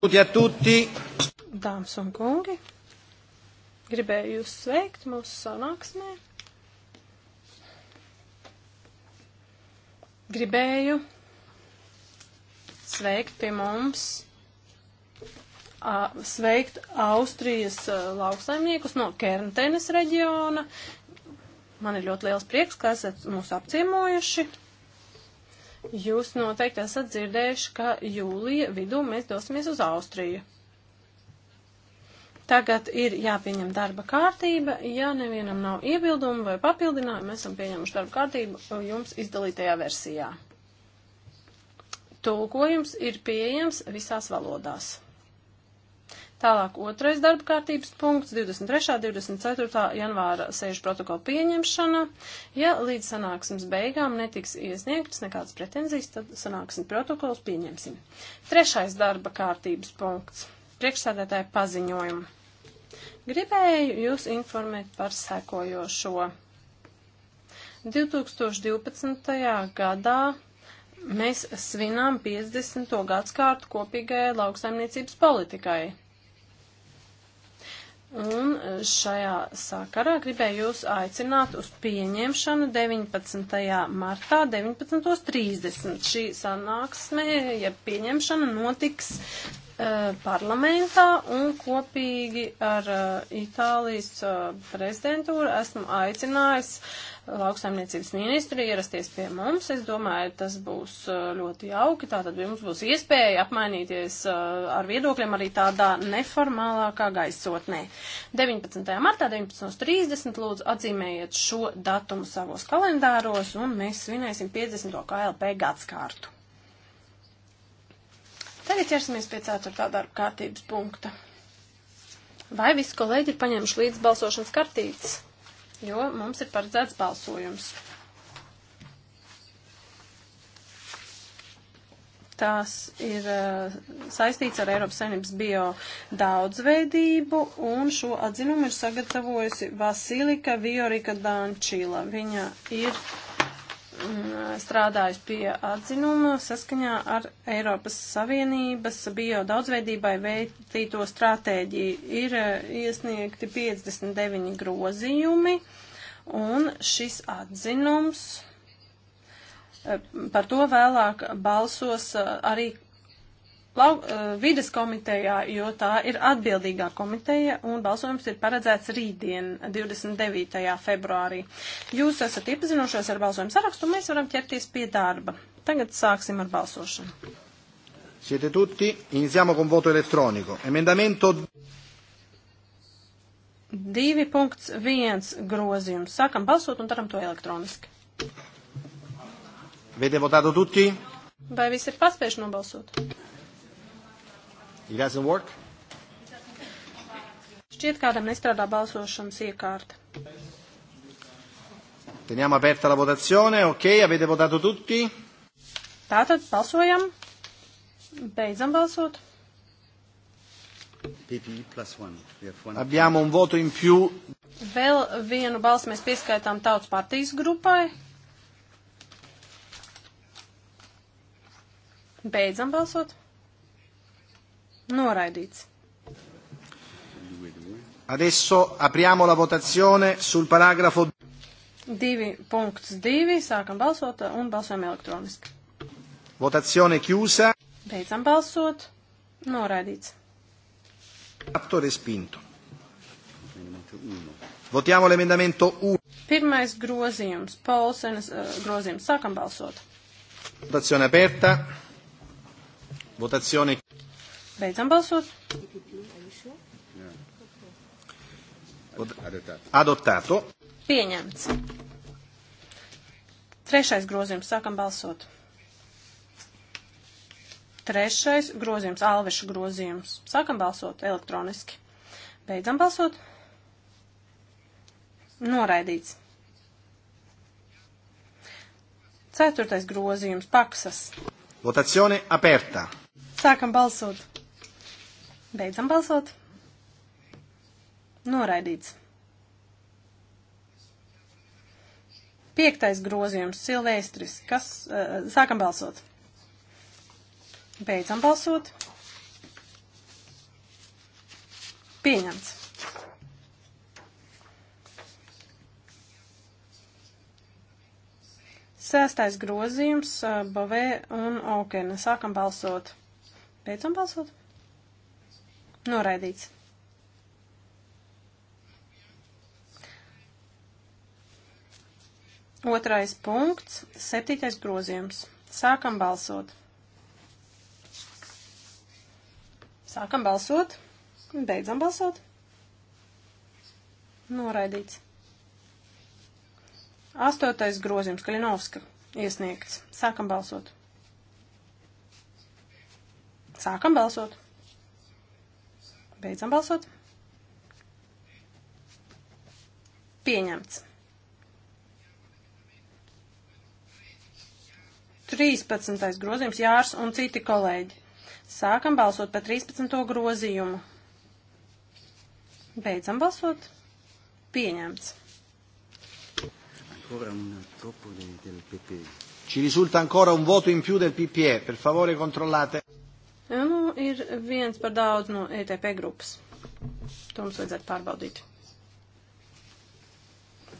Tutti a tutti. Dāmas un kungi, gribēju jūs sveikt mūsu sanāksmē. Gribēju sveikt pie mums, sveikt Austrijas lauksaimniekus no Kerntenes reģiona. Man ir ļoti liels prieks, ka esat mūs apciemojuši. Jūs noteikti esat dzirdējuši, ka jūlija vidū mēs dosimies uz Austriju. Tagad ir jāpieņem darba kārtība. Ja nevienam nav iebildumu vai papildinājumu, esam pieņemuši darba kārtību jums izdalītajā versijā. Tulkojums ir pieejams visās valodās. Tālāk otrais darba kārtības punkts, 23. 24. janvāra sēžu protokola pieņemšana. Ja līdz sanāksmes beigām netiks iesniegtas nekādas pretenzijas, tad sanāksmes protokols pieņemsim. Trešais darba kārtības punkts, priekšsēdētāja paziņojumu. Gribēju jūs informēt par sekojošo. 2012. gadā mēs svinām 50. gadskārtu kopīgajai lauksaimniecības politikai. Un šajā sakarā gribēju jūs aicināt uz pieņemšanu 19. martā 19.30. Šī sanāksme, ja pieņemšana notiks uh, parlamentā un kopīgi ar uh, Itālijas uh, prezidentūru esmu aicinājis uh, lauksaimniecības ministru ierasties pie mums. Es domāju, tas būs uh, ļoti jauki. Tātad jums būs iespēja apmainīties uh, ar viedokļiem arī tādā neformālākā gaisotnē. 19. martā 19.30 lūdzu atzīmējiet šo datumu savos kalendāros un mēs svinēsim 50. KLP gadskārtu. Tagad ķersimies pie 4. darba kārtības punkta. Vai visi kolēģi ir paņēmuši līdz balsošanas kartītes? jo mums ir paredzēts balsojums. tās ir eh, saistīts ar Eiropas saimnības bio daudzveidību, un šo atzinumu ir sagatavojusi Vasilika Viorika Dančila. Viņa ir strādājusi pie atzinuma saskaņā ar Eiropas Savienības bio daudzveidībai veiktīto stratēģiju. Ir eh, iesniegti 59 grozījumi, un šis atzinums eh, par to vēlāk balsos eh, arī lau, eh, vides komitejā, jo tā ir atbildīgā komiteja un balsojums ir paredzēts rītdien, 29. februārī. Jūs esat iepazinušies ar balsojumu sarakstu un mēs varam ķerties pie darba. Tagad sāksim ar balsošanu. Siete tutti, iniziamo con voto elettronico. Emendamento 2.1 grozījums. Sākam balsot un taram to elektroniski. Avete votato tutti? Vai visi ir paspējuši nobalsot? It doesn't work? Šķiet, kādam nestrādā balsošanas iekārta. Teniamo aperta la votazione, ok, avete votato tutti? Tātad balsojam. Beidzam balsot. PPE plus one. one. Abbiamo un voto in più. Vēl vienu balsu mēs pieskaitām tautas partijas grupai. Beidzam balsot. Noraidīts. Adesso apriamo la votazione sul paragrafo 2.2. Sākam balsot un balsojam elektroniski. Votazione chiusa. Beidzam balsot. Noraidīts. Atto respinto. Votiamo l'emendamento 1. Pirmais grozījums, Paulsenas uh, grozījums. Sākam balsot. Votazione aperta. Votazione. Beidzam balsot. Adoptēto. Pieņemts. Trešais grozījums. Sākam balsot. Trešais grozījums. Alvešu grozījums. Sākam balsot elektroniski. Beidzam balsot. Noraidīts. Ceturtais grozījums. Paksas. Votazione aperta. Sākam balsot. Beidzam balsot. Noraidīts. Piektais grozījums, Silvestris. Kas? Eh, sākam balsot. Beidzam balsot. Pieņemts. Sēstais grozījums, eh, Bavē un Okena. Sākam balsot. Beidzam balsot. Noraidīts. Otrais punkts, septītais grozījums. Sākam balsot. Sākam balsot. Beidzam balsot. Noraidīts. Astotais grozījums, Kalinovska iesniegts. Sākam balsot. Sākam balsot. Beidzam balsot. Pieņemts. 13. grozījums Jārs un citi kolēģi. Sākam balsot par 13. grozījumu. Beidzam balsot. Pieņemts. Ancora un troppo del PP. Ci risulta ancora un voto in più del PPE, per favore controllate. Nu, ir viens par daudz no ETP grupas. To mums vajadzētu pārbaudīt.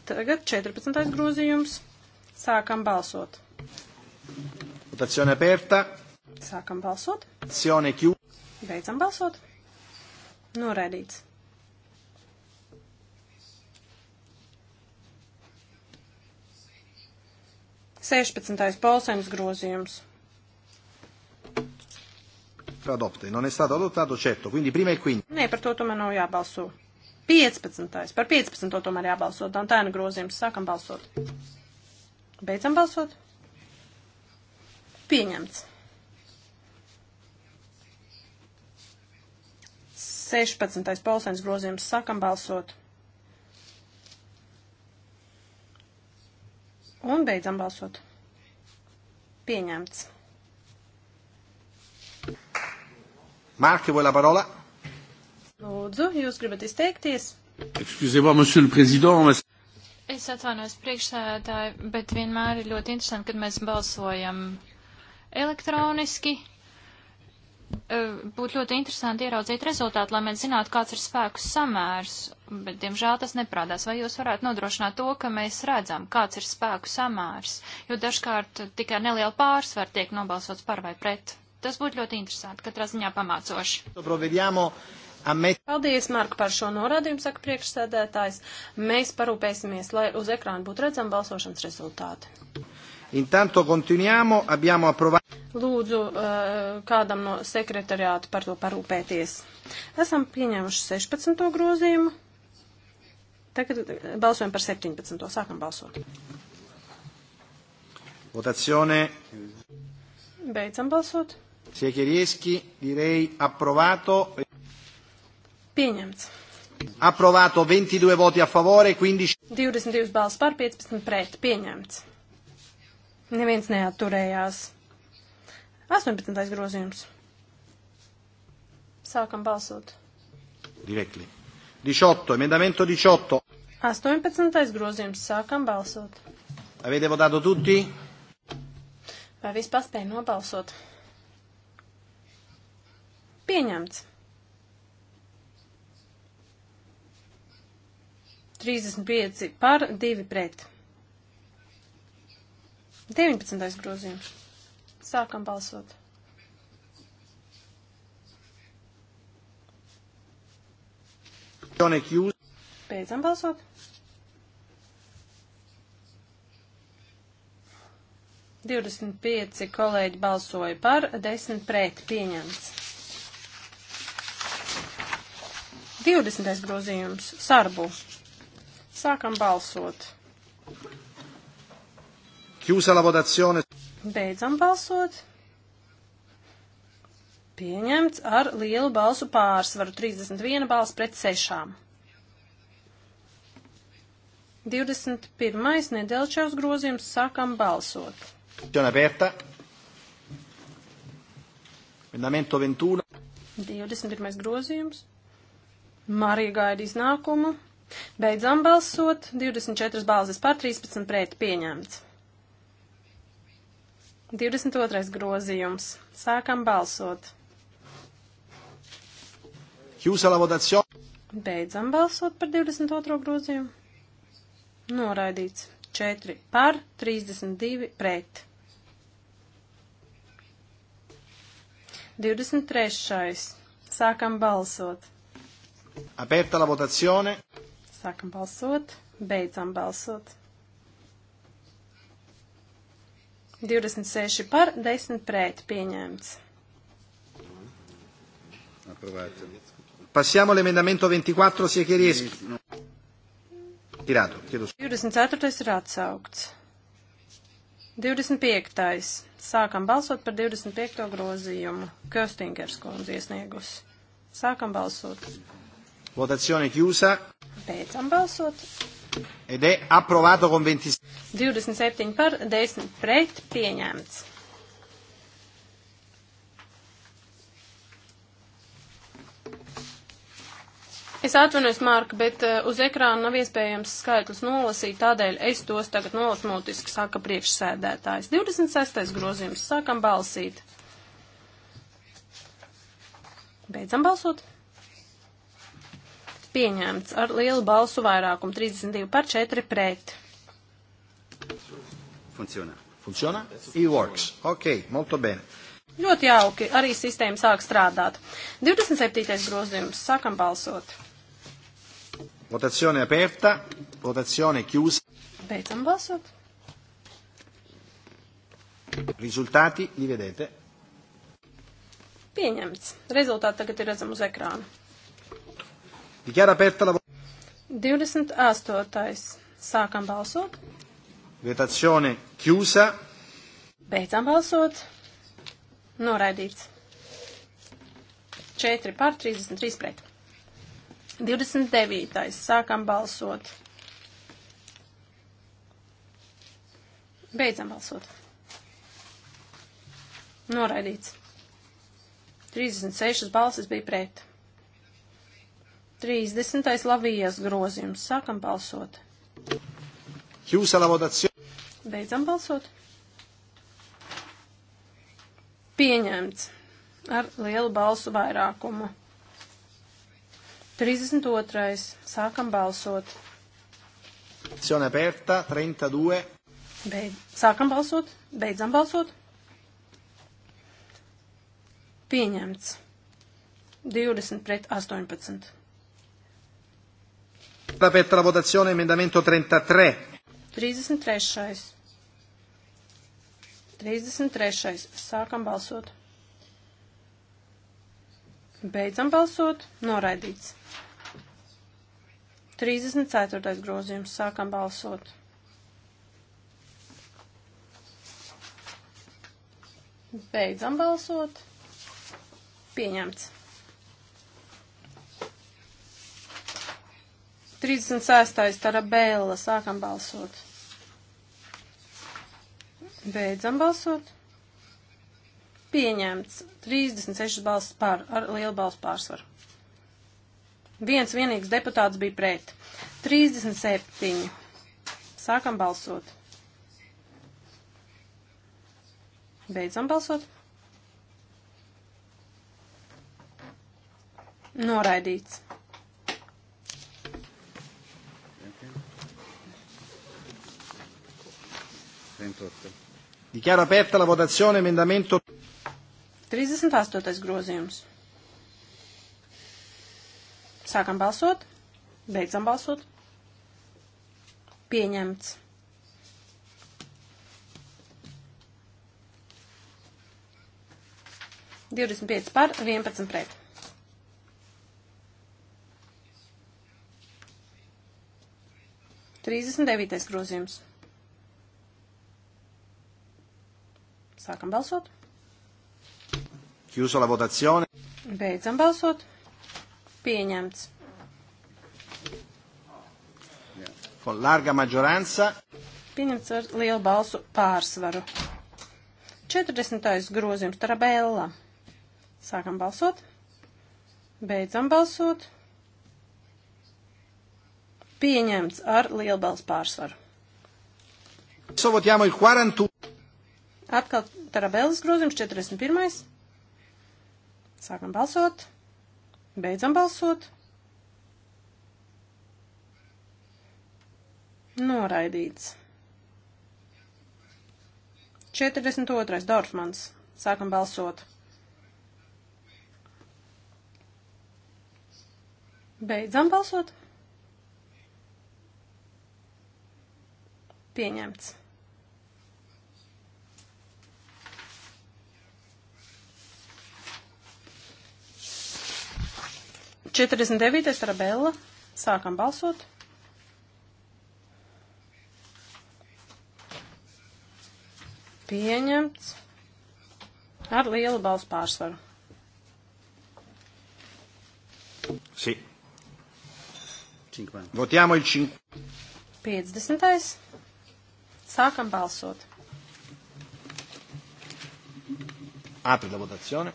Tagad 14. grozījums. Sākam balsot. Votazione aperta. Sākam balsot. Votazione chiusa. Beidzam balsot. Noraidīts. Sešpadsmitais polsēmas grozījums adopti. Non è stato adottato, certo, quindi prima e il 15. Nē, par to tomēr nav jābalso. 15. Par 15. tomēr jābalso. Dantēna grozījums. Sākam balsot. Beidzam balsot. Pieņemts. 16. polsēns grozījums. Sākam balsot. Un beidzam balsot. Pieņemts. Mark, vuoi la parola? Lūdzu, jūs gribat izteikties? Excusez-moi, monsieur le président. Mas... Es atvainojos priekšsēdētāji, bet vienmēr ir ļoti interesanti, kad mēs balsojam elektroniski. Eh, būtu ļoti interesanti ieraudzīt rezultātu, lai mēs zinātu, kāds ir spēku samērs, bet, diemžēl, tas neprādās. Vai jūs varētu nodrošināt to, ka mēs redzam, kāds ir spēku samērs, jo dažkārt tikai neliela pārsvar tiek nobalsots par vai pret? Tas būtu ļoti interesanti, katrā ziņā pamācoši. Paldies, Marka, par šo norādījumu, saka priekšsēdētājs. Mēs parūpēsimies, lai uz ekrāna būtu redzami balsošanas rezultāti. Intanto continuiamo, abbiamo approvato. Lūdzu uh, kādam no sekretariāta par to parūpēties. Esam pieņēmuši 16. grozījumu. Tagad uh, balsojam par 17. Sākam balsot. Votazione. Beidzam balsot. Siekierieski, direi approvato. Pieņemts. Approvato 22 voti a favore, 15. 22 balss par, 15 pret. Pieņemts. Neviens neatturējās. 18. grozījums. Sākam balsot. Direktli. 18. Emendamento 18. 18. grozījums. Sākam balsot. Avete votato tutti? Vai vispār spēja nobalsot? Pieņemts. 35 par 2 pret. 19. grozījums. Sākam balsot. Beidzam balsot. Divdesmit pieci kolēģi balsoja par, desmit pret pieņemts. 20. grozījums sarbu. Sākam balsot. Chiusa la votazione. Beidzam balsot. Pieņemts ar lielu balsu pārsvaru 31 balss pret 6. 21. nedēļšās grozījums sākam balsot. Aperta. 21. grozījums. Marija gaida iznākumu. Beidzam balsot. 24 balsis par 13 pret pieņemts. 22. grozījums. Sākam balsot. Beidzam balsot par 22. grozījumu. Noraidīts. 4 par, 32 pret. 23. Sākam balsot. Aperta la votazione. Sākam balsot, beidzam balsot. 26 par, 10 pret pieņemts. Approvato. Passiamo all'emendamento 24, si chiedesi. Tirato, chiedo scusa. 24 ir atsaukts. 25. Sākam balsot par 25. grozījumu. Köstingers kundze iesniegus. Sākam balsot. Votazione chiusa. Beidzam balsot. Ed è approvato con 27. 27 par, 10 pret, pieņemts. Es atvainojos, Mārka, bet eh, uz ekrāna nav iespējams skaitlis nolasīt, tādēļ es tos tagad nolasmutiski saka priekšsēdētājs. 26. grozījums. Sākam balsīt. Beidzam balsot pieņemts ar lielu balsu vairākumu 32 par 4 pret. Funcionā. Funcionā? It works. Ok, molto bene. Ļoti jauki, arī sistēma sāk strādāt. 27. grozījums, sākam balsot. Votazione aperta, votazione chiusa. Beidzam balsot. Risultāti li vedete. Pieņemts. Rezultāti tagad ir redzami uz ekrāna. Dichiara aperta la 28. Sākam balsot. Votazione chiusa. Beidzam balsot. Noraidīts. 4 pār 33 pret. 29. Sākam balsot. Beidzam balsot. Noraidīts. 36 balsis bija pret. 30. lavijas grozījums. Sākam balsot. Beidzam balsot. Pieņemts ar lielu balsu vairākumu. 32. Sākam balsot. Sezione aperta, 32. Beid... Sākam balsot, beidzam balsot. Pieņemts. 20 pret 18. Tāpēc la votazione emendamento 33. 33. 33. Sākam balsot. Beidzam balsot. Noraidīts. 34. grozījums. Sākam balsot. Beidzam balsot. Pieņemts. 36. Tarabēla. Sākam balsot. Beidzam balsot. Pieņemts. 36 balsts par, ar lielu balstu pārsvaru. Viens vienīgs deputāts bija pret. 37. Sākam balsot. Beidzam balsot. Noraidīts. 38. Dichiaro aperta la votazione emendamento 38. grozījums. Sākam balsot, beidzam balsot. Pieņemts. Divdesmit pieci par, vienpadsmit pret. Trīsdesmit devītais grozījums. Sākam balsot. Chiuso la votazione. Beidzam balsot. Pieņemts. Con larga maggioranza. Pieņemts ar lielu balsu pārsvaru. 40. grozījums Tarabella. Sākam balsot. Beidzam balsot. Pieņemts ar lielu balsu pārsvaru. Adesso votiamo il 41. Atkal Tarabēlas grozījums 41. Sākam balsot. Beidzam balsot. Noraidīts. 42. Dorfmans. Sākam balsot. Beidzam balsot. Pieņemts. 49. rabella. Sākam balsot. Pieņemts ar lielu balsu pārsvaru. Sì. Si. Votiamo il 5. 50. Sākam balsot. Apri la votazione.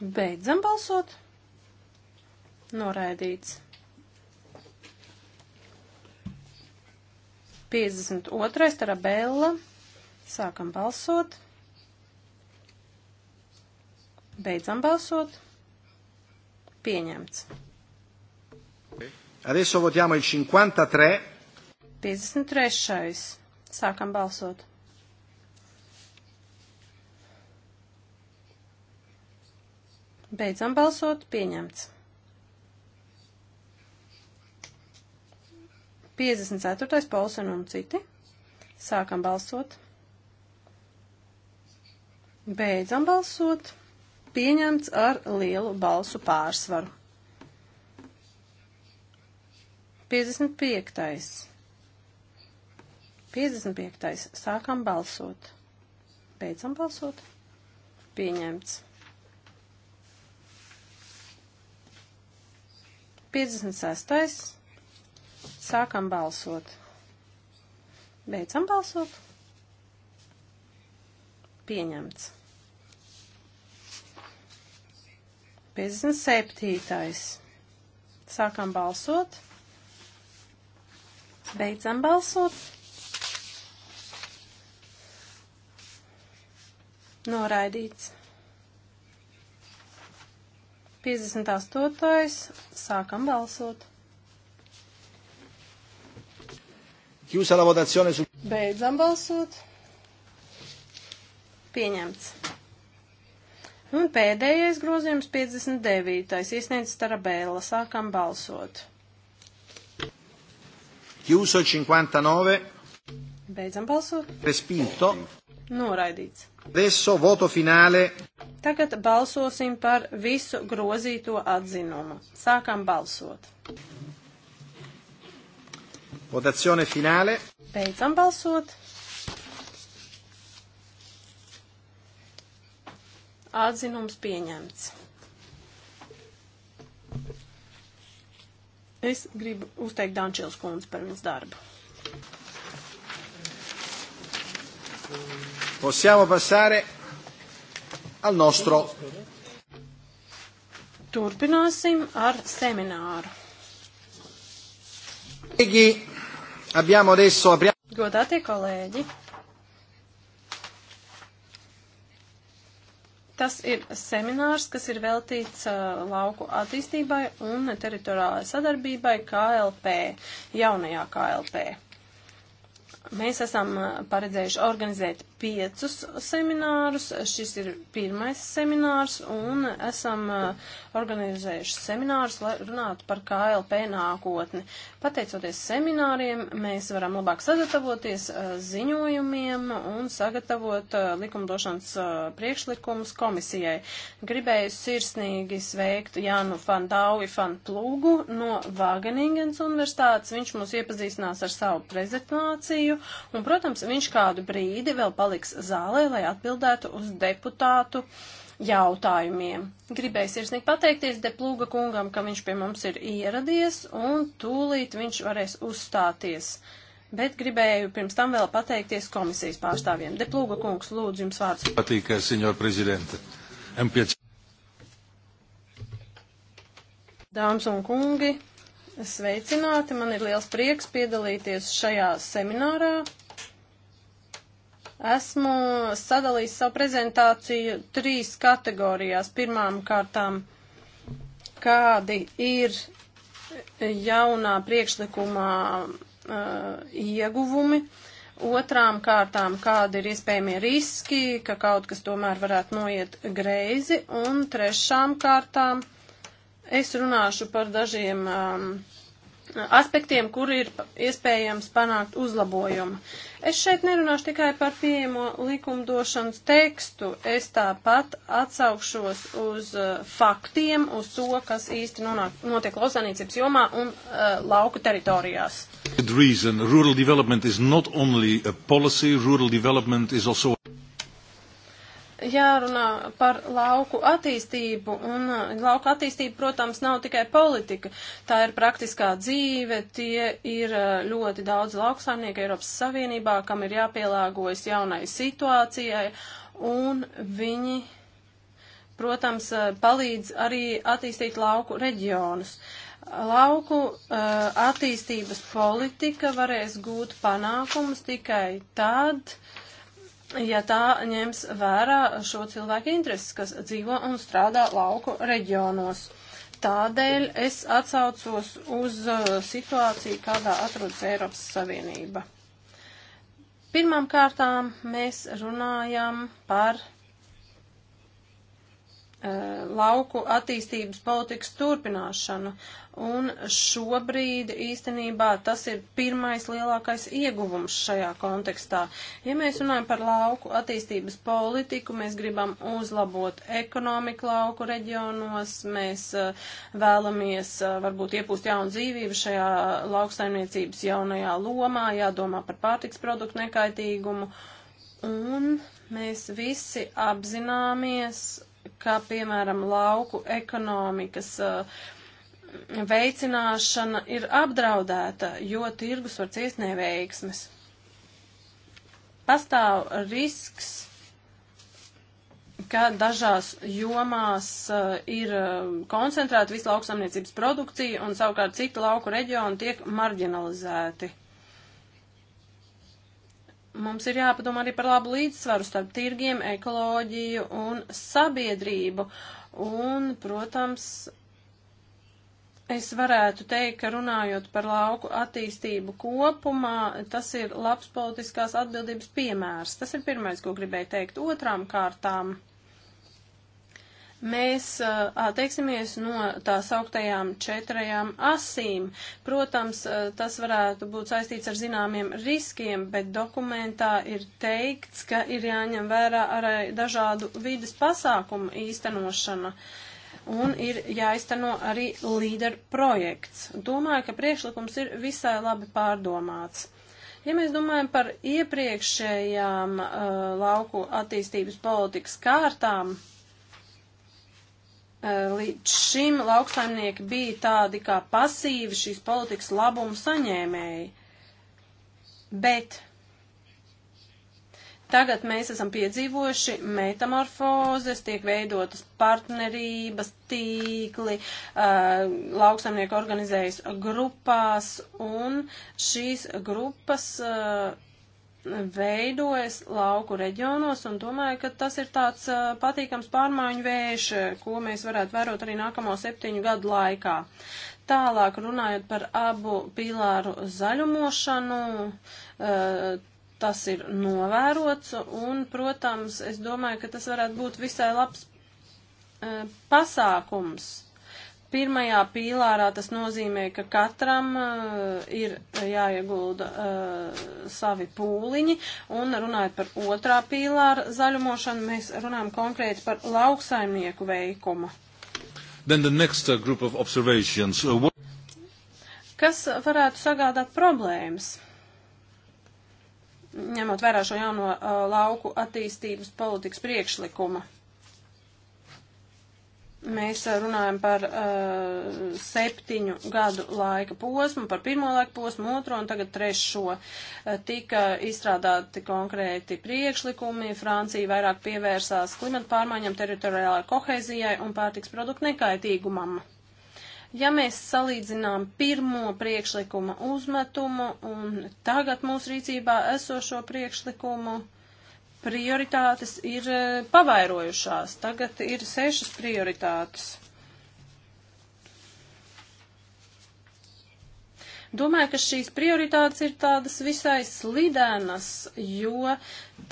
Beidzam balsot noraidīts. 52. Tarabella. Sākam balsot. Beidzam balsot. Pieņemts. Adesso votiamo il 53. 53. Sākam balsot. Beidzam balsot. Pieņemts. 54. Polsen un citi. Sākam balsot. Beidzam balsot. Pieņemts ar lielu balsu pārsvaru. 55. 55. Sākam balsot. Beidzam balsot. Pieņemts. 56. Sākam balsot. Beidzam balsot. Pieņemts. 57. Sākam balsot. Beidzam balsot. Noraidīts. 58. Sākam balsot. Chiusa la votazione su... Beidzam balsot. Pieņemts. Un pēdējais grozījums 59. iesniedz Tarabēla. Sākam balsot. Chiuso 59. Beidzam balsot. Respinto. Noraidīts. Adesso voto finale. Tagad balsosim par visu grozīto atzinumu. Sākam balsot. Votazione finale. Beidzam balsot. Atzinums pieņemts. Es gribu uzteikt Dančils kundzi par viņas darbu. Possiamo passare al nostro. Turpināsim ar semināru. Igi. Abbiamo adesso apriamo. Godātie kolēģi. Tas ir seminārs, kas ir veltīts uh, lauku attīstībai un teritoriālajai sadarbībai KLP, jaunajā KLP. Mēs esam uh, paredzējuši organizēt piecus seminārus. Šis ir pirmais seminārs un esam uh, organizējuši seminārus, lai runātu par KLP nākotni. Pateicoties semināriem, mēs varam labāk sagatavoties uh, ziņojumiem un sagatavot likumdošanas priekšlikumus komisijai. Gribēju sirsnīgi sveikt Jānu Fandaui Fanplūgu no Vāgeningens universitātes. Viņš mūs iepazīstinās ar savu prezentāciju pieeju, un, protams, viņš kādu brīdi vēl paliks zālē, lai atbildētu uz deputātu jautājumiem. Gribēju sirsnīgi pateikties Deplūga kungam, ka viņš pie mums ir ieradies, un tūlīt viņš varēs uzstāties. Bet gribēju pirms tam vēl pateikties komisijas pārstāvjiem. Deplūga kungs, lūdzu, jums vārds. Patīk, senjor prezidente. M5. Dāmas un kungi, Sveicināti, man ir liels prieks piedalīties šajā seminārā. Esmu sadalījis savu prezentāciju trīs kategorijās. Pirmām kārtām, kādi ir jaunā priekšlikumā uh, ieguvumi. Otrām kārtām, kādi ir iespējamie riski, ka kaut kas tomēr varētu noiet greizi. Un trešām kārtām, Es runāšu par dažiem um, aspektiem, kur ir iespējams panākt uzlabojumu. Es šeit nerunāšu tikai par pieejamo likumdošanas tekstu, es tāpat atsaukšos uz uh, faktiem, uz to, kas īsti nonāk, notiek lauksainīcības jomā un uh, lauku teritorijās. Good reason. Rural development is not only a policy, rural development is also jārunā par lauku attīstību, un uh, lauku attīstība, protams, nav tikai politika. Tā ir praktiskā dzīve, tie ir uh, ļoti daudz lauksaimnieku Eiropas Savienībā, kam ir jāpielāgojas jaunai situācijai, un viņi, protams, uh, palīdz arī attīstīt lauku reģionus. Lauku uh, attīstības politika varēs gūt panākumus tikai tad, ja tā ņems vērā šo cilvēku intereses, kas dzīvo un strādā lauku reģionos. Tādēļ es atsaucos uz uh, situāciju, kādā atrodas Eiropas Savienība. Pirmām kārtām mēs runājam par Eh, lauku attīstības politikas turpināšanu. Un šobrīd īstenībā tas ir pirmais lielākais ieguvums šajā kontekstā. Ja mēs runājam par lauku attīstības politiku, mēs gribam uzlabot ekonomiku lauku reģionos, mēs eh, vēlamies eh, varbūt iepūst jaunu dzīvību šajā lauksaimniecības jaunajā lomā, jādomā par pārtiks produktu nekaitīgumu. Un mēs visi apzināmies kā piemēram lauku ekonomikas uh, veicināšana ir apdraudēta, jo tirgus var ciest neveiksmes. Pastāv risks, ka dažās jomās uh, ir uh, koncentrēta visu lauksamniecības produkcija un savukārt citi lauku reģioni tiek marginalizēti mums ir jāpadomā arī par labu līdzsvaru starp tirgiem, ekoloģiju un sabiedrību. Un, protams, es varētu teikt, ka runājot par lauku attīstību kopumā, tas ir labs politiskās atbildības piemērs. Tas ir pirmais, ko gribēju teikt. Otrām kārtām mēs attieksimies no tās augtajām četrajām asīm. Protams, tas varētu būt saistīts ar zināmiem riskiem, bet dokumentā ir teikts, ka ir jāņem vērā arī dažādu vides pasākumu īstenošana. Un ir jāizteno arī līderu projekts. Domāju, ka priekšlikums ir visai labi pārdomāts. Ja mēs domājam par iepriekšējām uh, lauku attīstības politikas kārtām, Eh, līdz šim lauksaimnieki bija tādi kā pasīvi šīs politikas labumu saņēmēji. Bet tagad mēs esam piedzīvojuši metamorfozes, tiek veidotas partnerības, tīkli, eh, lauksaimnieki organizējas grupās, un šīs grupas eh, veidojas lauku reģionos un domāju, ka tas ir tāds uh, patīkams pārmaiņu vējš, ko mēs varētu vērot arī nākamo septiņu gadu laikā. Tālāk runājot par abu pīlāru zaļumošanu, uh, tas ir novērots un, protams, es domāju, ka tas varētu būt visai labs uh, pasākums Pirmajā pīlārā tas nozīmē, ka katram uh, ir jāiegulda uh, savi pūliņi, un runājot par otrā pīlāra zaļumošanu, mēs runājam konkrēti par lauksaimnieku veikumu. Then the next uh, group of observations. Uh, what... Kas varētu sagādāt problēmas? ņemot vērā šo jauno uh, lauku attīstības politikas priekšlikumu. Mēs uh, runājam par uh, septiņu gadu laika posmu, par pirmo laika posmu, otro un tagad trešo. Uh, tika izstrādāti konkrēti priekšlikumi, Francija vairāk pievērsās klimata pārmaiņam, teritoriālai kohēzijai un pārtiks produktu nekaitīgumam. Ja mēs salīdzinām pirmo priekšlikuma uzmetumu un tagad mūsu rīcībā esošo priekšlikumu, prioritātes ir eh, pavairojušās. Tagad ir sešas prioritātes. Domāju, ka šīs prioritātes ir tādas visai slidēnas, jo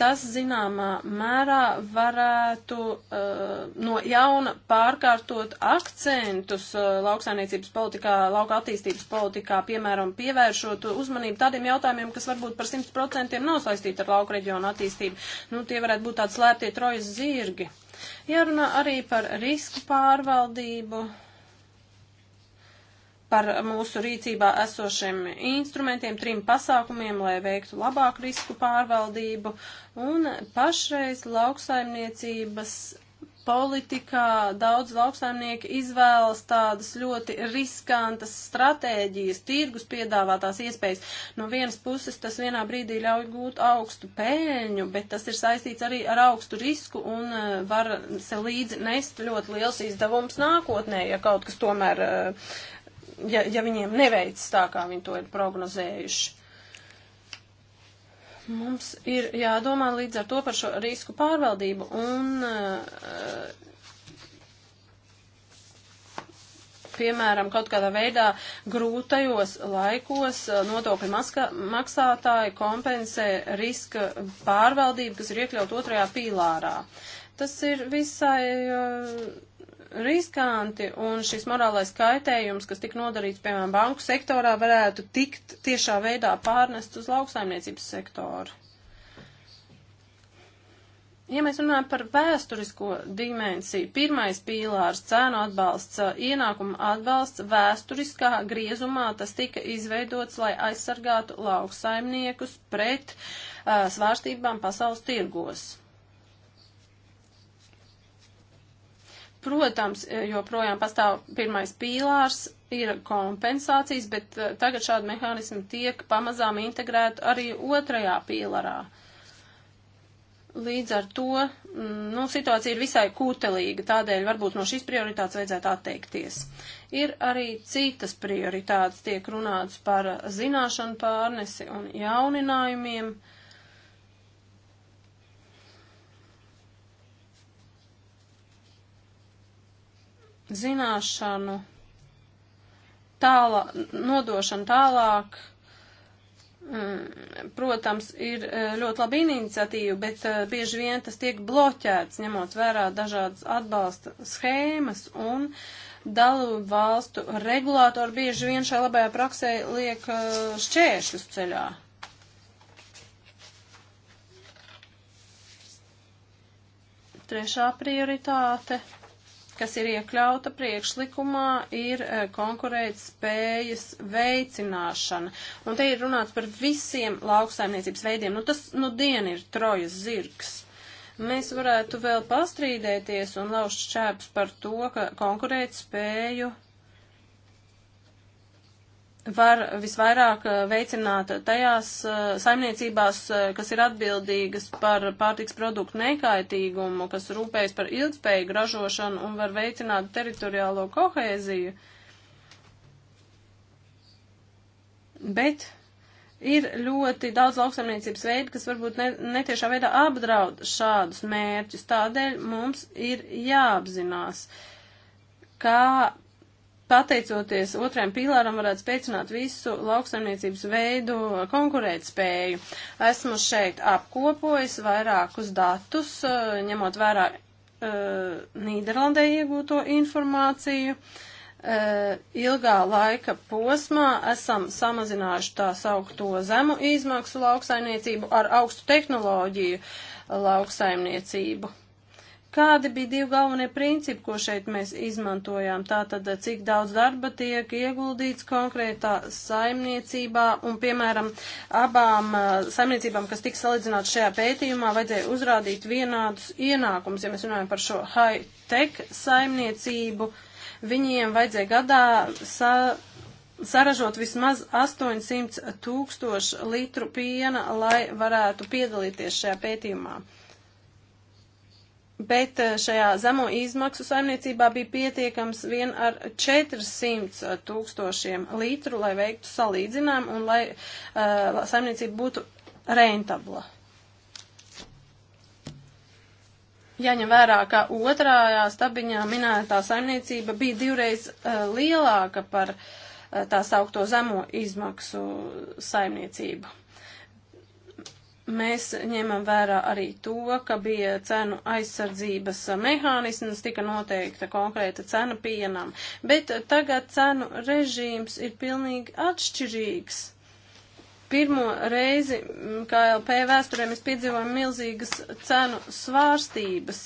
tas zināmā mērā varētu uh, no jauna pārkārtot akcentus uh, lauksainiecības politikā, lauka attīstības politikā, piemēram, pievēršot uzmanību tādiem jautājumiem, kas varbūt par 100% nav saistīti ar lauka reģionu attīstību. Nu, tie varētu būt tādi slēptie trojas zirgi. Jārunā arī par risku pārvaldību. Uh, par mūsu rīcībā esošiem instrumentiem, trim pasākumiem, lai veiktu labāku risku pārvaldību. Un pašreiz lauksaimniecības politikā daudz lauksaimnieki izvēlas tādas ļoti riskantas stratēģijas, tirgus piedāvātās iespējas. No vienas puses tas vienā brīdī ļauj gūt augstu pēļņu, bet tas ir saistīts arī ar augstu risku un e, var sev līdzi nest ļoti liels izdevums nākotnē, ja kaut kas tomēr uh, ja, ja viņiem neveic tā, kā viņi to ir prognozējuši. Mums ir jādomā līdz ar to par šo risku pārvaldību un uh, piemēram, kaut kādā veidā grūtajos laikos eh, nodokļu maska, maksātāji kompensē riska pārvaldību, kas ir iekļaut otrajā pīlārā. Tas ir visai. Uh, riskanti, un šis morālais kaitējums, kas tik nodarīts, piemēram, banku sektorā, varētu tikt tiešā veidā pārnest uz lauksaimniecības sektoru. Ja mēs runājam par vēsturisko dimensiju, pirmais pīlārs - cēnu atbalsts, ienākuma atbalsts, vēsturiskā griezumā tas tika izveidots, lai aizsargātu lauksaimniekus pret uh, svārstībām pasaules tirgos. Protams, e, joprojām pastāv pirmais pīlārs, ir kompensācijas, bet e, tagad šādi mehānismi tiek pamazām integrēti arī otrajā pīlārā. Līdz ar to mm, nu, situācija ir visai kūtelīga, tādēļ varbūt no šīs prioritātes vajadzētu atteikties. Ir arī citas prioritātes, tiek runāts par zināšanu pārnesi un jauninājumiem. Uh, zināšanu tālā, nodošana tālāk, mm, protams, ir eh, ļoti laba iniciatīva, bet eh, bieži vien tas tiek bloķēts, ņemot vērā dažādas atbalsta schēmas un dalību valstu regulātori bieži vien šai labajā praksē liek eh, šķēršļus ceļā. Trešā prioritāte kas ir iekļauta priekšlikumā, ir e, konkurēt spējas veicināšana. Un nu, te ir runāts par visiem lauksaimniecības veidiem. Nu, tas nu dien ir trojas zirgs. Mēs varētu vēl pastrīdēties un laušķēps par to, ka konkurēt spēju uh, var visvairāk eh, veicināt tajās eh, saimniecībās, eh, kas ir atbildīgas par pārtiks produktu nekaitīgumu, kas rūpējas par ilgspējīgu ražošanu un var veicināt teritoriālo kohēziju. Bet ir ļoti daudz lauksaimniecības veidu, kas varbūt ne, netiešā veidā apdraud šādus mērķus. Tādēļ mums ir jāapzinās, kā pateicoties otrajam pīlāram, varētu spēcināt visu lauksaimniecības veidu konkurētspēju. Esmu šeit apkopojis vairākus datus, eh, ņemot vērā eh, Nīderlandē iegūto informāciju. Eh, ilgā laika posmā esam samazinājuši tā saukto zemu izmaksu lauksaimniecību ar augstu tehnoloģiju lauksaimniecību. Kādi bija divi galvenie principi, ko šeit mēs izmantojām? Tātad, cik daudz darba tiek ieguldīts konkrētā saimniecībā, un, piemēram, abām saimniecībām, kas tika salīdzināts šajā pētījumā, vajadzēja uzrādīt vienādus ienākumus, ja mēs runājam par šo high-tech saimniecību, viņiem vajadzēja gadā sa saražot vismaz 800 tūkstošu litru piena, lai varētu piedalīties šajā pētījumā bet eh, šajā zemo izmaksu saimniecībā bija pietiekams vien ar 400 eh, tūkstošiem litru, lai veiktu salīdzinām un lai uh, saimniecība būtu rentabla. Jāņem vērā, ka otrājā stabiņā minētā saimniecība bija divreiz uh, lielāka par uh, tā saukto zemo izmaksu saimniecību. Mēs ņemam vērā arī to, ka bija cenu aizsardzības mehānisms, tika noteikta konkrēta cena pienam, bet tagad cenu režīms ir pilnīgi atšķirīgs. Pirmo reizi KLP vēsturē mēs piedzīvojam milzīgas cenu svārstības.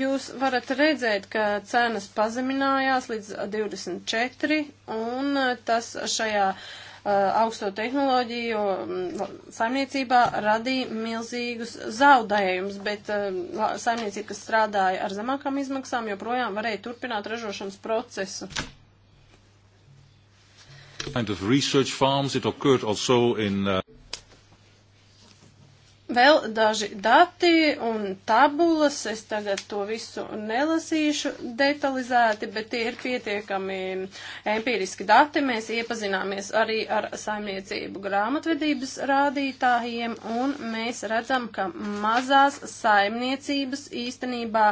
Jūs varat redzēt, ka cenas pazeminājās līdz 24 un tas šajā uh, Uh, augsto tehnoloģiju mm, saimniecībā radīja milzīgus zaudējumus, bet uh, saimniecība, kas strādāja ar zemākām izmaksām, joprojām varēja turpināt ražošanas procesu. Kind of research farms, it occurred also in uh... Vēl daži dati un tabulas, es tagad to visu nelasīšu detalizēti, bet tie ir pietiekami empiriski dati. Mēs iepazināmies arī ar saimniecību grāmatvedības rādītājiem un mēs redzam, ka mazās saimniecības īstenībā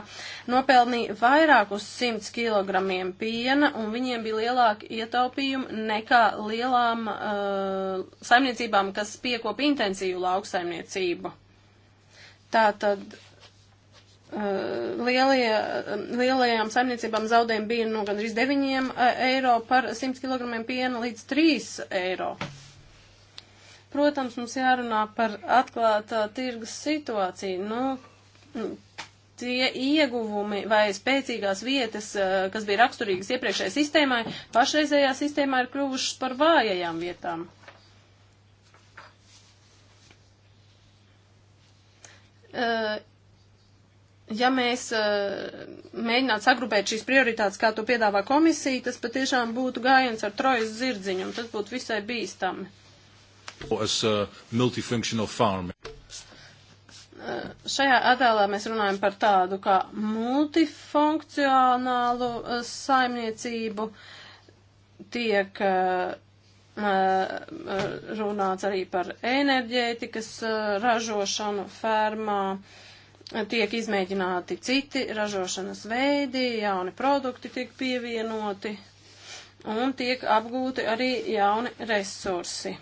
nopelnīja vairāk uz 100 kg piena un viņiem bija lielāki ietaupījumi nekā lielām uh, saimniecībām, kas piekop intensīvu lauksaimniecību. Tā tad uh, lielie, lielajām saimniecībām zaudējumi bija no gandrīz 9 uh, eiro par 100 kg piena līdz 3 eiro. Protams, mums jārunā par atklātā tirgus situāciju. Nu, nu tie ieguvumi vai spēcīgās vietas, uh, kas bija raksturīgas iepriekšējai sistēmai, pašreizējā sistēmā ir kļuvušas par vājajām vietām. Eh, ja mēs eh, mēģinātu sagrupēt šīs prioritātes, kā to piedāvā komisija, tas patiešām būtu gājiens ar trojas zirdziņu, un tas būtu visai bīstami. As, uh, eh, šajā attēlā mēs runājam par tādu kā multifunkcionālu saimniecību, tiek uh, runāts arī par enerģētikas ražošanu fermā, tiek izmēģināti citi ražošanas veidi, jauni produkti tiek pievienoti un tiek apgūti arī jauni resursi.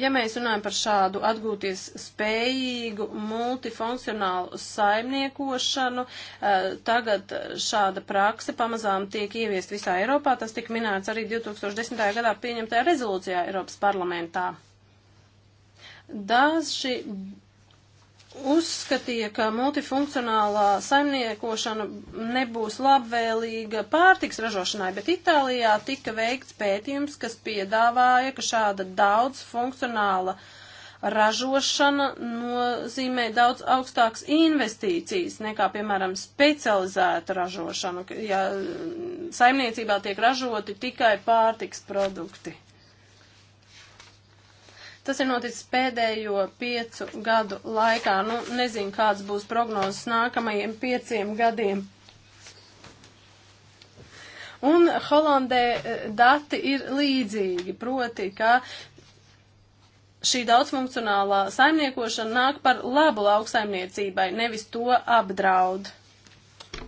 Ja mēs runājam par šādu atgūties spējīgu multifunkcionālu saimniekošanu, eh, tagad šāda prakse pamazām tiek ieviest visā Eiropā. Tas tika minēts arī 2010. gadā pieņemtajā rezolūcijā Eiropas parlamentā. Daži uzskatīja, ka multifunkcionālā saimniekošana nebūs labvēlīga pārtiks ražošanai, bet Itālijā tika veikts pētījums, kas piedāvāja, ka šāda daudzfunkcionāla ražošana nozīmē daudz augstākas investīcijas nekā, piemēram, specializēta ražošana, ja saimniecībā tiek ražoti tikai pārtiks produkti. Tas ir noticis pēdējo piecu gadu laikā. Nu, nezinu, kāds būs prognozes nākamajiem pieciem gadiem. Un Holandē eh, dati ir līdzīgi, proti, ka šī daudzfunkcionālā saimniekošana nāk par labu lauksaimniecībai, nevis to apdraud.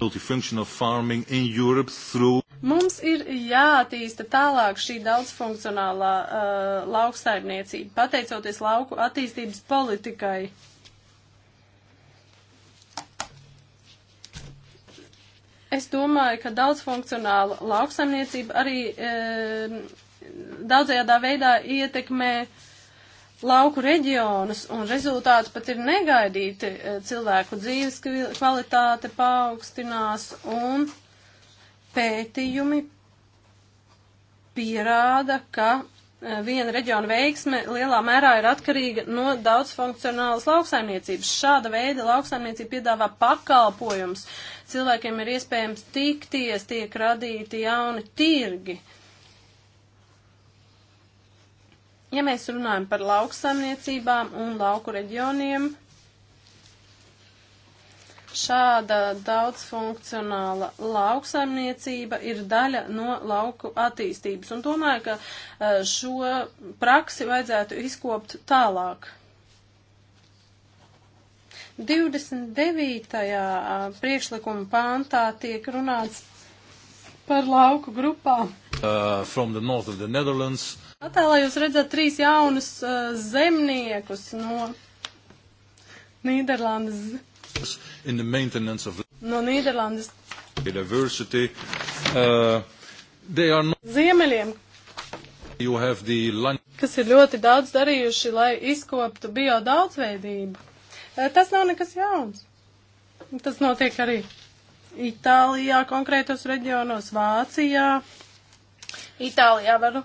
Multifunctional farming in Europe through Mums ir jātīsta tālāk šī daudzfunkcionālā uh, lauksaimniecība, pateicoties lauku attīstības politikai. Es domāju, ka daudzfunkcionāla lauksaimniecība arī e, uh, daudzajādā veidā ietekmē uh, lauku reģionus, un rezultāti pat ir negaidīti. E, cilvēku dzīves kvalitāte paaugstinās, un pētījumi pierāda, ka e, viena reģiona veiksme lielā mērā ir atkarīga no daudzfunkcionālas lauksaimniecības. Šāda veida lauksaimniecība piedāvā pakalpojums. Cilvēkiem ir iespējams tikties, tiek radīti jauni tirgi. Uh, Ja mēs runājam par lauksaimniecībām un lauku reģioniem, šāda daudzfunkcionāla lauksaimniecība ir daļa no lauku attīstības. Un domāju, ka e, šo praksi vajadzētu izkopt tālāk. 29. E, priekšlikuma pāntā tiek runāts par lauku grupām. Uh, Attēlā jūs redzat trīs jaunus uh, zemniekus no Nīderlandes. Of... No Nīderlandes. Uh, not... Ziemeļiem, the... kas ir ļoti daudz darījuši, lai izkoptu bio daudzveidību. Uh, tas nav nekas jauns. Tas notiek arī Itālijā, konkrētos reģionos, Vācijā. Itālijā varu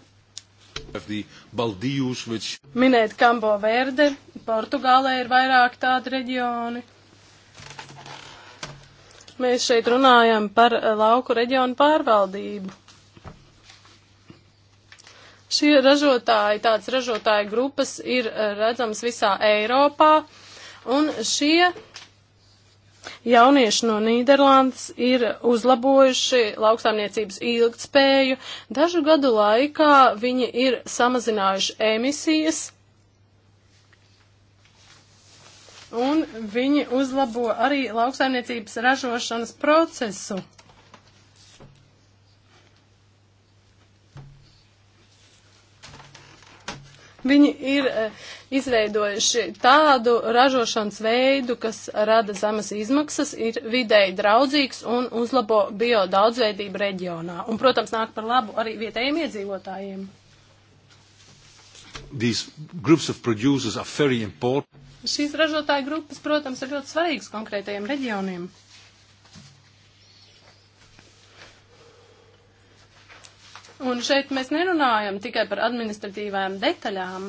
Which... Minēt Kambo Verde, Portugālē ir vairāk tādi reģioni. Mēs šeit runājam par eh, lauku reģionu pārvaldību. Šie ražotāji, tāds ražotāju grupas ir eh, redzams visā Eiropā, un šie Jaunieši no Nīderlandes ir uzlabojuši lauksaimniecības ilgtspēju. Dažu gadu laikā viņi ir samazinājuši emisijas un viņi uzlabo arī lauksaimniecības ražošanas procesu. Viņi ir e, izveidojuši tādu ražošanas veidu, kas rada zemes izmaksas, ir vidēji draudzīgs un uzlabo biodaudzveidību reģionā. Un, protams, nāk par labu arī vietējiem iedzīvotājiem. Šīs ražotāju grupas, protams, ir ļoti svarīgas konkrētajiem reģioniem. Un šeit mēs nerunājam tikai par administratīvām detaļām.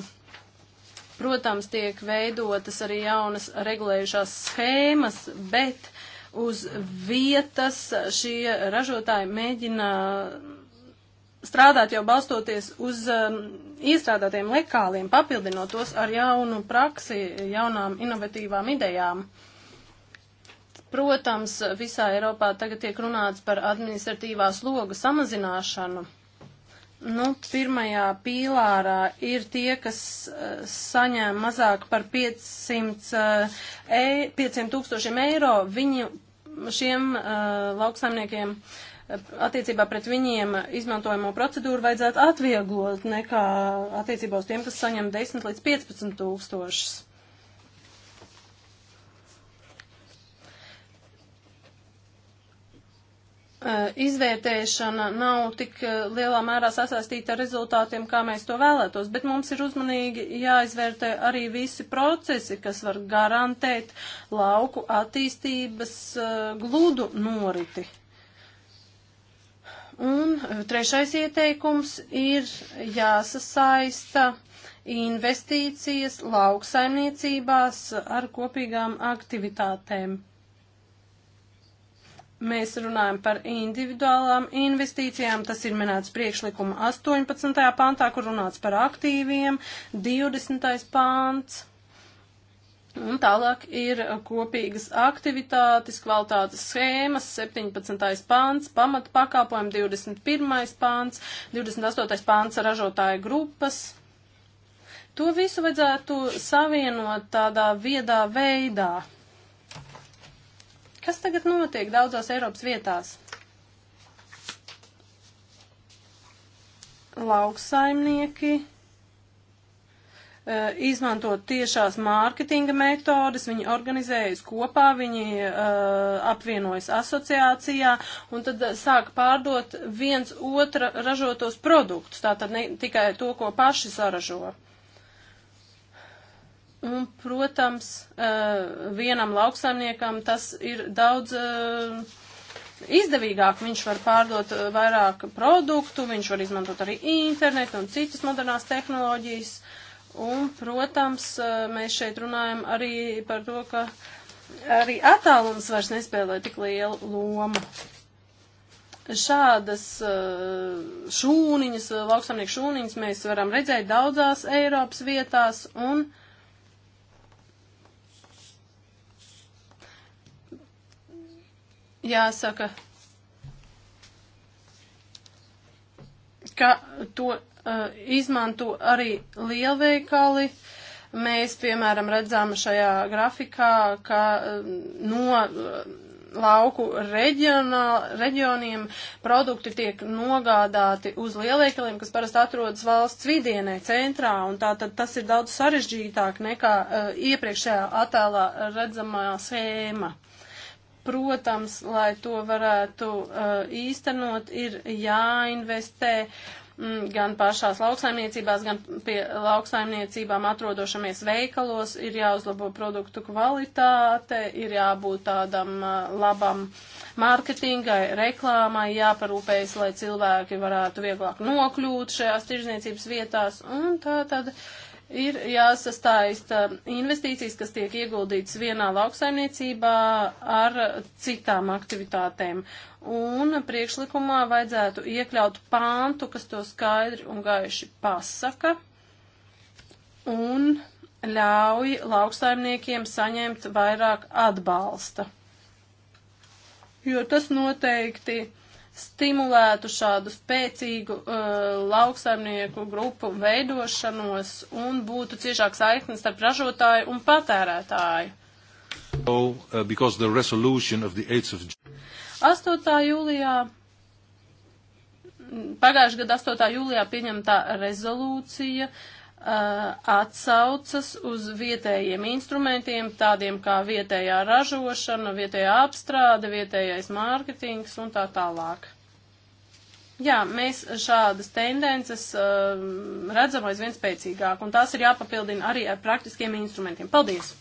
Protams, tiek veidotas arī jaunas regulējušās schēmas, bet uz vietas šie ražotāji mēģina strādāt jau balstoties uz um, iestrādātiem lekāliem, papildinot tos ar jaunu praksi, jaunām inovatīvām idejām. Protams, visā Eiropā tagad tiek runāts par administratīvā sloga samazināšanu. Nu, pirmajā pīlārā ir tie, kas uh, eh, saņem mazāk par 500, uh, eh, e, 500 tūkstošiem eiro. Viņu šiem uh, lauksaimniekiem attiecībā pret viņiem izmantojamo procedūru vajadzētu atvieglot nekā attiecībā uz tiem, kas saņem 10 līdz 15 tūkstošus. Uh, izvērtēšana nav tik uh, lielā mērā sasaistīta ar rezultātiem, kā mēs to vēlētos, bet mums ir uzmanīgi jāizvērtē arī visi procesi, kas var garantēt lauku attīstības uh, gludu noriti. Un trešais ieteikums ir jāsasaista investīcijas lauksaimniecībās ar kopīgām aktivitātēm mēs runājam par individuālām investīcijām, tas ir minēts priekšlikuma 18. pāntā, kur runāts par aktīviem, 20. pāns. Un tālāk ir kopīgas aktivitātes, kvalitātes schēmas, 17. pāns, pamata pakāpojumi, 21. pāns, 28. pāns ražotāja grupas. To visu vajadzētu savienot tādā viedā veidā. Kas tagad notiek daudzās Eiropas vietās? Lauksaimnieki eh, izmantot tiešās mārketinga metodas, viņi organizējas kopā, viņi uh, apvienojas asociācijā un tad eh, sāk pārdot viens otra ražotos produktus, tātad ne tikai to, ko paši saražo. Un, protams, eh, vienam lauksaimniekam tas ir daudz eh, izdevīgāk. Viņš var pārdot eh, vairāk produktu, viņš var izmantot arī internetu un citas modernās tehnoloģijas. Un, protams, mēs šeit runājam arī par to, ka arī attālums vairs nespēlē tik lielu lomu. Šādas šūniņas, lauksamnieku šūniņas mēs varam redzēt daudzās Eiropas vietās un jāsaka, ka to uh, izmanto arī lielveikali. Mēs, piemēram, redzam šajā grafikā, ka uh, no. Uh, lauku reģionā, reģioniem produkti tiek nogādāti uz lielveikaliem, kas parasti atrodas valsts vidienē, centrā, un tātad tas ir daudz sarežģītāk nekā uh, iepriekšējā attēlā redzamā sēma. Uh, Protams, lai to varētu uh, īstenot, ir jāinvestē mm, gan pašās lauksaimniecībās, gan pie lauksaimniecībām atrodošamies veikalos, ir jāuzlabo produktu kvalitāte, ir jābūt tādam uh, labam mārketingai, reklāmai, jāparūpējas, lai cilvēki varētu vieglāk nokļūt šajās tirzniecības vietās, un tā tad ir jāsastāista um, investīcijas, kas tiek ieguldītas vienā lauksaimniecībā ar citām aktivitātēm. Un priekšlikumā vajadzētu iekļaut pāntu, kas to skaidri un gaiši pasaka un ļauj lauksaimniekiem saņemt vairāk atbalsta. Jo tas noteikti stimulētu šādu spēcīgu uh, lauksaimnieku grupu veidošanos un būtu ciešāk saikni starp ražotāju un patērētāju. Oh, uh, 8. Of... 8. jūlijā mm, pagājušajā gadā 8. jūlijā pieņemtā rezolūcija uh, Uh, atsaucas uz vietējiem instrumentiem, tādiem kā vietējā ražošana, vietējā apstrāde, vietējais mārketings un tā tālāk. Jā, mēs šādas tendences uh, redzam aizvien spēcīgāk, un tās ir jāpapildina arī ar praktiskiem instrumentiem. Paldies!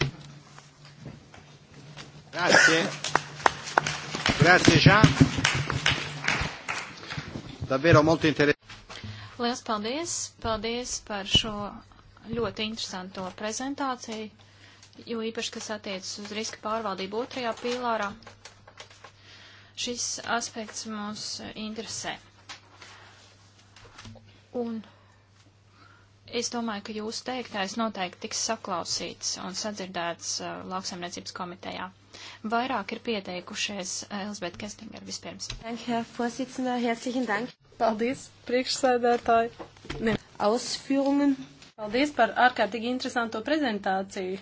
Grazie! Grazie, Jean! Davvero molto interessante. Liels paldies! Paldies par šo ļoti interesanto prezentāciju, jo īpaši, kas attiecas uz riska pārvaldību otrajā pīlārā, šis aspekts mūs interesē. Un es domāju, ka jūsu teiktais noteikti tiks saklausīts un sadzirdēts uh, lauksaimniecības komitejā. Vairāk ir pieteikušies uh, Elisabeth Kestinger vispirms. Paldies, priekšsēdētāji. Ne. Ausführungen. Paldies par ārkārtīgi interesanto prezentāciju.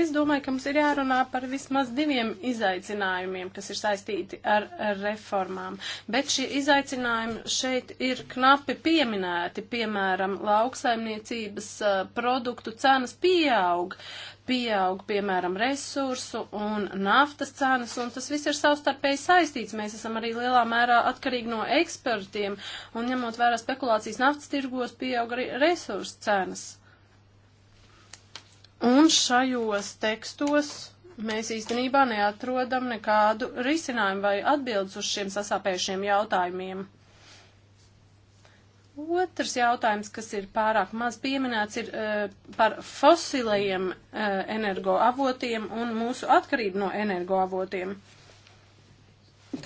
Es domāju, ka mums ir jārunā par vismaz diviem izaicinājumiem, kas ir saistīti ar, ar reformām. Bet šie izaicinājumi šeit ir knapi pieminēti, piemēram, lauksaimniecības eh, produktu cenas pieaug pieaug, piemēram, resursu un naftas cenas, un tas viss ir savstarpēji saistīts. Mēs esam arī lielā mērā atkarīgi no ekspertiem, un ņemot vērā spekulācijas naftas tirgos, pieaug arī resursu cenas. Un šajos tekstos mēs īstenībā neatrodam nekādu risinājumu vai atbildes uz šiem sasāpējušiem jautājumiem. Otrs jautājums, kas ir pārāk maz pieminēts, ir uh, par fosilajiem uh, energoavotiem un mūsu atkarību no energoavotiem.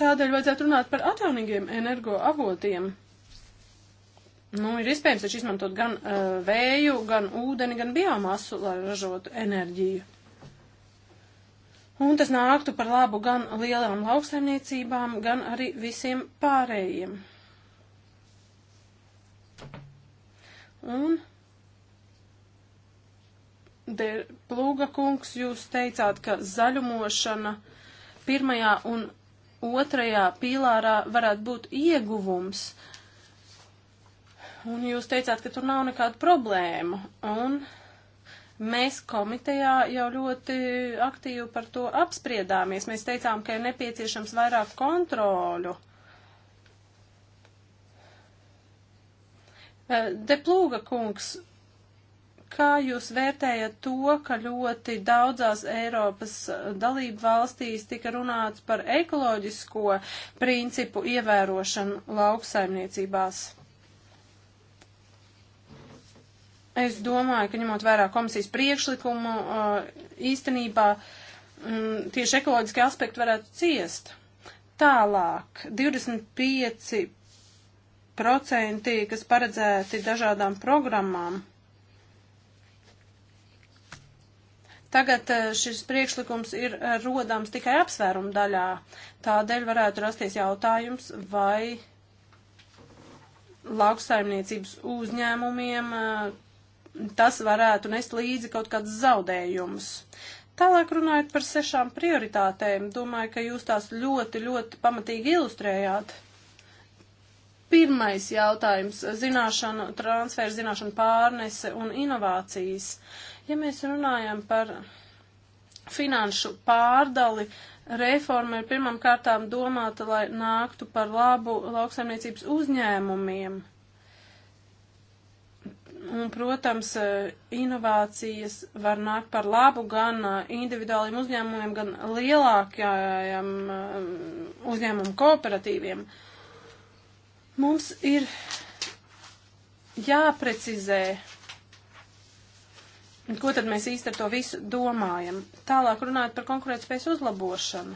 Tādēļ vajadzētu runāt par atjaunīgiem energoavotiem. Nu, ir iespējams taču izmantot gan uh, vēju, gan ūdeni, gan biomasu, lai ražotu enerģiju. Un tas nāktu par labu gan lielām lauksaimniecībām, gan arī visiem pārējiem. Un De Plūga kungs, jūs teicāt, ka zaļumošana pirmajā un otrajā pīlārā varētu būt ieguvums. Un jūs teicāt, ka tur nav nekāda problēma. Un mēs komitejā jau ļoti aktīvi par to apspriedāmies. Mēs teicām, ka ir nepieciešams vairāk kontroļu. Uh, Eh, Deplūga kungs, kā jūs vērtējat to, ka ļoti daudzās Eiropas eh, dalību valstīs tika runāts par ekoloģisko principu ievērošanu lauksaimniecībās? Es domāju, ka ņemot vērā komisijas priekšlikumu, eh, īstenībā mm, tieši ekoloģiski aspekti varētu ciest. Tālāk, 25 procenti, kas paredzēti dažādām programmām. Tagad eh, šis priekšlikums ir eh, rodams tikai apsvērumu daļā. Tādēļ varētu rasties jautājums, vai lauksaimniecības uzņēmumiem eh, tas varētu nest līdzi kaut kāds zaudējums. Tālāk runājot par sešām prioritātēm, domāju, ka jūs tās ļoti, ļoti pamatīgi ilustrējāt. Pirmais jautājums - zināšanu, transfer, zināšanu pārnese un inovācijas. Ja mēs runājam par finanšu pārdali, reforma ir pirmam kārtām domāta, lai nāktu par labu lauksaimniecības uzņēmumiem. Un, protams, inovācijas var nākt par labu gan uh, individuāliem uzņēmumiem, gan lielākajiem um, uzņēmumu kooperatīviem. Uh, Mums ir jāprecizē, ko tad mēs īsti ar to visu domājam. Tālāk runājot par konkurētspējas uzlabošanu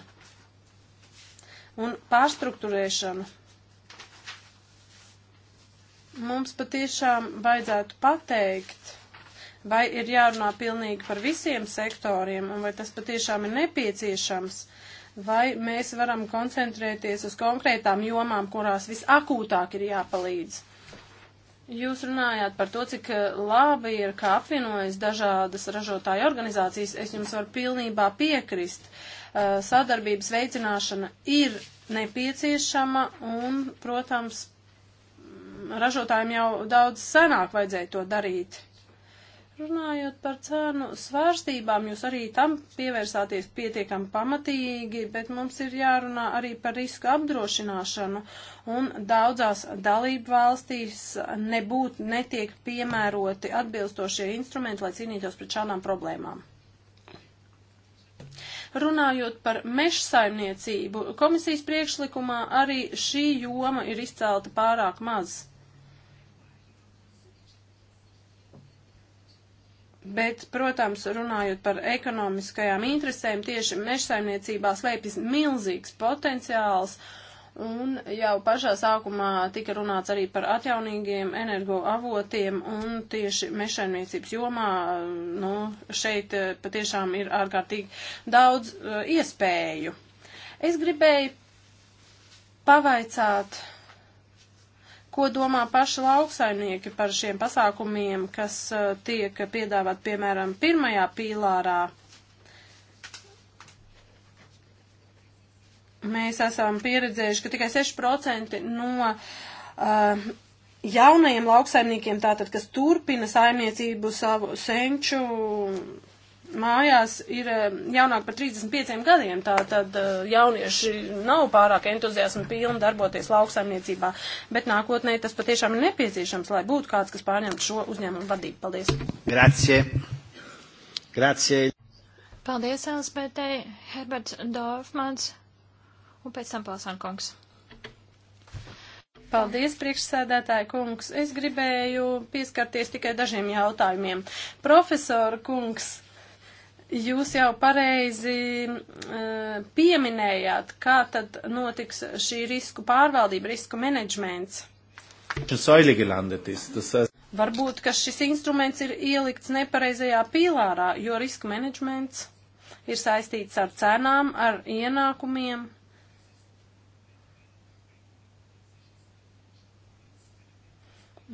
un pārstruktūrēšanu. Mums patiešām vajadzētu pateikt, vai ir jārunā pilnīgi par visiem sektoriem, un vai tas patiešām ir nepieciešams. Uh, vai mēs varam koncentrēties uz konkrētām jomām, kurās visakūtāk ir jāpalīdz. Jūs runājāt par to, cik eh, labi ir, ka apvienojas dažādas ražotāju organizācijas. Es jums varu pilnībā piekrist. Eh, sadarbības veicināšana ir nepieciešama un, protams, ražotājiem jau daudz senāk vajadzēja to darīt. Runājot par cēnu svārstībām, jūs arī tam pievērsāties pietiekami pamatīgi, bet mums ir jārunā arī par riska apdrošināšanu. Un daudzās dalību valstīs nebūt, netiek piemēroti atbilstošie instrumenti, lai cīnītos pret šādām problēmām. Runājot par meža saimniecību, komisijas priekšlikumā arī šī joma ir izcelta pārāk maz. Bet, protams, runājot par ekonomiskajām interesēm, tieši mežsaimniecībā slēpjas milzīgs potenciāls, un jau pašā sākumā tika runāts arī par atjaunīgiem energoavotiem, un tieši mežsaimniecības jomā, nu, šeit eh, patiešām ir ārkārtīgi daudz uh, iespēju. Es gribēju pavaicāt Ko domā paši lauksaimnieki par šiem pasākumiem, kas eh, tiek piedāvāt, piemēram, pirmajā pīlārā? Mēs esam pieredzējuši, ka tikai 6% no uh, jaunajiem lauksaimniekiem, tātad, kas turpina saimniecību savu senču mājās ir eh, jaunāk par 35 gadiem, tā tad eh, jaunieši nav pārāk entuziasmi pilni darboties lauksaimniecībā, bet nākotnē tas patiešām ir nepieciešams, lai būtu kāds, kas pārņemtu šo uzņēmumu vadību. Paldies! Grazie! Grazie! Paldies, Elspētei, Herberts Dorfmans un pēc tam Palsankungs. Paldies, priekšsēdētāja kungs. Es gribēju pieskarties tikai dažiem jautājumiem. Profesora kungs, Jūs jau pareizi e, pieminējāt, kā tad notiks šī risku pārvaldība, risku menedžments. Varbūt, ka šis instruments ir ielikts nepareizajā pīlārā, jo risku menedžments ir saistīts ar cenām, ar ienākumiem.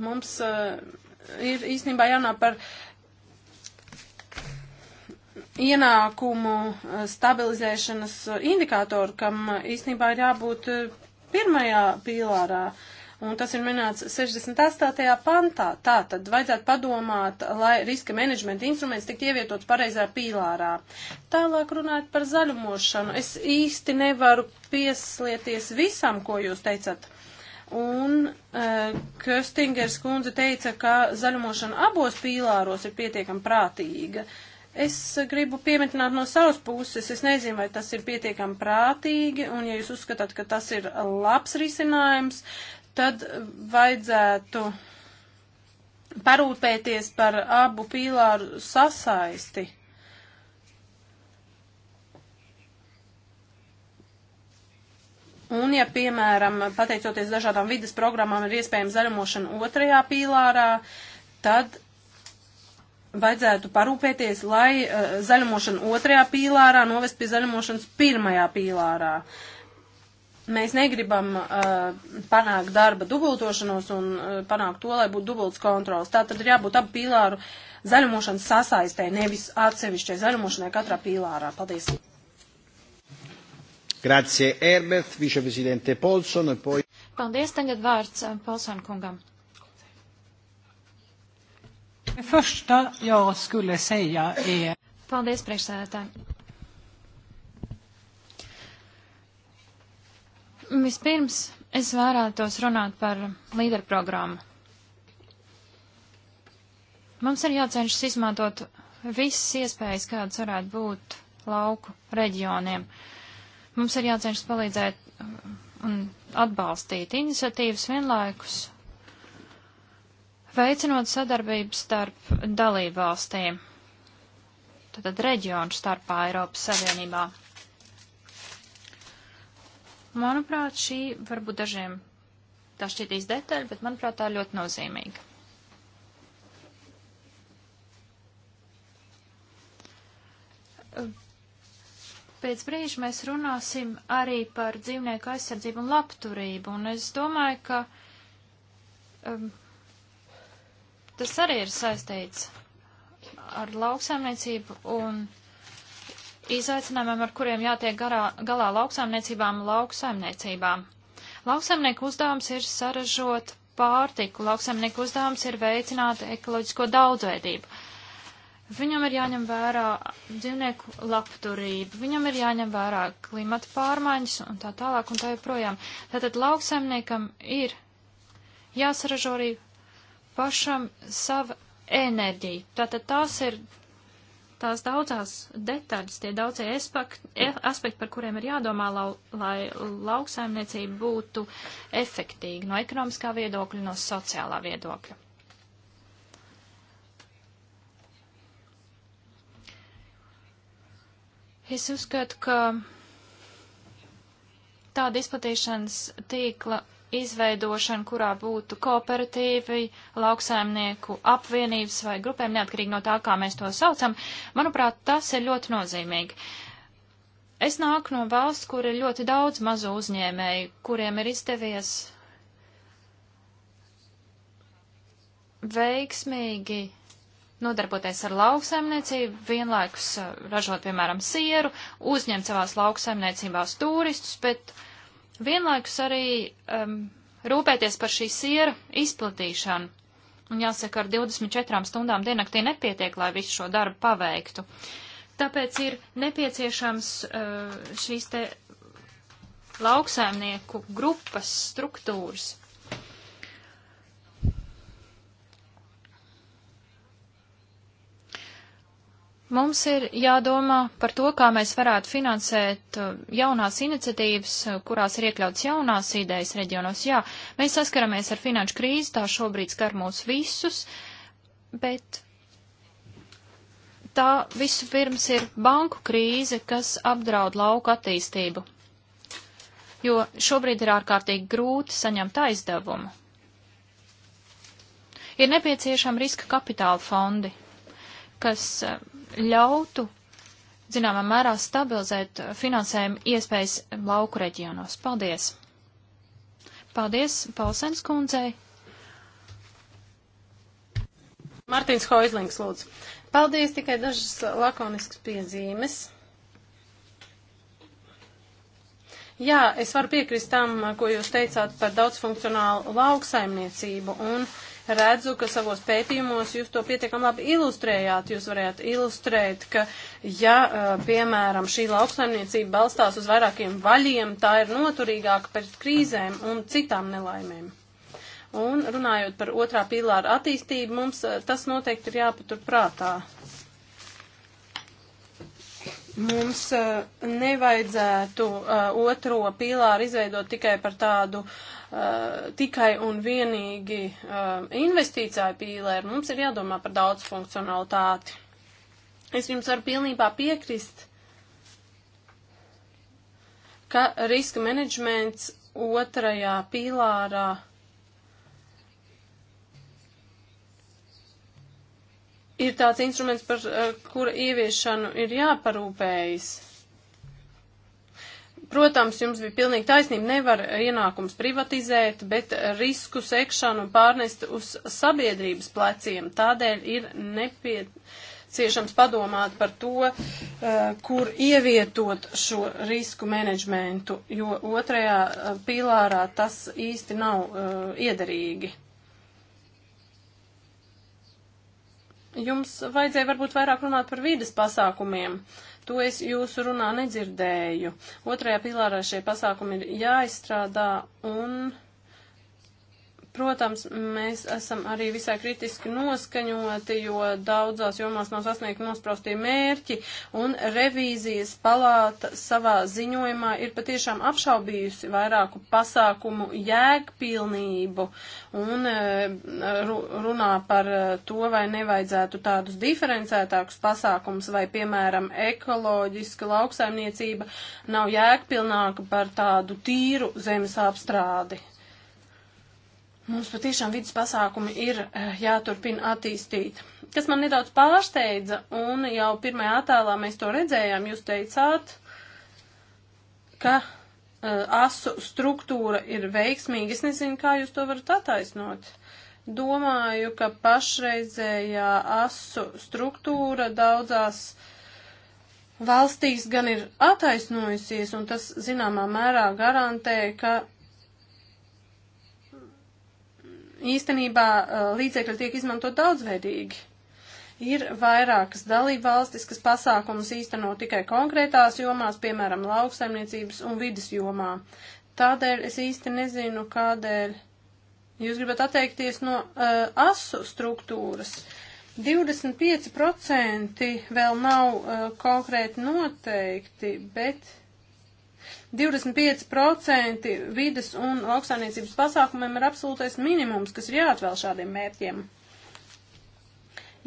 Mums uh, ir īstenībā jānāk par uh, ienākumu eh, stabilizēšanas eh, indikātoru, kam eh, īstenībā ir jābūt pirmajā pīlārā. Un tas ir minēts 68. pantā. Tā tad vajadzētu padomāt, lai riska menedžmenta instruments tiktu ievietots pareizā pīlārā. Tālāk runājot par zaļumošanu. Es īsti nevaru pieslieties visam, ko jūs teicat. Un uh, Köstingers kundze teica, ka zaļumošana abos pīlāros ir pietiekam prātīga. Uh, Es gribu pieminēt no savas puses, es nezinu, vai tas ir pietiekami prātīgi, un ja jūs uzskatāt, ka tas ir labs risinājums, tad vajadzētu parūpēties par abu pīlāru sasaisti. Un, ja, piemēram, pateicoties dažādām vidas programmām, ir iespējama zaļumošana otrajā pīlārā, tad vajadzētu parūpēties, lai uh, zaļumošana otrajā pīlārā novest pie zaļumošanas pirmajā pīlārā. Mēs negribam uh, panākt darba dubultošanos un uh, panākt to, lai būtu dubults kontrols. Tā tad ir jābūt abu pīlāru zaļumošanas sasaistē, nevis atsevišķai zaļumošanai katrā pīlārā. Paldies! Grazie, Herbert, viceprezidente Polson. E poi... Paldies, tagad vārds Polson kungam. Första jag skulle säga är... Paldies, priekšsēdētāji. Vispirms es vēlētos runāt par līderprogrammu. Mums ir jācenšas izmantot visas iespējas, kādas varētu būt lauku reģioniem. Mums ir jācenšas palīdzēt un atbalstīt iniciatīvas vienlaikus veicinot sadarbību starp dalībvalstīm, tātad reģionu starpā Eiropas Savienībā. Manuprāt, šī varbūt dažiem tā šķitīs detaļa, bet manuprāt, tā ir ļoti nozīmīga. Pēc brīža mēs runāsim arī par dzīvnieku aizsardzību un labturību, un es domāju, ka um, Tas arī ir saistīts ar lauksaimniecību un izaicinājumiem, ar kuriem jātiek garā, galā lauksaimniecībām, lauksaimniecībām. Lauksaimnieku uzdevums ir saražot pārtiku, lauksaimnieku uzdevums ir veicināt ekoloģisko daudzveidību. Viņam ir jāņem vērā dzīvnieku labturība, viņam ir jāņem vērā klimata pārmaiņas un tā tālāk un tā joprojām. Tātad lauksaimniekam ir jāsaražo arī pašam sava enerģija. Tātad tās ir tās daudzās detaļas, tie daudzie e, aspekti, par kuriem ir jādomā, lau, lai lauksaimniecība būtu efektīga no ekonomiskā viedokļa, no sociālā viedokļa. Es uzskatu, ka tāda izplatīšanas tīkla izveidošanu, kurā būtu kooperatīvi, lauksaimnieku apvienības vai grupēm, neatkarīgi no tā, kā mēs to saucam, manuprāt, tas ir ļoti nozīmīgi. Es nāku no valsts, kur ir ļoti daudz mazu uzņēmēju, kuriem ir izdevies veiksmīgi nodarboties ar lauksaimniecību, vienlaikus eh, ražot, piemēram, sieru, uzņemt savās lauksaimniecībās turistus, bet uh, Vienlaikus arī um, rūpēties par šī siera izplatīšanu. Un jāsaka, ar 24 stundām diennaktī nepietiek, lai visu šo darbu paveiktu. Tāpēc ir nepieciešams uh, šīs te lauksaimnieku grupas struktūras. Mums ir jādomā par to, kā mēs varētu finansēt uh, jaunās iniciatīvas, uh, kurās ir iekļauts jaunās idejas reģionos. Jā, mēs saskaramies ar finanšu krīzi, tā šobrīd skar mūs visus, bet tā vispirms ir banku krīze, kas apdraud lauku attīstību, jo šobrīd ir ārkārtīgi grūti saņemt aizdevumu. Ir nepieciešama riska kapitāla fondi, kas uh, ļautu, zināmā mērā, stabilizēt finansējumu iespējas lauku reģionos. Paldies! Paldies Paulsens kundzei! Martins Hoizlings, lūdzu. Paldies tikai dažas lakoniskas piezīmes. Jā, es varu piekrist tam, ko jūs teicāt par daudzfunkcionālu lauksaimniecību, un redzu, ka savos pētījumos jūs to pietiekam labi ilustrējāt. Jūs varētu ilustrēt, ka ja, piemēram, šī lauksaimniecība balstās uz vairākiem vaļiem, tā ir noturīgāka pret krīzēm un citām nelaimēm. Un runājot par otrā pīlāra attīstību, mums tas noteikti ir jāpatur prātā. Mums uh, nevajadzētu uh, otro pīlāru izveidot tikai par tādu uh, tikai un vienīgi uh, investīciju pīlēru. Mums ir jādomā par daudz funkcionalitāti. Es jums varu pilnībā piekrist, ka riska menedžments otrajā pīlārā uh, ir tāds instruments, par eh, kura ieviešanu ir jāparūpējas. Protams, jums bija pilnīgi taisnība, nevar ienākums privatizēt, bet risku sekšanu pārnest uz sabiedrības pleciem. Tādēļ ir nepieciešams padomāt par to, eh, kur ievietot šo risku menedžmentu, jo otrajā eh, pilārā tas īsti nav iederīgi. Jums vajadzēja varbūt vairāk runāt par vīdes pasākumiem. To es jūsu runā nedzirdēju. Otrajā pilārā šie pasākumi ir jāizstrādā un Protams, mēs esam arī visai kritiski noskaņoti, jo daudzās jomās nav sasniegt nospraustie mērķi, un revīzijas palāta savā ziņojumā ir patiešām apšaubījusi vairāku pasākumu jēgpilnību un e, runā par e, to, vai nevajadzētu tādus diferencētākus pasākumus, vai, piemēram, ekoloģiska lauksaimniecība nav jēgpilnāka par tādu tīru zemes apstrādi. Mums patiešām vidas pasākumi ir eh, jāturpina attīstīt. Kas man nedaudz pārsteidza, un jau pirmajā attēlā mēs to redzējām, jūs teicāt, ka uh, asu struktūra ir veiksmīga. Es nezinu, kā jūs to varat attaisnot. Domāju, ka pašreizējā asu struktūra daudzās valstīs gan ir attaisnojusies, un tas zināmā mērā garantē, ka īstenībā līdzekļi tiek izmantot daudzveidīgi. Ir vairākas dalībvalstis, kas pasākumus īsteno tikai konkrētās jomās, piemēram, lauksaimniecības un vidas jomā. Tādēļ es īsti nezinu, kādēļ jūs gribat atteikties no uh, asu struktūras. 25% vēl nav uh, konkrēti noteikti, bet 25% vides un lauksainiecības pasākumiem ir absolūtais minimums, kas ir jāatvēl šādiem mērķiem.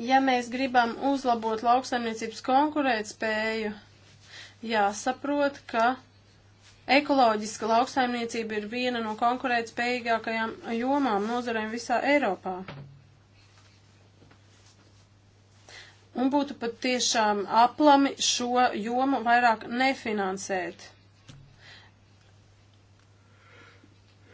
Ja mēs gribam uzlabot lauksainiecības konkurētspēju, jāsaprot, ka ekoloģiska lauksaimniecība ir viena no konkurētspējīgākajām jomām nozarēm visā Eiropā. Un būtu pat tiešām aplami šo jomu vairāk nefinansēt.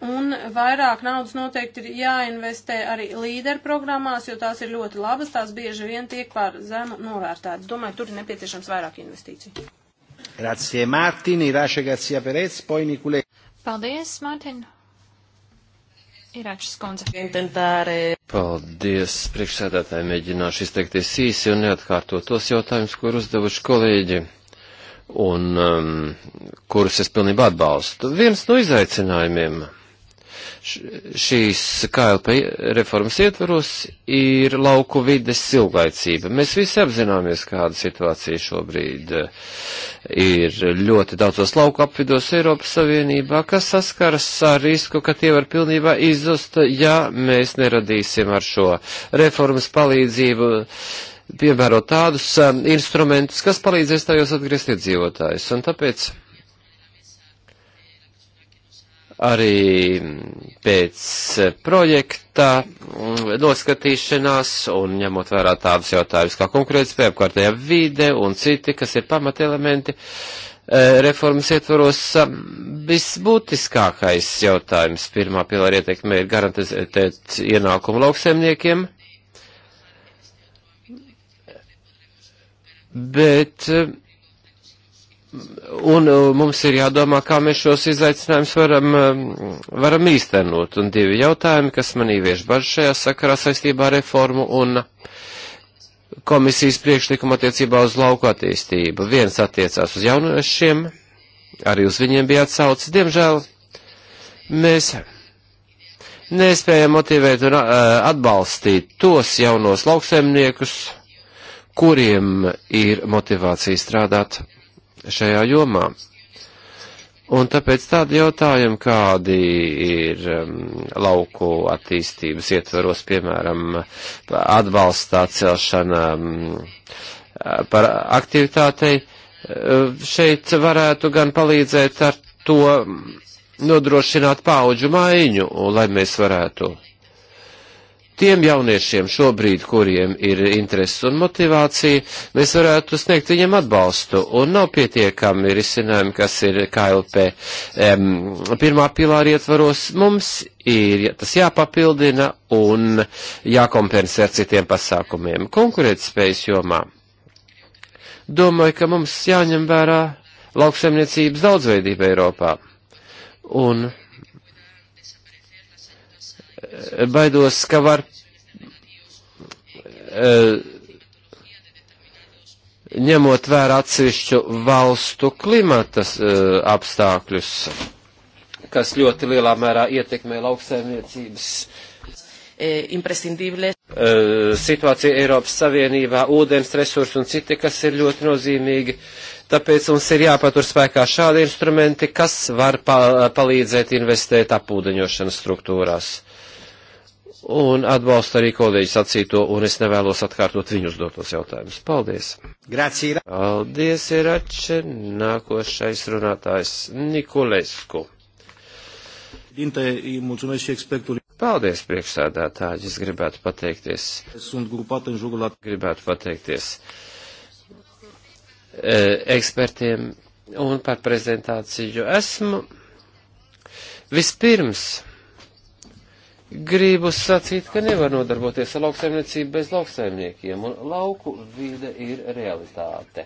un vairāk naudas noteikti ir jāinvestē arī līderu programmās, jo tās ir ļoti labas, tās bieži vien tiek par zemu novērtētas. Domāju, tur ir nepieciešams vairāk investīciju. Grazie, Mārtiņ, Irāša Garcia Perez, poi Nikulē. Paldies, Mārtiņ. Irāčas kundze. Paldies, priekšsēdētāji, mēģināšu izteikties īsi un neatkārtot tos jautājumus, kur uzdevuši kolēģi un um, kurus es pilnībā atbalstu. Viens no izaicinājumiem šīs KLP reformas ietvaros ir lauku vides ilgaicība. Mēs visi apzināmies, kāda situācija šobrīd eh, ir ļoti daudzos lauku apvidos Eiropas Savienībā, kas saskaras ar risku, ka tie var pilnībā izzust, ja mēs neradīsim ar šo reformas palīdzību piemērot tādus eh, instrumentus, kas palīdzēs tajos atgriezt iedzīvotājus. Un tāpēc arī pēc projekta mm, noskatīšanās un ņemot vērā tādus jautājumus kā konkurētspēja, apkārtējā vide un citi, kas ir pamatelementi e, reformas ietvaros. Visbūtiskākais jautājums pirmā pilāra ietekmē ir garantēt ienākumu lauksaimniekiem, bet Un uh, mums ir jādomā, kā mēs šos izaicinājumus varam, um, varam īstenot. Un divi jautājumi, kas manī vieš bažas šajā sakarā saistībā ar reformu un komisijas priekšlikumu attiecībā uz lauku attīstību. Viens attiecās uz jauniešiem, arī uz viņiem bija atsaucis. Diemžēl mēs nespēja motivēt un uh, atbalstīt tos jaunos lauksaimniekus, kuriem ir motivācija strādāt šajā jomā. Un tāpēc tādi jautājumi, kādi ir um, lauku attīstības ietvaros, piemēram, atbalstā celšana um, par aktivitātei, uh, šeit varētu gan palīdzēt ar to nodrošināt pauģu maiņu, lai mēs varētu tiem jauniešiem šobrīd, kuriem ir interesi un motivācija, mēs varētu sniegt viņiem atbalstu. Un nav pietiekami risinājumi, kas ir KLP um, pirmā pilāra ietvaros. Mums ir tas jāpapildina un jākompensē ar citiem pasākumiem. Konkurētspējas jomā. Domāju, ka mums jāņem vērā lauksaimniecības daudzveidība Eiropā. Un Eh, baidos, ka var eh, ņemot vērā atsevišķu valstu klimatas eh, apstākļus, kas ļoti lielā mērā ietekmē lauksaimniecības situācija Eiropas Savienībā, ūdens resursi un citi, kas ir ļoti nozīmīgi. Tāpēc mums ir jāpatur spēkā šādi instrumenti, kas var pa palīdzēt investēt apūdeņošanas struktūrās un atbalstu arī kolēģi sacīto, un es nevēlos atkārtot viņu uzdotos jautājumus. Paldies! Grācija! Paldies, Irače! Nākošais runātājs Nikolesku. Paldies, priekšsēdētāji! Es gribētu pateikties. Gribētu pateikties e, ekspertiem un par prezentāciju. Esmu vispirms gribu sacīt, ka nevar nodarboties ar lauksaimniecību bez lauksaimniekiem, un lauku vide ir realitāte.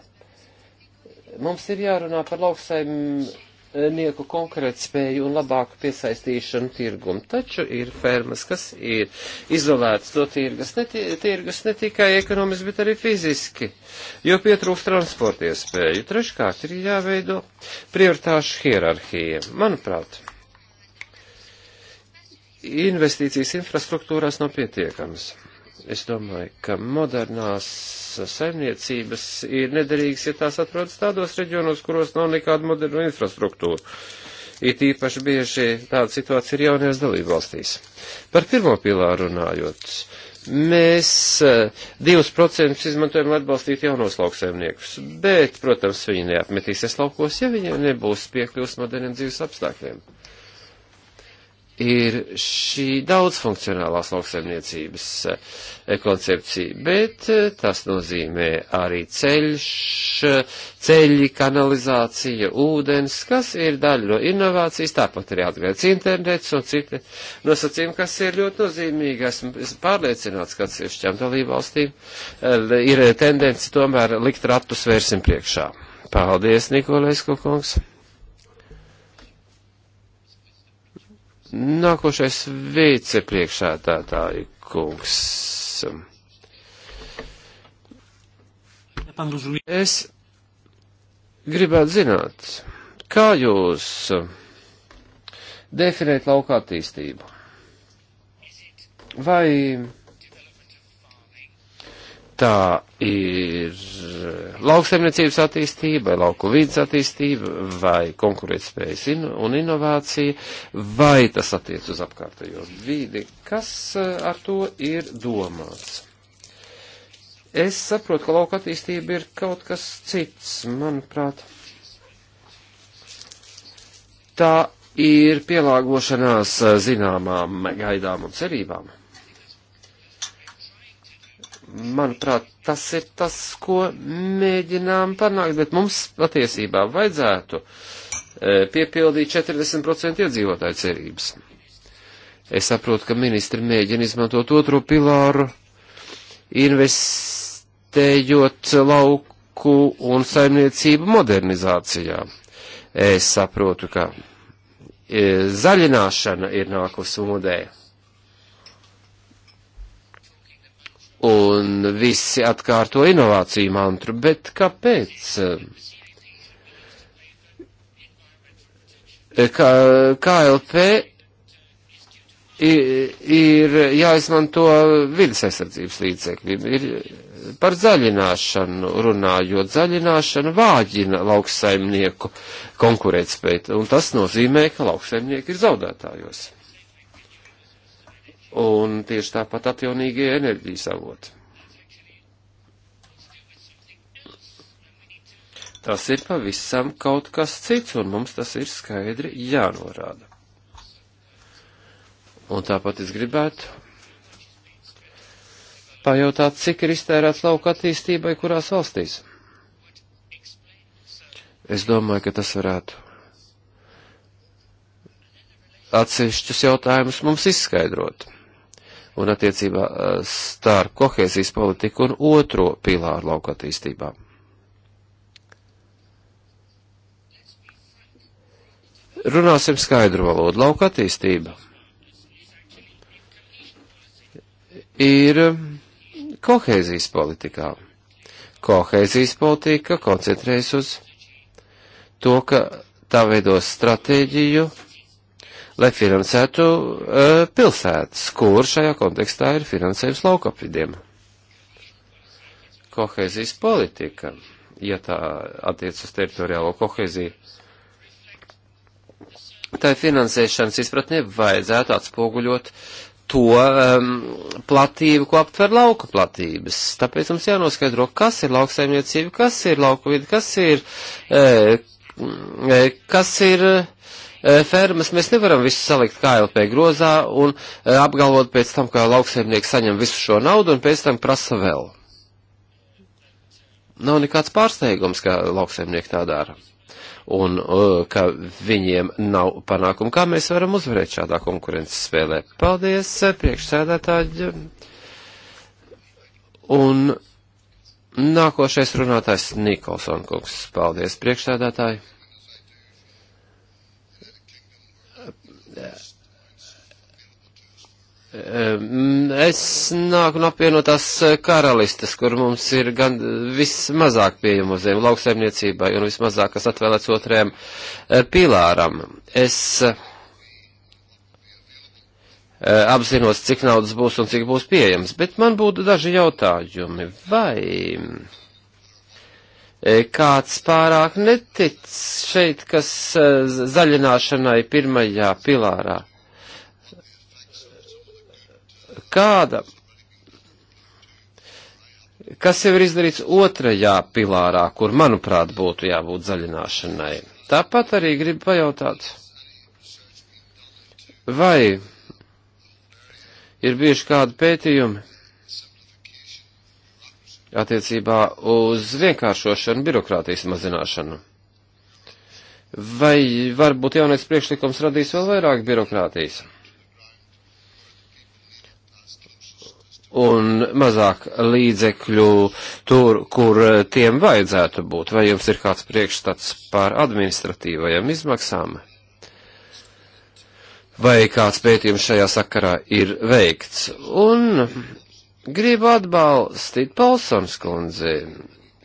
Mums ir jārunā par lauksaimnieku konkrētu spēju un labāku piesaistīšanu tirgumu, taču ir fermas, kas ir izolētas no tirgas, ne, tirgas ne tikai ekonomiski, bet arī fiziski, jo pietrūkst transporta iespēju. Treškārt ir jāveido prioritāšu hierarhija, manuprāt investīcijas infrastruktūrās nav pietiekamas. Es domāju, ka modernās saimniecības ir nederīgas, ja tās atrodas tādos reģionos, kuros nav nekāda moderna infrastruktūra. It īpaši bieži tāda situācija ir jaunajās dalībvalstīs. Par pirmo pilāru runājot, mēs 2% eh, izmantojam, lai atbalstītu jaunos lauksaimniekus, bet, protams, viņi neapmetīsies laukos, ja viņiem nebūs piekļūst moderniem dzīves apstākļiem ir šī daudzfunkcionālās lauksaimniecības eh, koncepcija, bet eh, tas nozīmē arī ceļš, ceļi, kanalizācija, ūdens, kas ir daļa no inovācijas, tāpat arī atgriezt internets un citi nosacījumi, kas ir ļoti nozīmīgi. Esmu pārliecināts, ka atsevišķām dalībvalstīm eh, ir tendence tomēr likt ratus vērsim priekšā. Paldies, Nikolais Kukungs! Nākošais vicepriekšētātāji kungs. Es gribētu zināt, kā jūs definēt lauka attīstību? Vai tā ir lauksaimniecības attīstība, vai lauku vidas attīstība, vai konkurētspējas in un inovācija, vai tas attiec uz apkārtējo vidi. Kas e, ar to ir domāts? Es saprotu, ka lauka attīstība ir kaut kas cits, manuprāt. Tā ir pielāgošanās e, zināmām gaidām un cerībām manuprāt, tas ir tas, ko mēģinām panākt, bet mums patiesībā vajadzētu e, piepildīt 40% iedzīvotāju cerības. Es saprotu, ka ministri mēģina izmantot otro pilāru, investējot lauku un saimniecību modernizācijā. Es saprotu, ka e, zaļināšana ir nākusi modē un visi atkārto inovāciju mantru, bet kāpēc? Kā, KLP ir jāizmanto vidas aizsardzības līdzekļi, ir par zaļināšanu runājot, zaļināšana vāģina lauksaimnieku konkurētspēju, un tas nozīmē, ka lauksaimnieki ir zaudētājos un tieši tāpat atjaunīgie enerģijas avoti. Tas ir pavisam kaut kas cits, un mums tas ir skaidri jānorāda. Un tāpat es gribētu pajautāt, cik ir iztērēts lauka attīstībai, kurās valstīs. Es domāju, ka tas varētu atsevišķus jautājumus mums izskaidrot un attiecībā eh, starp kohēzijas politiku un otro pilāru lauka attīstībā. Runāsim skaidru valodu. Lauka attīstība ir kohēzijas politikā. Kohēzijas politika koncentrējas uz to, ka tā veidos stratēģiju, lai finansētu uh, pilsētas, kur šajā kontekstā ir finansējums laukapvidiem. Kohēzijas politika, ja tā attiec uz teritoriālo kohēziju, tai finansēšanas izpratnē vajadzētu atspoguļot to um, platību, ko aptver lauku platības. Tāpēc mums jānoskaidro, kas ir lauksaimniecība, kas ir lauku vidi, kas ir, e, eh, kas ir e, fermas, mēs nevaram visu salikt KLP grozā un apgalvot pēc tam, ka lauksaimnieks saņem visu šo naudu un pēc tam prasa vēl. Nav nekāds pārsteigums, ka lauksaimnieki tā dara un ka viņiem nav panākumu. Kā mēs varam uzvarēt šādā konkurences spēlē? Paldies, priekšsēdētāji. Un nākošais runātājs Nikolson kungs. Paldies, priekšsēdētāji. Es nāku no apvienotās eh, karalistes, kur mums ir gan vismazāk pieejamu zemi lauksaimniecībai un vismazāk, kas atvēlēts otrajam eh, pilāram. Es eh, apzinos, cik naudas būs un cik būs pieejams, bet man būtu daži jautājumi. Vai kāds pārāk netic šeit, kas zaļināšanai pirmajā pilārā? kāda, kas jau ir izdarīts otrajā pilārā, kur, manuprāt, būtu jābūt zaļināšanai. Tāpat arī gribu pajautāt, vai ir bijuši kādi pētījumi attiecībā uz vienkāršošanu, birokrātijas mazināšanu? Vai varbūt jaunais priekšlikums radīs vēl vairāk birokrātijas? un mazāk līdzekļu tur, kur eh, tiem vajadzētu būt? Vai jums ir kāds priekšstats par administratīvajām izmaksām? Vai kāds pētījums šajā sakarā ir veikts? Un gribu atbalstīt Polsons kundzi.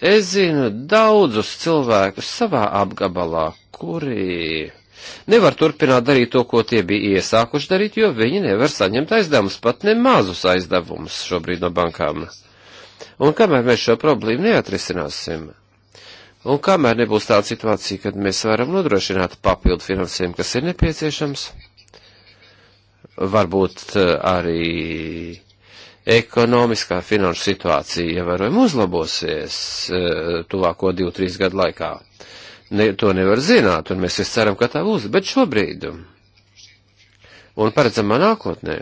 Es zinu daudzus cilvēkus savā apgabalā, kuri nevar turpināt darīt to, ko tie bija iesākuši darīt, jo viņi nevar saņemt aizdevumus, pat ne mazus aizdevumus šobrīd no bankām. Un kamēr mēs šo problēmu neatrisināsim, un kamēr nebūs tāda situācija, kad mēs varam nodrošināt papildu finansējumu, kas ir nepieciešams, varbūt eh, arī ekonomiskā finanšu situācija ievērojami uzlabosies eh, tuvāko 2-3 gadu laikā ne, to nevar zināt, un mēs visi ceram, ka tā būs, bet šobrīd un paredzamā nākotnē.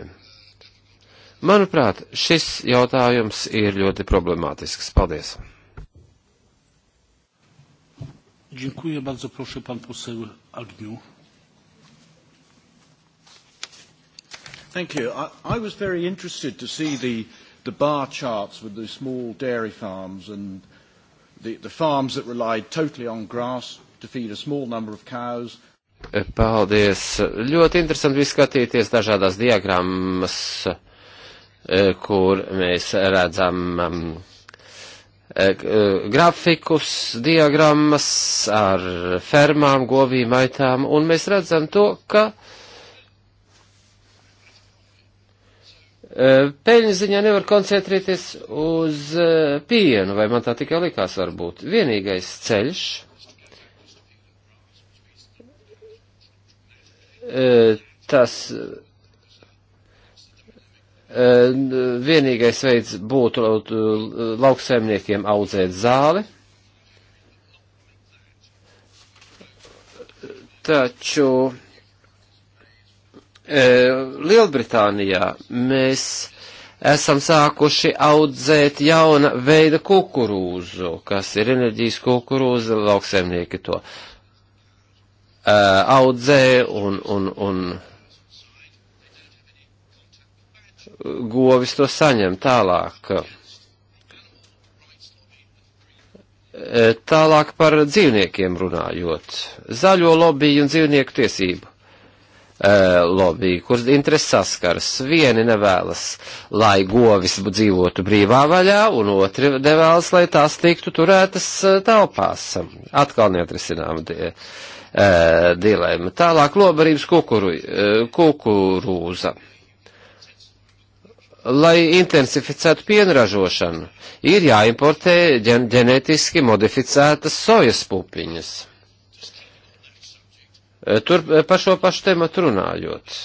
Manuprāt, šis jautājums ir ļoti problemātisks. Paldies! Dziękuję bardzo. Proszę pan poseł Agniu. Thank you. I, I was very interested to see the, the bar charts with the small dairy farms and the, the farms that relied totally on grass to feed a small number of cows. Paldies. Ļoti interesanti bija skatīties dažādās diagrammas, e, kur mēs redzam um, e, e, grafikus, diagrammas ar fermām, govīm, aitām, un mēs redzam to, ka peļņas ziņā nevar koncentrēties uz pienu, vai man tā tikai likās varbūt. Vienīgais ceļš, E, tas e, vienīgais veids būtu e, lauksaimniekiem audzēt zāli, taču Lielbritānijā mēs esam sākuši audzēt jauna veida kukurūzu, kas ir enerģijas kukurūza, lauksaimnieki to uh, audzē uh, un, un, un govis to saņem tālāk. Uh, tālāk par dzīvniekiem runājot. Zaļo lobiju un dzīvnieku tiesību uh, lobby, kuras intereses saskaras. Vieni nevēlas, lai govis dzīvotu brīvā vaļā, un otri nevēlas, lai tās tiktu turētas telpās. Atkal neatrisinām dilema. Tālāk lobarības kukuru, kukurūza. Lai intensificētu pienražošanu, ir jāimportē ģen ģenētiski modificētas sojas pupiņas. Tur par šo pašu tematu runājot,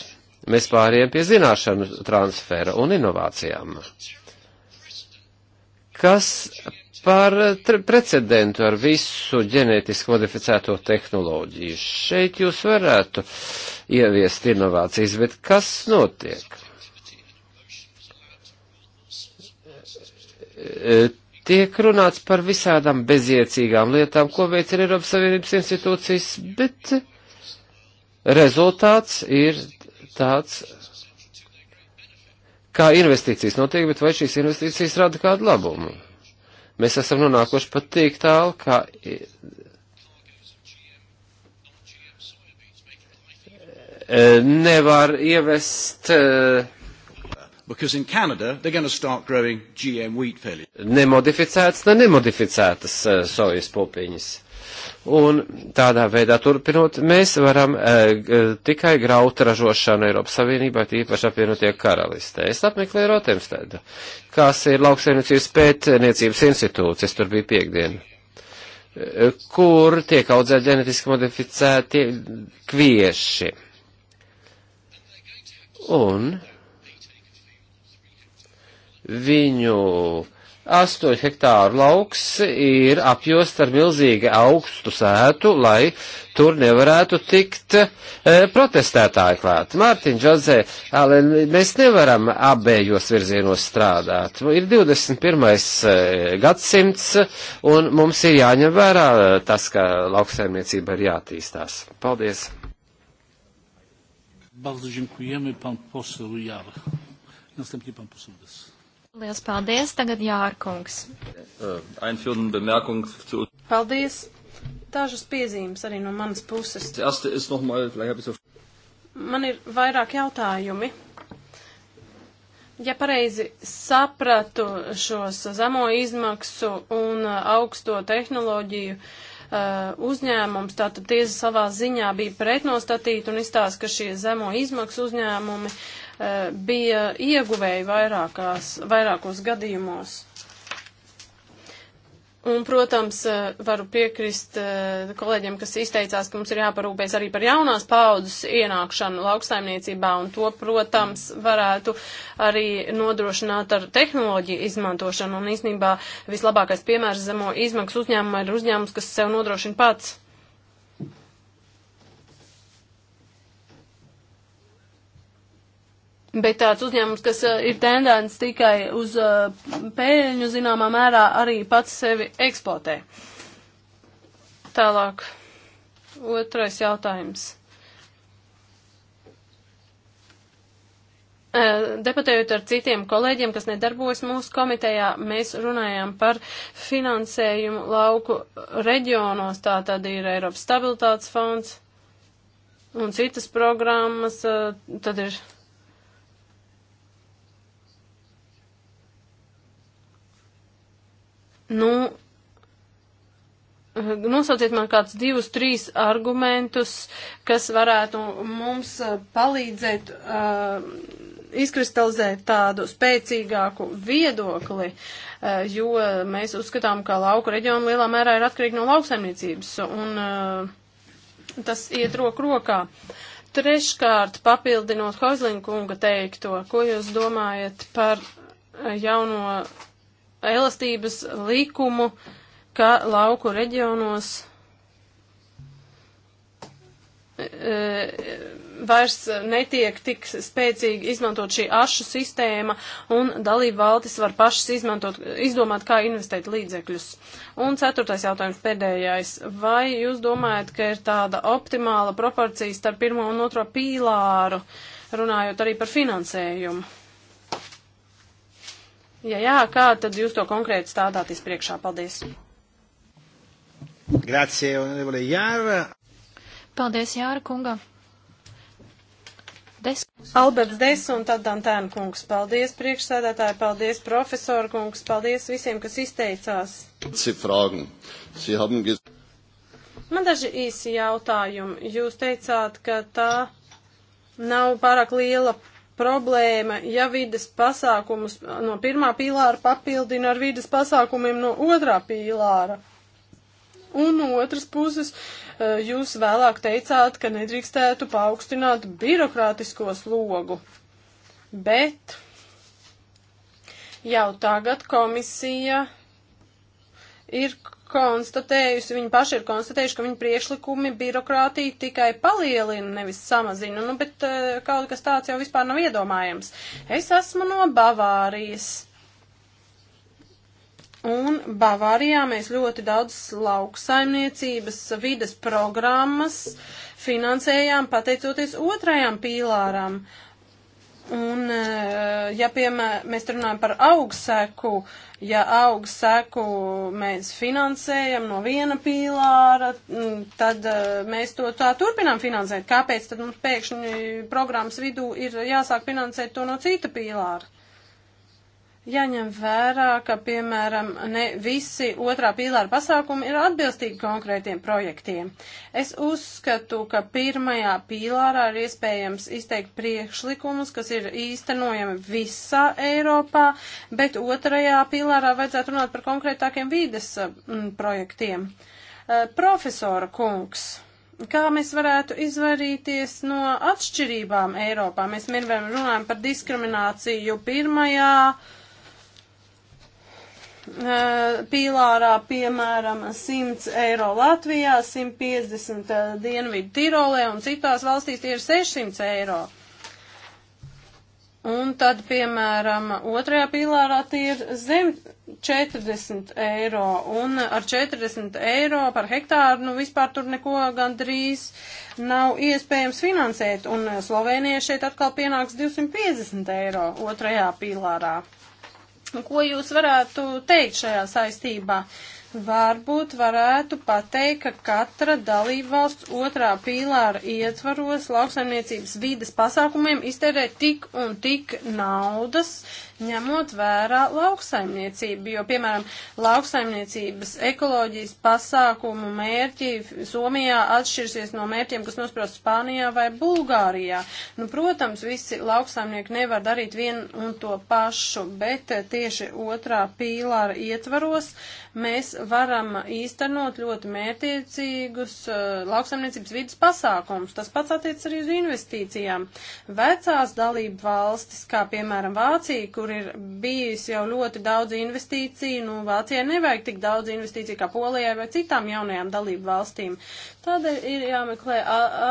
mēs pāriem pie zināšanu transfera un inovācijām. Kas par eh, precedentu ar visu ģenētiski modificēto tehnoloģiju. Šeit jūs varētu ieviest inovācijas, bet kas notiek? Eh, tiek runāts par visādām bezjēcīgām lietām, ko veic Eiropas Savienības institūcijas, bet rezultāts ir tāds, kā investīcijas notiek, bet vai šīs investīcijas rada kādu labumu? Mēs esam nonākuši pat tik tālu, ka e, nevar ievest e, Because in Canada, they're going to start growing GM wheat fairly. Nemodificētas, ne nemodificētas uh, sojas pupiņas. Un tādā veidā turpinot, mēs varam e, e, tikai graut ražošanu Eiropas Savienībā, tīpaši apvienotie karalistē. Es apmeklēju Rotemstedu, kas ir lauksainicības pētniecības institūts, es tur biju piekdienu, e, kur tiek audzēt ģenetiski modificēti kvieši. Un viņu 8 hektāru lauks ir apjosts ar milzīgi augstu sētu, lai tur nevarētu tikt e, protestētāji klāt. Mārtiņ, Džozē, mēs nevaram abējos virzienos strādāt. Ir 21. E, gadsimts, un mums ir jāņem vērā e, tas, ka lauksaimniecība ir jātīstās. Paldies! Bardzo dziękujemy, pan poseł Jar. Następnie pan poseł Des. Lielas paldies. Tagad Jārkungs. Paldies. Dažas piezīmes arī no manas puses. Man ir vairāk jautājumi. Ja pareizi sapratu šos zemo izmaksu un augsto tehnoloģiju, uzņēmums, tātad tiesa savā ziņā bija pretnostatīta un izstāsta, ka šie zemo izmaksu uzņēmumi uh, E, bija ieguvēji vairākās, vairākos gadījumos. Un, protams, e, varu piekrist e, kolēģiem, kas izteicās, ka mums ir jāparūpēs arī par jaunās paudzes ienākšanu lauksaimniecībā, un to, protams, varētu arī nodrošināt ar tehnoloģiju izmantošanu. Un īstenībā vislabākais piemērs zemo izmaksu uzņēmumu ir uzņēmums, kas sev nodrošina pats. Bet tāds uzņēmums, kas eh, ir tendēns tikai uz eh, pēļņu, zināmā mērā arī pats sevi eksploatē. Tālāk, otrais jautājums. Eh, Debatējot ar citiem kolēģiem, kas nedarbojas mūsu komitejā, mēs runājām par finansējumu lauku reģionos. Tā tad ir Eiropas stabilitātes fonds un citas programmas. Tad ir Nu, nosauciet man kāds divus, trīs argumentus, kas varētu mums uh, palīdzēt uh, izkristalizēt tādu spēcīgāku viedokli, uh, jo mēs uzskatām, ka lauku reģionu lielā mērā ir atkarīgi no lauksaimniecības, un uh, tas iet roku rokā. Treškārt, papildinot Hoizlinkunga teikto, ko jūs domājat par jauno elastības likumu, ka lauku reģionos e, vairs netiek tik spēcīgi izmantot šī ašu sistēma, un dalību valstis var pašas izmantot, izdomāt, kā investēt līdzekļus. Un ceturtais jautājums pēdējais. Vai jūs domājat, ka ir tāda optimāla proporcija starp pirmo un otro pīlāru, runājot arī par finansējumu? Ja jā, kā tad jūs to konkrēti stādāt izpriekšā? Paldies! Grazie, onorevole Jāra. Paldies, Jāra kunga. Des. Alberts Des un tad Dantēna kungs. Paldies, priekšsēdētāji, paldies, profesora kungs, paldies visiem, kas izteicās. Man daži īsi jautājumi. Jūs teicāt, ka tā nav pārāk liela problēma, ja vides pasākumus no pirmā pīlāra papildina ar vides pasākumiem no otrā pīlāra. Un no otras puses, eh, jūs vēlāk teicāt, ka nedrīkstētu paaugstināt birokrātisko slogu. Bet jau tagad komisija ir konstatējusi, viņi paši ir konstatējuši, ka viņu priekšlikumi birokrātiju tikai palielina, nevis samazina, nu, bet eh, kaut kas tāds jau vispār nav iedomājams. Es esmu no Bavārijas. Un Bavārijā mēs ļoti daudz lauksaimniecības vides programmas finansējām pateicoties otrajām pīlāram. Uh, Un, eh, ja piemēram mēs runājam par augstsēku, ja augstsēku mēs finansējam no viena pīlāra, mm, tad eh, mēs to tā turpinām finansēt. Kāpēc tad mums pēkšņi programmas vidū ir jāsāk finansēt to no cita pīlāra? Jaņem vērā, ka, piemēram, ne visi otrā pīlāra pasākumi ir atbilstīgi konkrētiem projektiem. Es uzskatu, ka pirmajā pīlārā ir iespējams izteikt priekšlikumus, kas ir īstenojami visā Eiropā, bet otrajā pīlārā vajadzētu runāt par konkrētākiem vīdes m, projektiem. E, profesora kungs kā mēs varētu izvairīties no atšķirībām Eiropā. Mēs vienmēr runājam par diskrimināciju pirmajā Eh, pīlārā, piemēram, 100 eiro Latvijā, 150 eh, Dienvidu Tirolē un citās valstīs tie ir 600 eiro. Un tad, piemēram, otrajā pīlārā tie ir zem 40 eiro, un ar 40 eiro par hektāru, nu, vispār tur neko gandrīz nav iespējams finansēt, un Slovēnija šeit atkal pienāks 250 eiro otrajā pīlārā. Ko jūs varētu teikt šajā saistībā? Varbūt varētu pateikt, ka katra dalībvalsts otrā pīlāra ietvaros lauksaimniecības vides pasākumiem iztērē tik un tik naudas, ņemot vērā lauksaimniecību, jo, piemēram, lauksaimniecības ekoloģijas pasākumu mērķi Somijā atšķirsies no mērķiem, kas nosprost Spānijā vai Bulgārijā. Nu, protams, visi lauksaimnieki nevar darīt vienu un to pašu, bet tieši otrā pīlāra ietvaros mēs varam īstenot ļoti mērķiecīgus uh, eh, lauksaimniecības vidas pasākumus. Tas pats attiec arī uz investīcijām. Vecās dalību valstis, kā piemēram Vācija, kur tur ir bijis jau ļoti daudz investīciju, nu Vācijai nevajag tik daudz investīciju kā Polijai vai citām jaunajām dalību valstīm. Tādēļ ir jāmeklē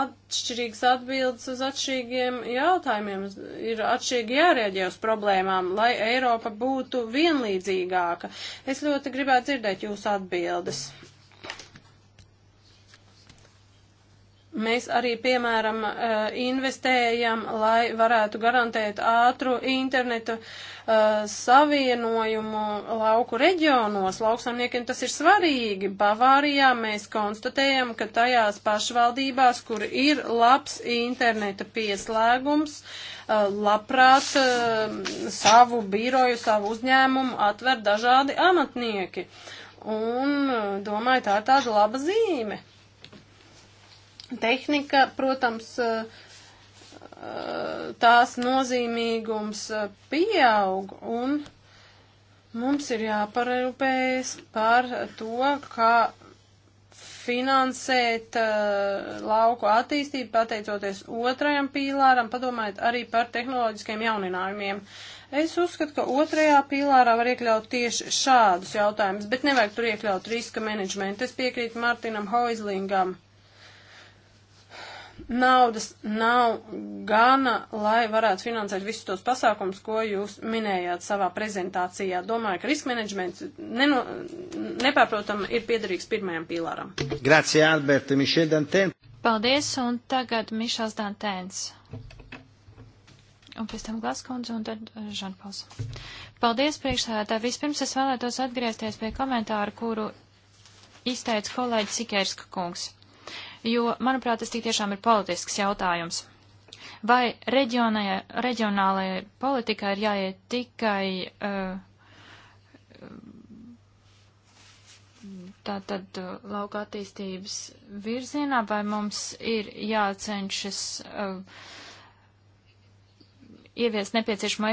atšķirīgas atbildes uz atšķirīgiem jautājumiem, ir atšķirīgi jārēģē uz problēmām, lai Eiropa būtu vienlīdzīgāka. Es ļoti gribētu dzirdēt jūsu atbildes. Mēs arī, piemēram, eh, investējam, lai varētu garantēt ātru internetu eh, savienojumu lauku reģionos. Lauksaimniekiem tas ir svarīgi. Bavārijā mēs konstatējam, ka tajās pašvaldībās, kur ir labs interneta pieslēgums, eh, labprāt savu biroju, savu uzņēmumu atver dažādi amatnieki. Un domāju, tā ir tāda laba zīme. Tehnika, protams, eh, eh, tās nozīmīgums eh, pieaug un mums ir jāparūpējas par to, kā finansēt uh, lauku attīstību, pateicoties otrajam pīlāram, padomājiet arī par tehnoloģiskiem jauninājumiem. Es uzskatu, ka otrajā pīlārā var iekļaut tieši šādus jautājumus, bet nevajag tur iekļaut riska menedžmentu. Es piekrītu Martinam Hoizlingam naudas nav gana, lai varētu finansēt visus tos pasākums, ko jūs minējāt savā prezentācijā. Domāju, ka risk menedžments neno, nepārprotam ir piederīgs pirmajam pīlāram. Grazie, Albert, Mišel Dantēn. Paldies, un tagad Mišels Dantēns. Un pēc tam Glaskundze un tad Žanpals. Eh, Paldies, priekšsēdētāji. Vispirms es vēlētos atgriezties pie komentāra, kuru izteica kolēģis Sikerska kungs jo, manuprāt, tas tik tiešām ir politisks jautājums. Vai reģionālajai politikai ir jāiet tikai uh, eh, tātad eh, lauka attīstības virzienā, vai mums ir jācenšas uh, ieviest nepieciešamo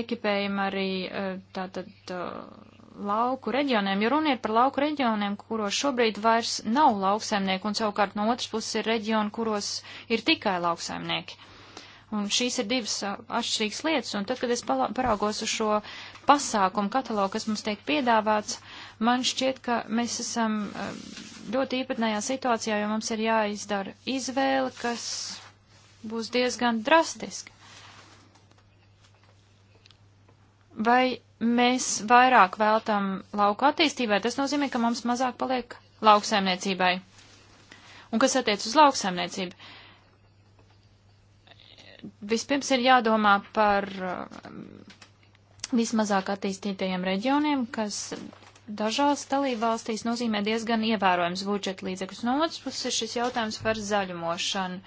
ekipējumu arī uh, tātad uh, lauku reģioniem, jo runa ir par lauku reģioniem, kuros šobrīd vairs nav lauksaimnieku, un savukārt no otras puses ir reģioni, kuros ir tikai lauksaimnieki. Un šīs ir divas atšķirīgas lietas, un tad, kad es paraugos uz šo pasākumu katalogu, kas mums tiek piedāvāts, man šķiet, ka mēs esam ļoti īpatnējā situācijā, jo mums ir jāizdara izvēle, kas būs diezgan drastiska. Vai mēs vairāk veltam lauku attīstībai, tas nozīmē, ka mums mazāk paliek lauksaimniecībai. Un kas attiec uz lauksaimniecību? Vispirms ir jādomā par um, vismazāk attīstītajiem reģioniem, kas dažās dalībvalstīs nozīmē diezgan ievērojams budžeta līdzekļus. No otras puses ir šis jautājums par zaļumošanu,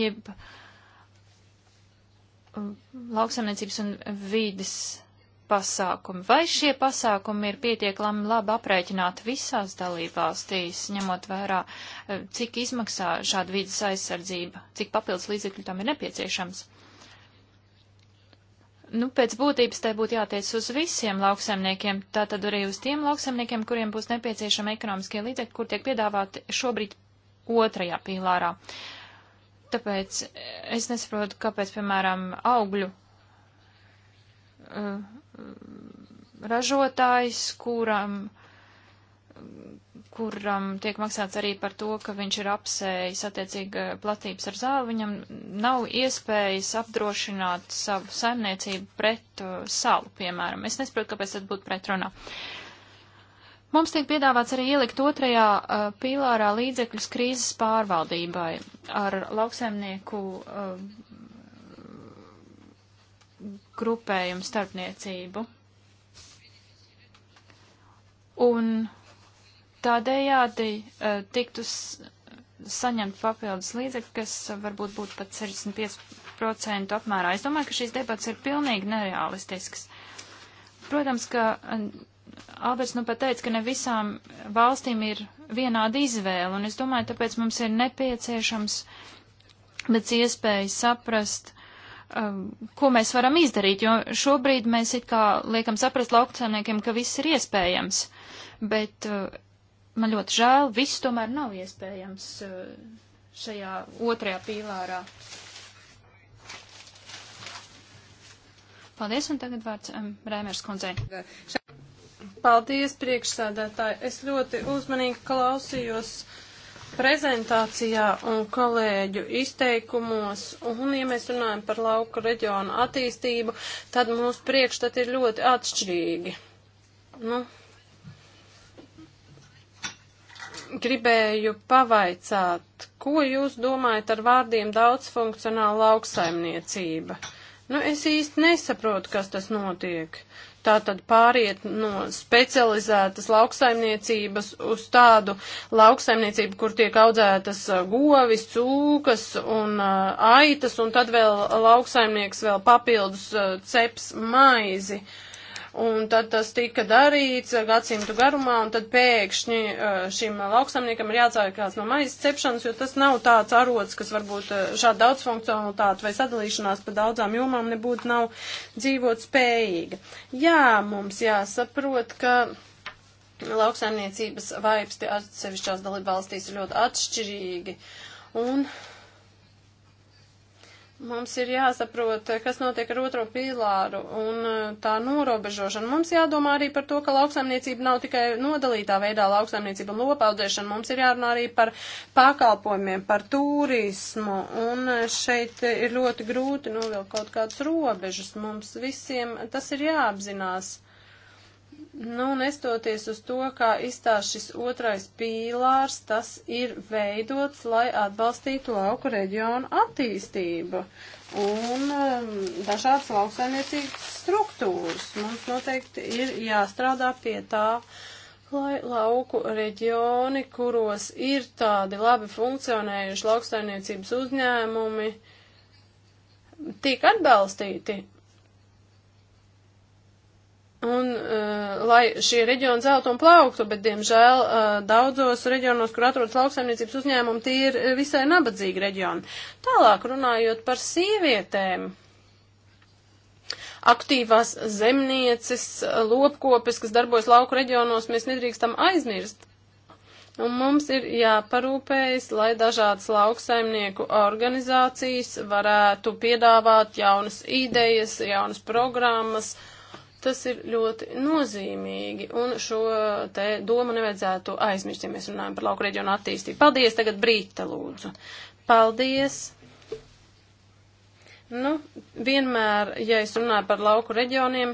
jeb um, lauksaimniecības un vīdes pasākumi. Vai šie pasākumi ir pietiekami labi aprēķināti visās dalībvalstīs, ņemot vērā, eh, cik izmaksā šāda vīdas aizsardzība, cik papildus līdzekļu tam ir nepieciešams? Nu, pēc būtības tai būtu jātiec uz visiem lauksaimniekiem, tātad arī uz tiem lauksaimniekiem, kuriem būs nepieciešama ekonomiskie līdzekļi, kur tiek piedāvāti šobrīd otrajā pīlārā. Tāpēc eh, es nesaprotu, kāpēc, piemēram, augļu uh, Um, ražotājs, kuram, kuram tiek maksāts arī par to, ka viņš ir apsējis attiecīgi platības ar zāli, viņam nav iespējas apdrošināt savu saimniecību pret uh, salu, piemēram. Es nesaprotu, kāpēc tas būtu pretrunā. Mums tiek piedāvāts arī ielikt otrajā uh, pīlārā līdzekļus krīzes pārvaldībai ar lauksaimnieku uh, grupējumu starpniecību. Un tādējādi uh, tiktu saņemt papildus līdzekļi, kas varbūt būtu pat 65% apmērā. Es domāju, ka šīs debats ir pilnīgi nereālistisks. Protams, ka e, Alberts nu pat teica, ka ne visām valstīm ir vienāda izvēle, un es domāju, tāpēc mums ir nepieciešams pēc iespējas saprast, uh, Um, ko mēs varam izdarīt, jo šobrīd mēs it kā liekam saprast lauksaimniekiem, ka viss ir iespējams, bet uh, man ļoti žēl, viss tomēr nav iespējams uh, šajā otrajā pīlārā. Paldies, un tagad vārds um, Rēmērs kundzei. Paldies, priekšsādātāji. Es ļoti uzmanīgi klausījos uh, prezentācijā un kolēģu izteikumos, un ja mēs runājam par lauku reģionu attīstību, tad mūsu priekšstati ir ļoti atšķirīgi. Nu, gribēju pavaicāt, ko jūs domājat ar vārdiem daudzfunkcionāla lauksaimniecība? Nu, es īsti nesaprotu, kas tas notiek. Uh, tā tad pāriet no specializētas lauksaimniecības uz tādu lauksaimniecību, kur tiek audzētas uh, govis, cūkas un uh, aitas, un tad vēl lauksaimnieks vēl papildus uh, ceps maizi. Uh, un tad tas tika darīts gadsimtu garumā, un tad pēkšņi šim lauksamniekam ir jāatsākās no maizes cepšanas, jo tas nav tāds arots, kas varbūt šāda daudzfunkcionalitāte vai sadalīšanās pa daudzām jomām nebūtu nav dzīvot spējīga. Jā, mums jāsaprot, ka lauksaimniecības vaipsti atsevišķās dalībvalstīs ir ļoti atšķirīgi. Un Mums ir jāsaprot, kas notiek ar otro pīlāru un e, tā norobežošanu. Mums jādomā arī par to, ka lauksaimniecība nav tikai nodalītā veidā lauksaimniecība un lopaudzēšana. Mums ir jārunā arī par pakalpojumiem, par turismu. Un e, šeit ir ļoti grūti novilkt kaut kādas robežas. Mums visiem tas ir jāapzinās. Nu, nestoties uz to, kā izstās šis otrais pīlārs, tas ir veidots, lai atbalstītu lauku reģionu attīstību un um, dažādas lauksaimniecības struktūras. Mums noteikti ir jāstrādā pie tā, lai lauku reģioni, kuros ir tādi labi funkcionējuši lauksaimniecības uzņēmumi, tiek atbalstīti un uh, lai šie reģioni zeltu un plauktu, bet, diemžēl, uh, daudzos reģionos, kur atrodas lauksaimniecības uzņēmumi, tie ir eh, visai nabadzīgi reģioni. Tālāk runājot par sievietēm. Aktīvās zemnieces, lopkopes, kas darbojas lauku reģionos, mēs nedrīkstam aizmirst. Un mums ir jāparūpējas, lai dažādas lauksaimnieku organizācijas varētu piedāvāt jaunas idejas, jaunas programmas, uh, Tas ir ļoti nozīmīgi, un šo te domu nevajadzētu aizmirst, ja mēs runājam par lauku reģionu attīstību. Paldies, tagad Brīta lūdzu. Paldies. Nu, vienmēr, ja es runāju par lauku reģioniem,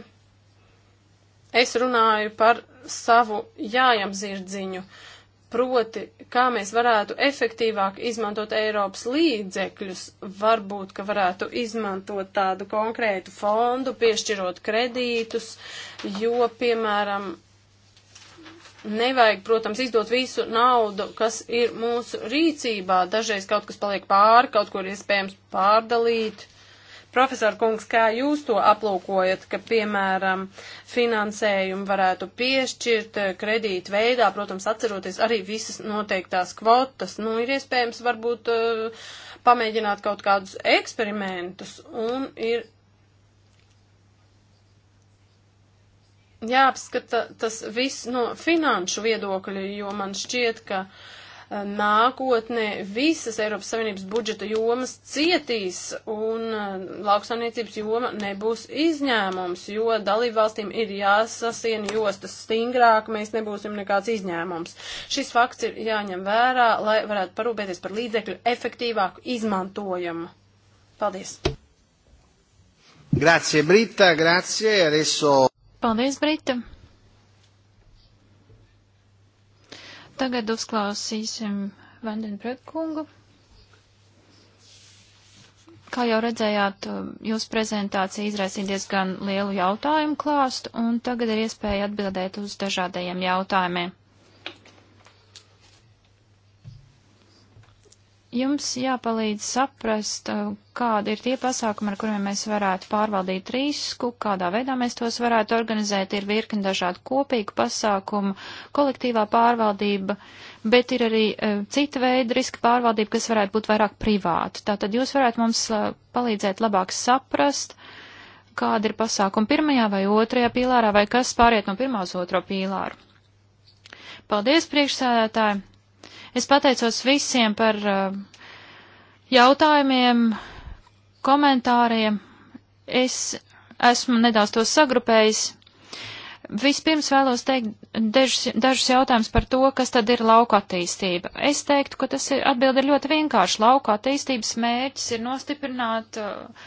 es runāju par savu jājam zirdziņu. Uh, Proti, kā mēs varētu efektīvāk izmantot Eiropas līdzekļus, varbūt, ka varētu izmantot tādu konkrētu fondu, piešķirot kredītus, jo, piemēram, nevajag, protams, izdot visu naudu, kas ir mūsu rīcībā. Dažreiz kaut kas paliek pāri, kaut kur iespējams pārdalīt. Uh, Profesor kungs, kā jūs to aplūkojat, ka, piemēram, finansējumu varētu piešķirt eh, kredīt veidā, protams, atceroties arī visas noteiktās kvotas, nu, ir iespējams varbūt uh, pamēģināt kaut kādus eksperimentus un ir jāapskata tas viss no finanšu viedokļa, jo man šķiet, ka uh, nākotnē visas Eiropas Savienības budžeta jomas cietīs un uh, lauksaimniecības joma nebūs izņēmums, jo dalībvalstīm ir jāsasien jostas stingrāk, mēs nebūsim nekāds izņēmums. Šis fakts ir jāņem vērā, lai varētu parūpēties par līdzekļu efektīvāku izmantojumu. Paldies! Grazie, Brita, grazie, adesso. Paldies, Brita! Tagad uzklausīsim Vandenbredkungu. Kā jau redzējāt, jūsu prezentācija izraisīja diezgan lielu jautājumu klāstu, un tagad ir iespēja atbildēt uz dažādajiem jautājumiem. jums jāpalīdz saprast, uh, kāda ir tie pasākumi, ar kuriem mēs varētu pārvaldīt risku, kādā veidā mēs tos varētu organizēt. Ir virkni dažādu kopīgu pasākumu, kolektīvā pārvaldība, bet ir arī uh, cita veida riska pārvaldība, kas varētu būt vairāk privāta. Tātad jūs varētu mums uh, palīdzēt labāk saprast, kāda ir pasākuma pirmajā vai otrajā pīlārā, vai kas pāriet no pirmā uz otro pīlāru. Paldies, priekšsēdētāji! Es pateicos visiem par eh, jautājumiem, komentāriem. Es esmu nedaudz tos sagrupējis. Vispirms vēlos teikt dažus, dažus jautājumus par to, kas tad ir lauka attīstība. Es teiktu, ka tas ir atbildi ir ļoti vienkārši. Lauka attīstības mērķis ir nostiprināt uh,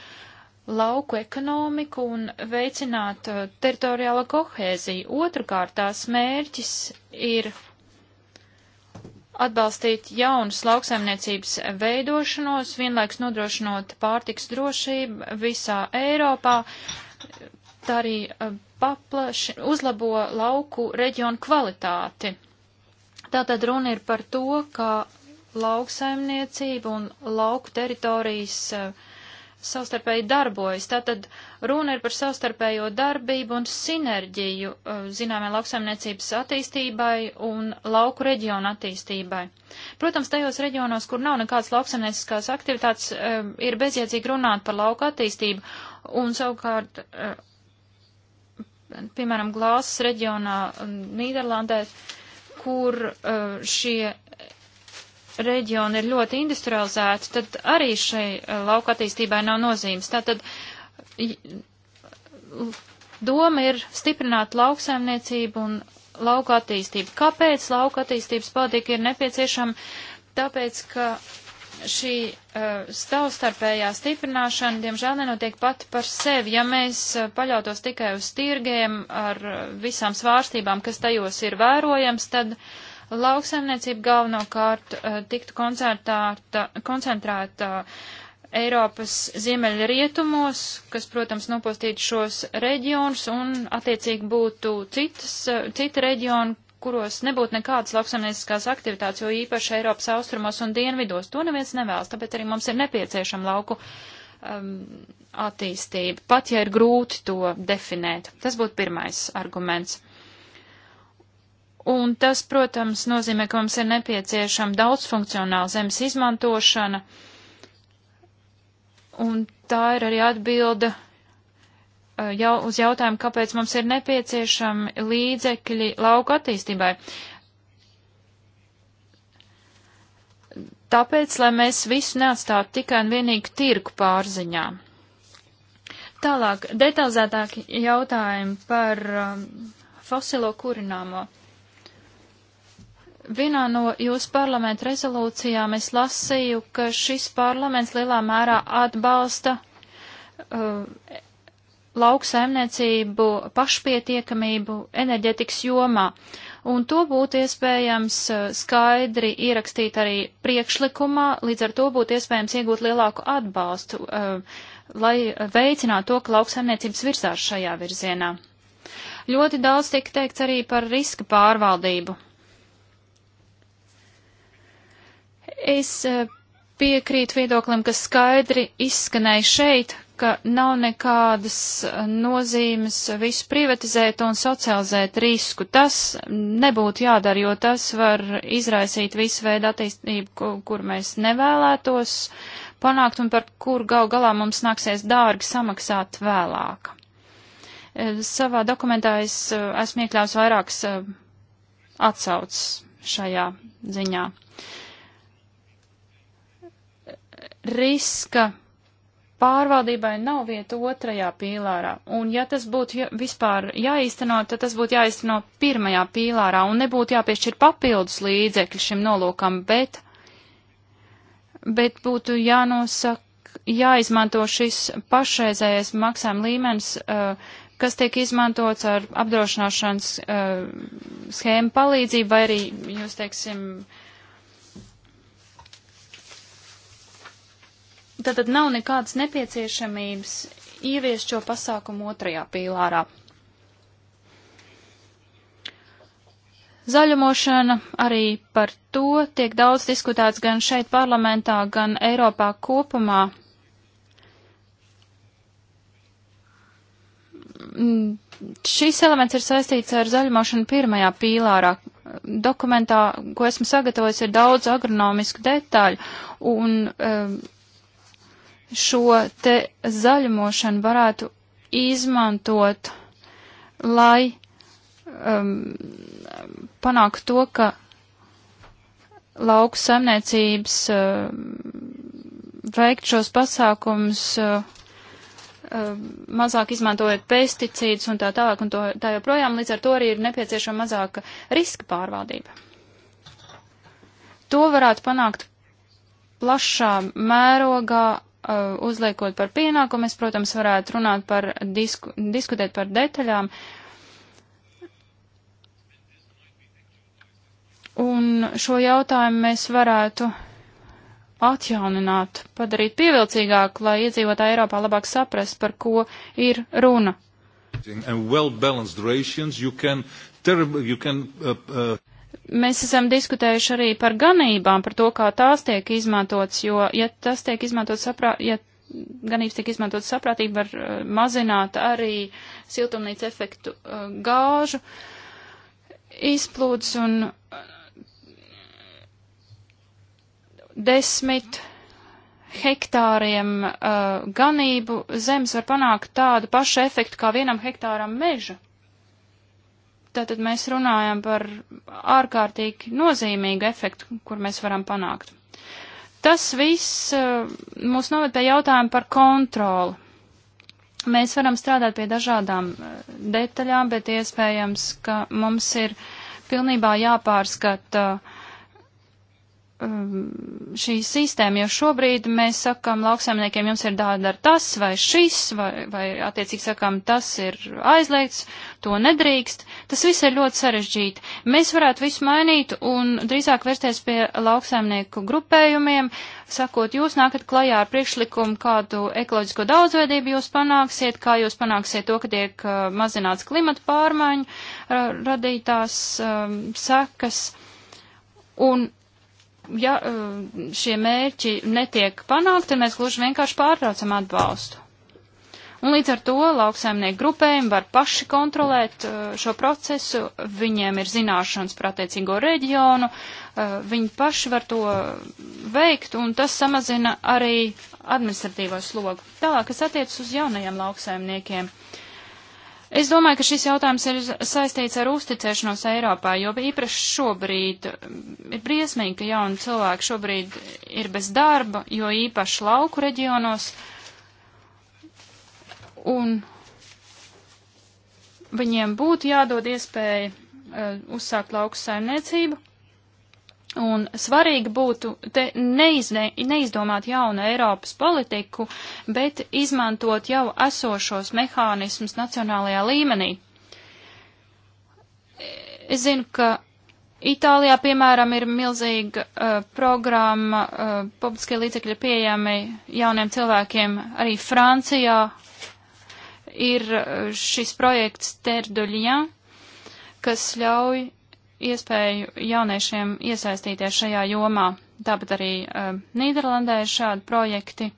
lauku ekonomiku un veicināt uh, teritoriālo kohēziju. Otrakārt, tās mērķis ir atbalstīt jaunus lauksaimniecības veidošanos, vienlaiks nodrošinot pārtiks drošību visā Eiropā. Tā arī eh, paplaši uzlabo lauku reģionu kvalitāti. Tātad runa ir par to, ka lauksaimniecība un lauku teritorijas uh, savstarpēji darbojas. Tātad runa ir par savstarpējo darbību un sinerģiju uh, zināmai lauksaimniecības attīstībai un lauku reģionu attīstībai. Protams, tajos reģionos, kur nav nekādas lauksaimnieciskās aktivitātes, um, ir bezjēdzīgi runāt par lauku attīstību un savukārt, uh, piemēram, Glāzes reģionā um, Nīderlandē, kur uh, šie reģioni ir ļoti industrializēti, tad arī šai eh, lauka attīstībai nav nozīmes. Tātad doma ir stiprināt lauksaimniecību un lauka attīstību. Kāpēc lauka attīstības politika ir nepieciešama? Tāpēc, ka šī uh, savstarpējā stiprināšana, diemžēl, nenotiek pati par sevi. Ja mēs uh, paļautos tikai uz tirgiem ar uh, visām svārstībām, kas tajos ir vērojams, tad uh, lauksaimniecība galvenokārt eh, tiktu koncentrēta eh, Eiropas ziemeļa rietumos, kas, protams, nopostītu šos reģionus un, attiecīgi, būtu citas, eh, cita reģiona, kuros nebūtu nekādas lauksaimnieciskās aktivitātes, jo īpaši Eiropas austrumos un dienvidos to neviens nevēlas, tāpēc arī mums ir nepieciešama lauku um, attīstība, pat ja ir grūti to definēt. Tas būtu pirmais arguments. Un tas, protams, nozīmē, ka mums ir nepieciešama daudzfunkcionāla zemes izmantošana, un tā ir arī atbilda uh, jau uz jautājumu, kāpēc mums ir nepieciešami līdzekļi lauku attīstībai. Tāpēc, lai mēs visu neatstātu tikai un vienīgi tirku pārziņā. Tālāk, detalizētāki jautājumi par um, fosilo kurināmo. Uh, Vienā no jūsu parlamenta rezolūcijām es lasīju, ka šis parlaments lielā mērā atbalsta uh, lauksaimniecību, pašpietiekamību enerģetikas jomā. Un to būtu iespējams uh, skaidri ierakstīt arī priekšlikumā, līdz ar to būtu iespējams iegūt lielāku atbalstu, uh, lai veicinātu to, ka lauksaimniecības virzās šajā virzienā. Ļoti daudz tika teikts arī par riska pārvaldību. Es eh, piekrītu viedoklim, kas skaidri izskanēja šeit, ka nav nekādas eh, nozīmes visu privatizēt un socializēt risku. Tas nebūtu jādara, jo tas var izraisīt visu veidu attīstību, kur mēs nevēlētos panākt un par kur gal galā mums nāksies dārgi samaksāt vēlāk. Eh, savā dokumentā es esmu iekļāvis vairākas atsaucas šajā ziņā. riska pārvaldībai nav vieta otrajā pīlārā. Un ja tas būtu vispār jāīsteno, tad tas būtu jāīsteno pirmajā pīlārā un nebūtu jāpiešķir papildus līdzekļi šim nolūkam, bet, bet būtu jānosaka, jāizmanto šis pašreizējais maksājuma līmenis, uh, kas tiek izmantots ar apdrošināšanas uh, schēmu palīdzību vai arī, jūs teiksim, uh, Tātad nav nekādas nepieciešamības ieviest šo pasākumu otrajā pīlārā. Zaļumošana arī par to tiek daudz diskutēts gan šeit parlamentā, gan Eiropā kopumā. Šis elements ir saistīts ar zaļumošanu pirmajā pīlārā. Dokumentā, ko esmu sagatavojis, ir daudz agronomisku detaļu, un um, šo te zaļumošanu varētu izmantot, lai um, panāktu to, ka lauku saimniecības uh, veikt šos pasākumus, uh, uh, mazāk izmantojot pesticīdus un tā tālāk, un to, tā joprojām līdz ar to arī ir nepieciešama mazāka riska pārvaldība. To varētu panākt plašā mērogā Uh, uzliekot par pienākumu, mēs, protams, varētu runāt par, disku, diskutēt par detaļām. Un šo jautājumu mēs varētu atjaunināt, padarīt pievilcīgāku, lai iedzīvotāji Eiropā labāk saprast, par ko ir runa. Well rations, you can terrible, you can, uh, uh... Mēs esam diskutējuši arī par ganībām, par to, kā tās tiek izmantotas, jo, ja tas tiek izmantots saprā, ja ganības tiek izmantotas saprātīgi, var uh, mazināt arī siltumnīca efektu uh, gāžu izplūdes un uh, desmit hektāriem uh, ganību zemes var panākt tādu pašu efektu kā vienam hektāram meža. Tātad mēs runājam par ārkārtīgi nozīmīgu efektu, kur mēs varam panākt. Tas viss eh, mūs noved pie jautājuma par kontroli. Mēs varam strādāt pie dažādām eh, detaļām, bet iespējams, ka mums ir pilnībā jāpārskata uh, Um, šī sistēma, jo šobrīd mēs sakam lauksaimniekiem, jums ir jādara tas vai šis, vai, vai attiecīgi sakam, tas ir aizliegts, to nedrīkst. Tas viss ir ļoti sarežģīti. Mēs varētu visu mainīt un drīzāk vērsties pie lauksaimnieku grupējumiem, sakot, jūs nākat klajā ar priekšlikumu, kādu ekoloģisko daudzveidību jūs panāksiet, kā jūs panāksiet to, ka tiek uh, mazināts klimata pārmaiņu uh, radītās um, sekas. Un ja eh, šie mērķi netiek panākti, mēs gluži vienkārši pārtraucam atbalstu. Un līdz ar to lauksaimnieku grupējumi var paši kontrolēt eh, šo procesu, viņiem ir zināšanas par attiecīgo reģionu, eh, viņi paši var to veikt, un tas samazina arī administratīvo slogu. Tālāk, kas attiecas uz jaunajiem lauksaimniekiem. Uh, Es domāju, ka šis jautājums ir saistīts ar uzticēšanos Eiropā, jo īpaši šobrīd mm, ir briesmīgi, ka jauni cilvēki šobrīd ir bez darba, jo īpaši lauku reģionos. Un viņiem būtu jādod iespēja uh, uzsākt lauku saimniecību. Un svarīgi būtu te neizne, neizdomāt jaunu Eiropas politiku, bet izmantot jau esošos mehānismus nacionālajā līmenī. Es zinu, ka Itālijā, piemēram, ir milzīga uh, programma, uh, publiskie līdzekļi pieejami jauniem cilvēkiem. Arī Francijā ir uh, šis projekts Terduļjā, kas ļauj iespēju jauniešiem iesaistīties šajā jomā. Tāpat arī uh, Nīderlandē ir šādi projekti.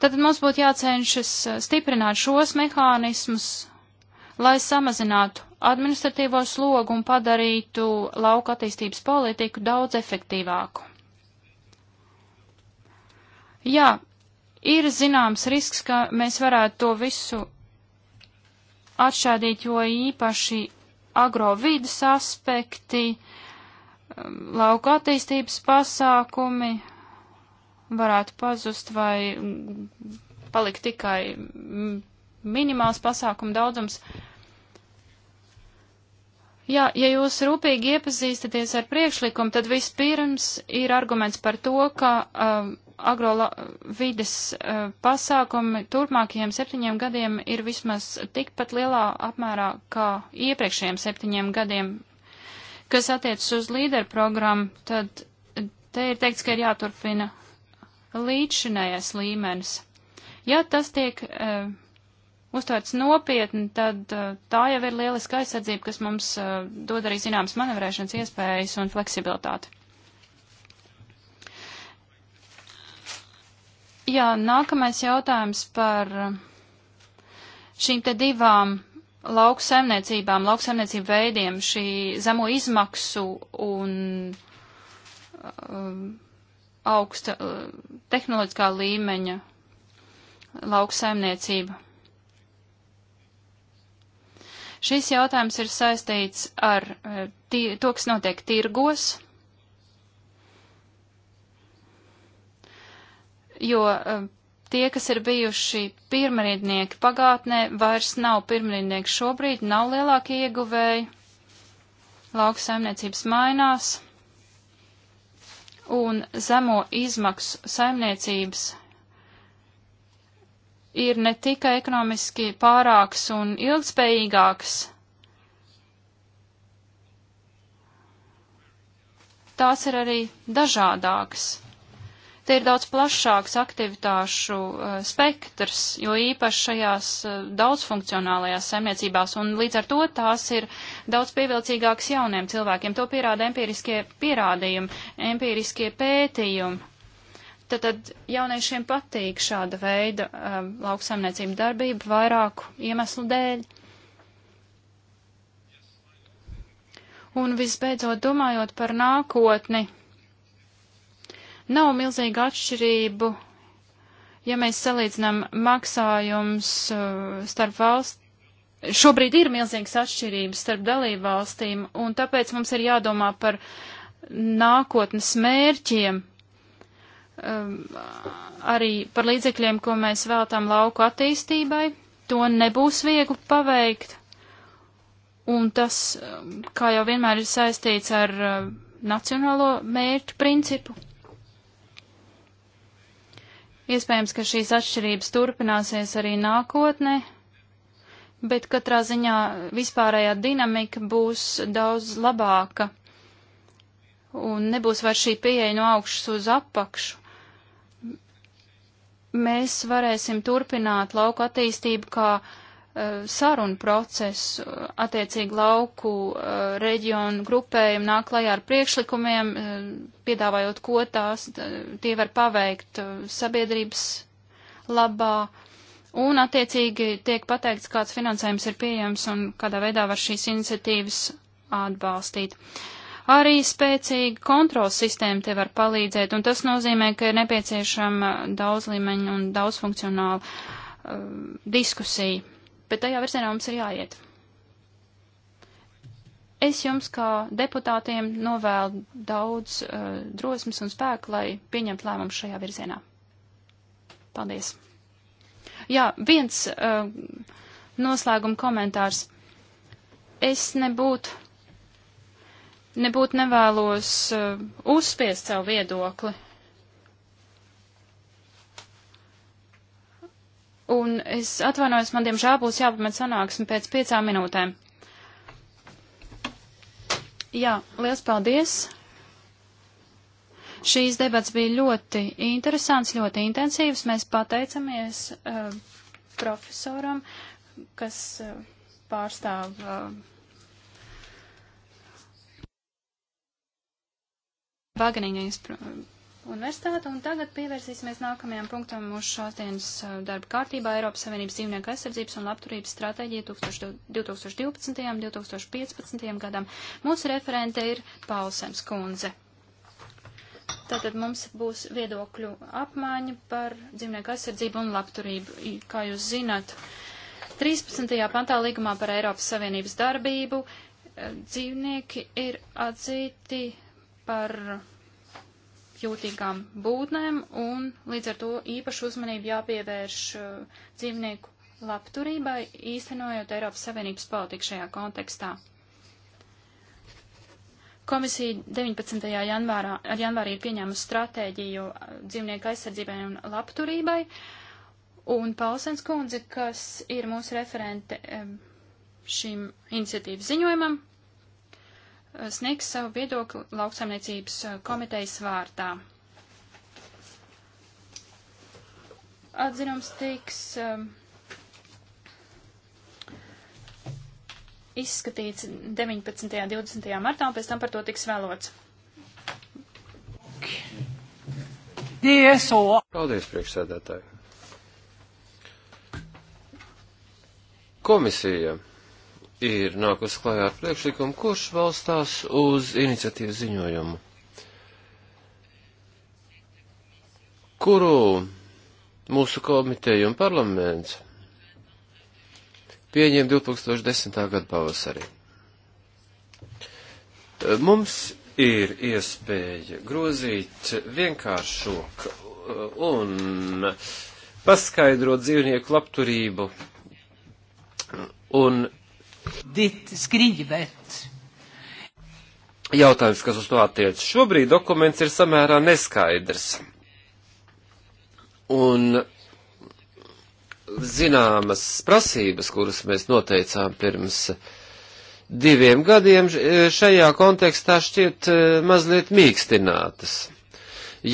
Tad mums būtu jācenšas eh, stiprināt šos mehānismus, lai samazinātu administratīvo slogu un padarītu lauka attīstības politiku daudz efektīvāku. Jā, ir zināms risks, ka mēs varētu to visu atšķādīt, jo īpaši agrovidas aspekti, um, lauka attīstības pasākumi varētu pazust vai mm, palikt tikai mm, minimāls pasākumu daudzums. Jā, ja jūs rūpīgi iepazīstaties ar priekšlikumu, tad vispirms ir arguments par to, ka uh, agrovides e, pasākumi turpmākajiem septiņiem gadiem ir vismaz tikpat lielā apmērā kā iepriekšējiem septiņiem gadiem. Kas attiecas uz līderu programmu, tad te ir teikts, ka ir jāturpina līdzšinējais līmenis. Ja tas tiek uh, e, uztvērts nopietni, tad uh, tā jau ir lieliska aizsardzība, kas mums uh, dod arī zināmas manevrēšanas iespējas un fleksibilitāti. Jā, nākamais jautājums par šīm te divām lauksaimniecībām, lauksaimniecību veidiem, šī zemo izmaksu un um, augsta uh, tehnoloģiskā līmeņa lauksaimniecība. Šis jautājums ir saistīts ar uh, tī, to, kas notiek tirgos jo um, tie, kas ir bijuši pirmrīdnieki pagātnē, vairs nav pirmrīdnieki šobrīd, nav lielākie ieguvēji, lauksaimniecības mainās, un zemo izmaksu saimniecības ir ne tikai ekonomiski pārāks un ilgspējīgāks, tās ir arī dažādākas te ir daudz plašāks aktivitāšu uh, spektrs, jo īpaši šajās uh, daudzfunkcionālajās saimniecībās, un līdz ar to tās ir daudz pievilcīgākas jauniem cilvēkiem. To pierāda empiriskie pierādījumi, empiriskie pētījumi. Tad, tad jauniešiem patīk šāda veida uh, lauksaimniecība darbība vairāku iemeslu dēļ. Un visbeidzot, domājot par nākotni, Nav milzīga atšķirību, ja mēs salīdzinām maksājums uh, starp valsts. Šobrīd ir milzīgas atšķirības starp dalību valstīm, un tāpēc mums ir jādomā par nākotnes mērķiem, um, arī par līdzekļiem, ko mēs veltām lauku attīstībai. To nebūs viegli paveikt, un tas, um, kā jau vienmēr, ir saistīts ar uh, nacionālo mērķu principu. Iespējams, ka šīs atšķirības turpināsies arī nākotnē, bet katrā ziņā vispārējā dinamika būs daudz labāka un nebūs vairs šī pieeja no augšas uz apakšu. Mēs varēsim turpināt lauku attīstību kā uh, Eh, sarunu procesu, eh, attiecīgi lauku eh, reģionu grupējumi nāk klajā ar priekšlikumiem, piedāvājot, ko tās tie var paveikt sabiedrības labā, un attiecīgi tiek pateikts, kāds finansējums ir pieejams un kādā veidā var šīs iniciatīvas atbalstīt. Arī spēcīga kontrols sistēma te var palīdzēt, un tas nozīmē, ka ir nepieciešama daudz līmeņu un daudz funkcionāla uh, diskusija bet tajā virzienā mums ir jāiet. Es jums kā deputātiem novēlu daudz uh, drosmes un spēku, lai pieņemtu lēmumu šajā virzienā. Paldies. Jā, viens uh, noslēguma komentārs. Es nebūtu, nebūtu nevēlos uh, uzspiest savu viedokli, un es atvainojos, man diemžēl būs jāpamet sanāksme pēc piecām minūtēm. Jā, liels paldies! Šīs debats bija ļoti interesants, ļoti intensīvs. Mēs pateicamies uh, profesoram, kas uh, pārstāv. Uh, eh, Wageningens universitāti, un tagad pievērsīsimies nākamajam punktam mūsu šodienas uh, darba kārtībā Eiropas Savienības dzīvnieku aizsardzības un labturības stratēģija 2012. un 2015. gadam. Mūsu referente ir Paulsens Kunze. Tātad mums būs viedokļu apmaiņa par dzīvnieku aizsardzību un labturību. Kā jūs zināt, 13. pantā līgumā par Eiropas Savienības darbību uh, dzīvnieki ir atzīti par jūtīgām būtnēm, un līdz ar to īpašu uzmanību jāpievērš uh, dzīvnieku labturībai, īstenojot Eiropas Savienības politiku šajā kontekstā. Komisija 19. Janvārā, janvārī ir pieņēmusi stratēģiju uh, dzīvnieku aizsardzībai un labturībai, un Pausens kundze, kas ir mūsu referente um, šim iniciatīvas ziņojumam, sniegs savu viedokli lauksaimniecības eh, komitejas vārtā. Atzinums tiks um, izskatīts 19. un 20. martā, un pēc tam par to tiks vēlots. DSO. Paldies, priekšsēdētāji. Komisija ir nākus klajā ar priekšlikumu, kurš valstās uz iniciatīvu ziņojumu, kuru mūsu komiteja un parlaments pieņēma 2010. gada pavasarī. Mums ir iespēja grozīt vienkāršok uh, un paskaidrot dzīvnieku labturību un Dit skrivet. Jautājums, kas uz to attiec. Šobrīd dokuments ir samērā neskaidrs. Un zināmas prasības, kuras mēs noteicām pirms diviem gadiem, e, šajā kontekstā šķiet e, mazliet mīkstinātas.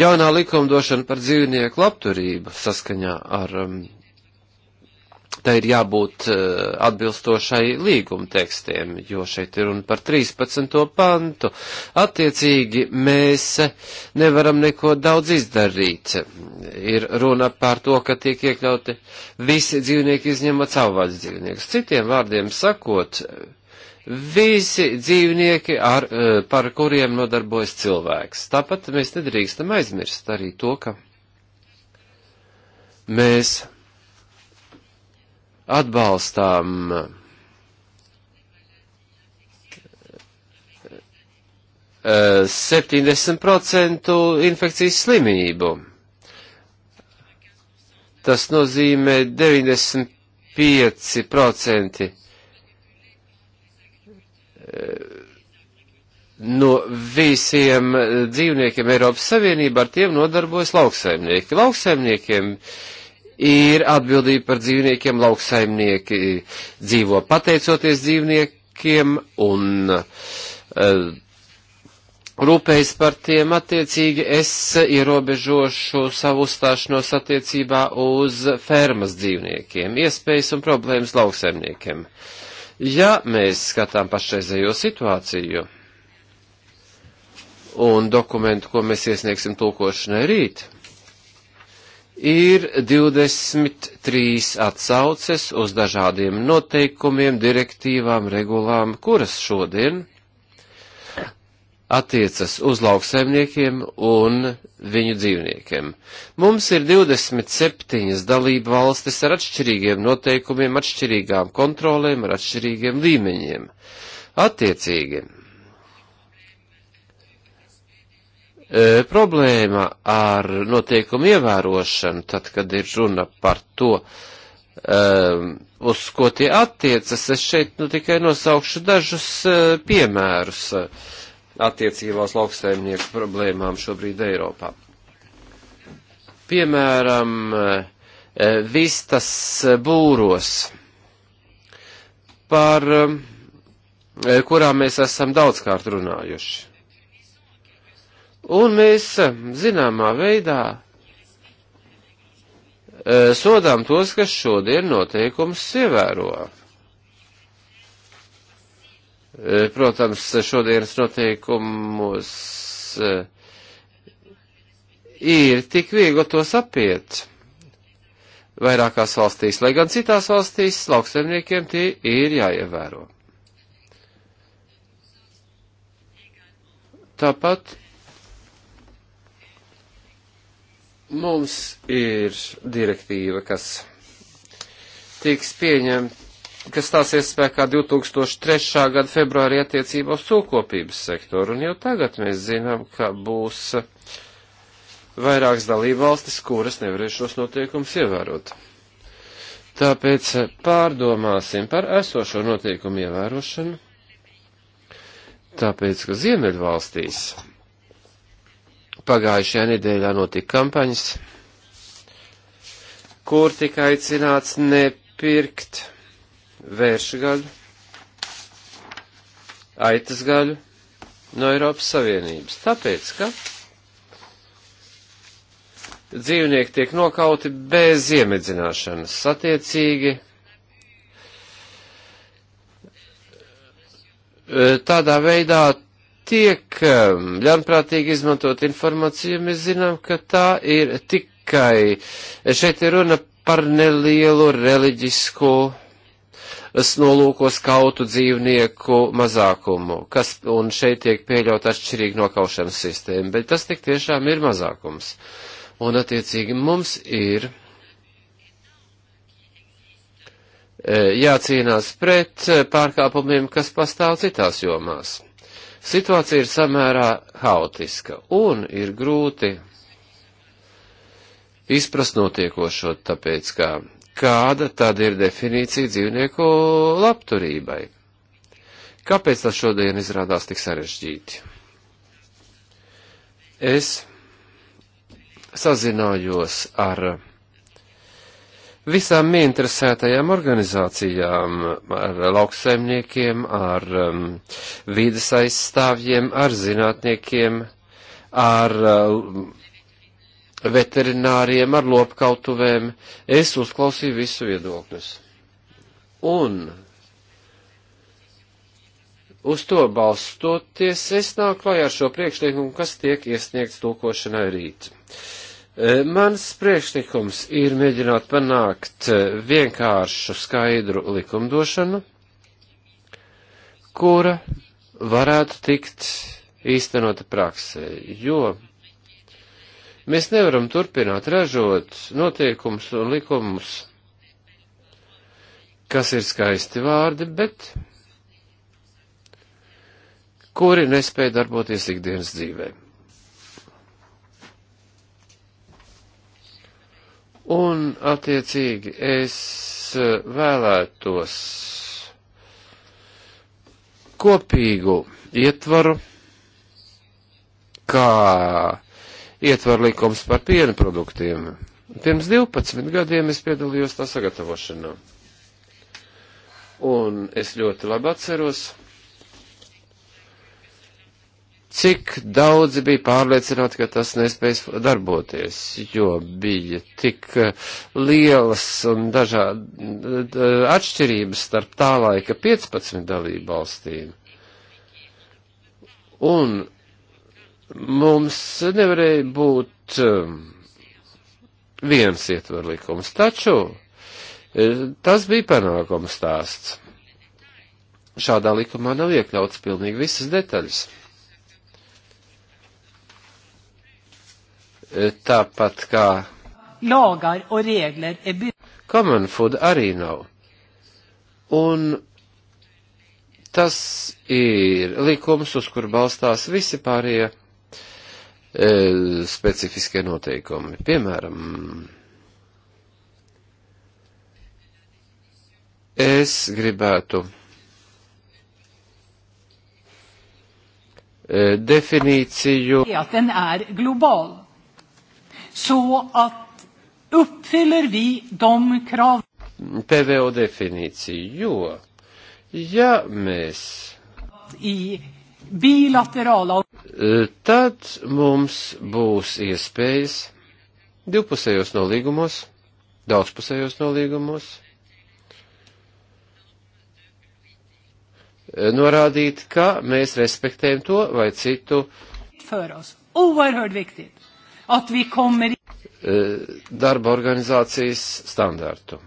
Jaunā likumdošana par dzīvnieku labturību saskaņā ar um, tā ir jābūt eh, atbilstošai līguma tekstiem, jo šeit ir runa par 13. pantu. Attiecīgi mēs nevaram neko daudz izdarīt. Ir runa par to, ka tiek iekļauti visi dzīvnieki izņemot savvaļas dzīvniekus. Citiem vārdiem sakot, visi dzīvnieki, ar, eh, par kuriem nodarbojas cilvēks. Tāpat mēs nedrīkstam aizmirst arī to, ka mēs atbalstām uh, eh, 70% infekcijas slimību. Tas nozīmē 95% eh, no visiem eh, dzīvniekiem Eiropas Savienībā ar tiem nodarbojas lauksaimnieki. Lauksaimniekiem uh, ir atbildība par dzīvniekiem, lauksaimnieki dzīvo pateicoties dzīvniekiem un uh, rūpējas par tiem attiecīgi es ierobežošu savu uzstāšanos attiecībā uz fermas dzīvniekiem, iespējas un problēmas lauksaimniekiem. Ja mēs skatām pašreizējo situāciju un dokumentu, ko mēs iesniegsim tulkošanai rīt, ir 23 atsauces uz dažādiem noteikumiem, direktīvām, regulām, kuras šodien attiecas uz lauksaimniekiem un viņu dzīvniekiem. Mums ir 27 dalība valstis ar atšķirīgiem noteikumiem, atšķirīgām kontrolēm, ar atšķirīgiem līmeņiem. Attiecīgi, E, problēma ar noteikumu ievērošanu, tad, kad ir runa par to, um, uz ko tie attiecas, es šeit nu, tikai nosaukšu dažus uh, piemērus uh, attiecībās lauksaimnieku problēmām šobrīd Eiropā. Piemēram, uh, vistas būros, par uh, kurām mēs esam daudzkārt runājuši Un mēs eh, zināmā veidā eh, sodām tos, kas šodien noteikumus ievēro. Eh, protams, šodienas noteikumus ir tik viegli tos apiet. Vairākās valstīs, lai gan citās valstīs lauksaimniekiem tie ir jāievēro. Tāpat Mums ir direktīva, kas tiks pieņemta kas stāsies spēkā 2003. gada februārī attiecībā uz cūkopības sektoru, un jau tagad mēs zinām, ka būs vairākas dalībvalstis, kuras nevarēs šos noteikumus ievērot. Tāpēc pārdomāsim par esošo noteikumu ievērošanu, tāpēc, ka Ziemeļvalstīs pagājušajā nedēļā notika kampaņas, kur tika aicināts nepirkt vēršu gaļu, aitas gaļu no Eiropas Savienības. Tāpēc, ka dzīvnieki tiek nokauti bez iemedzināšanas. Attiecīgi, e, tādā veidā tiek um, ļaunprātīgi izmantot informāciju, mēs zinām, ka tā ir tikai, šeit ir runa par nelielu reliģisku nolūkos kautu dzīvnieku mazākumu, kas, un šeit tiek pieļaut atšķirīgi nokaušanas sistēma, bet tas tik tiešām ir mazākums. Un attiecīgi mums ir e, jācīnās pret e, pārkāpumiem, kas pastāv citās jomās. Situācija ir samērā haotiska un ir grūti izprast notiekošo, tāpēc kā kāda tad ir definīcija dzīvnieku labturībai. Kāpēc tas šodien izrādās tik sarežģīti? Es sazinājos ar visām ieinteresētajām organizācijām, ar lauksaimniekiem, ar um, vīdes aizstāvjiem, ar zinātniekiem, ar um, veterināriem, ar lopkautuvēm. Es uzklausīju visu viedokļus. Un uz to balstoties, es nāku klajā ar šo priekšlikumu, kas tiek iesniegts tulkošanai rīt. Uh, Eh, mans priekšlikums ir mēģināt panākt eh, vienkāršu, skaidru likumdošanu, kura varētu tikt īstenota praksē, jo mēs nevaram turpināt ražot notiekumus un likumus, kas ir skaisti vārdi, bet kuri nespēja darboties ikdienas dzīvēm. Un, attiecīgi, es eh, vēlētos kopīgu ietvaru, kā ietvaru likums par piena produktiem. Pirms 12 gadiem es piedalījos tā sagatavošanā. Un es ļoti labi atceros, cik daudzi bija pārliecināti, ka tas nespējas darboties, jo bija tik eh, lielas un dažādi eh, atšķirības starp tā laika 15 dalību valstīm. Un mums nevarēja būt eh, viens ietver likums, taču tas bija panākums stāsts. Šādā likumā nav iekļauts pilnīgi visas detaļas. tāpat kā Lagar un regler ir byggda. Common food arī nav. Un tas ir likums, uz kur balstās visi pārējie e, specifiskie noteikumi. Piemēram, es gribētu e, definīciju. Jā, ten ir globāla så att uppfyller vi de krav. PVO definīciju, jo, ja mēs. I bilaterālā. Tad mums būs iespējas divpusējos nolīgumos, daudzpusējos nolīgumos norādīt, ka mēs respektējam to vai citu. För oss. Oerhört viktigt. Eh, darba organizācijas standārtu.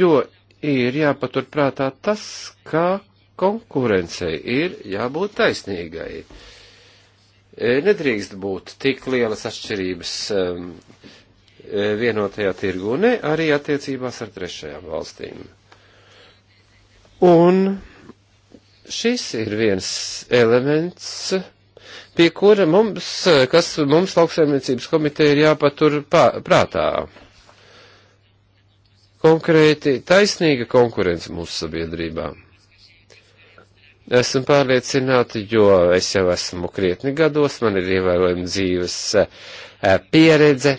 Jo ir jāpaturprātā tas, ka konkurencei ir jābūt taisnīgai. Eh, nedrīkst būt tik lielas atšķirības eh, vienotajā tirgu, ne arī attiecībās ar trešajām valstīm. Un Šis ir viens elements, pie kura mums, kas mums lauksaimniecības komiteja ir jāpatur prātā. Konkrēti, taisnīga konkurence mūsu sabiedrībā. Esmu pārliecināta, jo es jau esmu krietni gados, man ir ievērojama dzīves e, pieredze,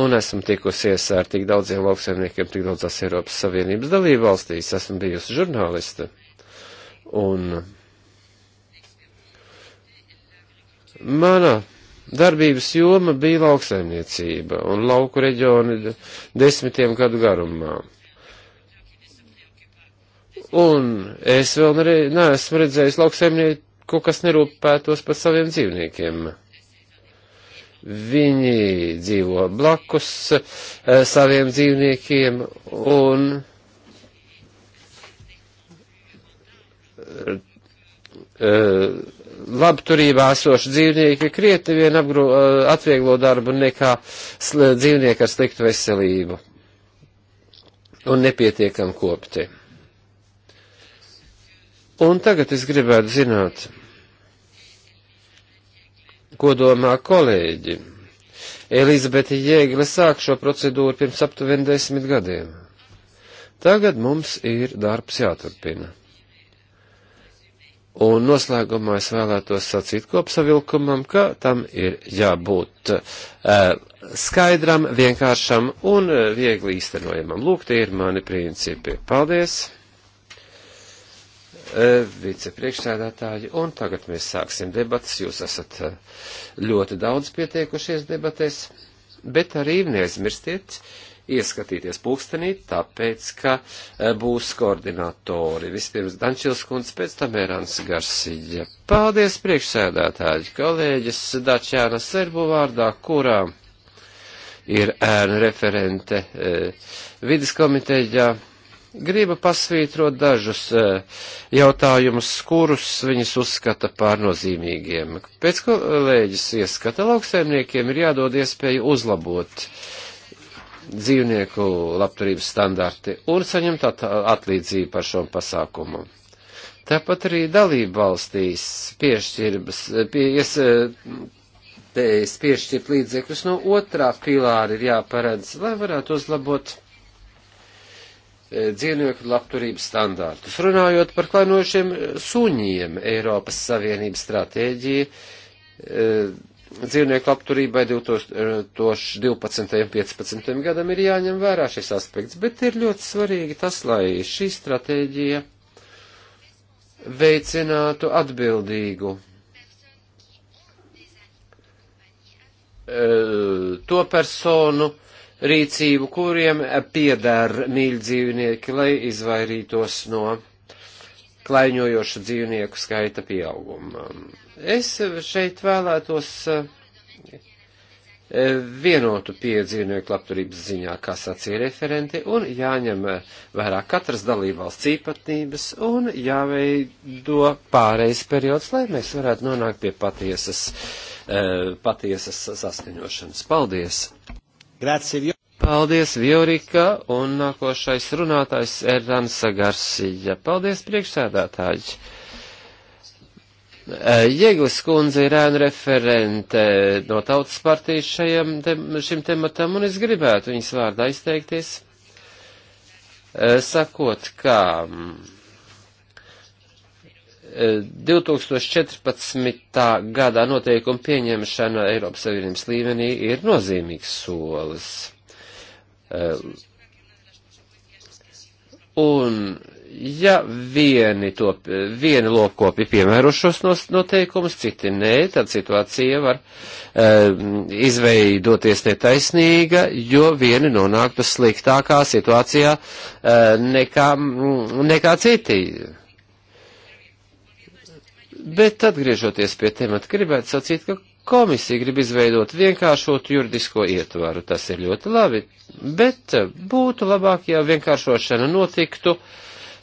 un esmu tikusies ar tik daudziem lauksaimniekiem, tik daudzās Eiropas Savienības dalību valstīs, esmu bijusi žurnāliste. Un mana darbības joma bija lauksaimniecība un lauku reģioni desmitiem gadu garumā. Un es vēl ne, neesmu redzējis lauksaimnieku, kas nerūpētos par saviem dzīvniekiem. Viņi dzīvo blakus eh, saviem dzīvniekiem un Eh, eh, labturībā esoši dzīvnieki krieti vien apgro, eh, atvieglo darbu nekā sl, dzīvnieki ar sliktu veselību un nepietiekam kopti. Un tagad es gribētu zināt, ko domā kolēģi. Elizabete Jēgle sāk šo procedūru pirms aptuveni desmit gadiem. Tagad mums ir darbs jāturpina. Un noslēgumā es vēlētos sacīt kopsavilkumam, ka tam ir jābūt uh, skaidram, vienkāršam un eh, viegli īstenojamam. Lūk, tie ir mani principi. Paldies, uh, vicepriekšsēdētāji, un tagad mēs sāksim debatas. Jūs esat uh, ļoti daudz pieteikušies debatēs, bet arī neaizmirstiet, uh, ieskatīties pulkstenī, tāpēc, ka e, būs koordinatori. Vispirms Dančils kundze, pēc tam Erans Garsiģa. Paldies priekšsēdētāji, kolēģis Dačāna Serbu vārdā, kurā ir ēna referente e, vidas komitejā. Gribu pasvītrot dažus e, jautājumus, kurus viņas uzskata par nozīmīgiem. Pēc kolēģis ieskata lauksaimniekiem ir jādod iespēju uzlabot uh, dzīvnieku labturības standarti un saņemt at atlīdzību par šo pasākumu. Tāpat arī dalība valstīs piešķirbas, pies, iespējas piešķirt līdzekļus no otrā pīlāra ir jāparedz, lai varētu uzlabot e, dzīvnieku labturības standārtus. Runājot par klainojušiem suņiem, Eiropas Savienības stratēģija e, dzīvnieku labturībai 2012. un 2015. gadam ir jāņem vērā šis aspekts, bet ir ļoti svarīgi tas, lai šī stratēģija veicinātu atbildīgu eh, to personu rīcību, kuriem piedara mīļdzīvnieki, lai izvairītos no klaiņojošu dzīvnieku skaita pieauguma. Es šeit vēlētos eh, vienotu pieeja dzīvnieku labturības ziņā, kā sacīja referenti, un jāņem vērā katras dalībvalsts īpatnības un jāveido pārejas periods, lai mēs varētu nonākt pie patiesas, eh, patiesas saskaņošanas. Paldies! Grazie, Paldies, Viorika, un nākošais runātājs Erdansa Garsija. Paldies, priekšsēdētāji! Eh, Jēglis kundze ir ēnu referente no tautas partijas šajam, šim tematam, un es gribētu viņas vārdā izteikties, eh, sakot, kā eh, 2014. gadā noteikuma pieņemšana Eiropas Savienības līmenī ir nozīmīgs solis. Un ja vieni, to, vieni lopkopi piemēro šos noteikumus, citi nē, tad situācija var e, izveidoties netaisnīga, jo vieni nonāktu sliktākā situācijā e, nekā, mm, nekā citi. Bet tad, griežoties pie temata, gribētu sacīt, ka komisija grib izveidot vienkāršotu juridisko ietvaru. Tas ir ļoti labi, bet eh, būtu labāk, ja vienkāršošana notiktu uh,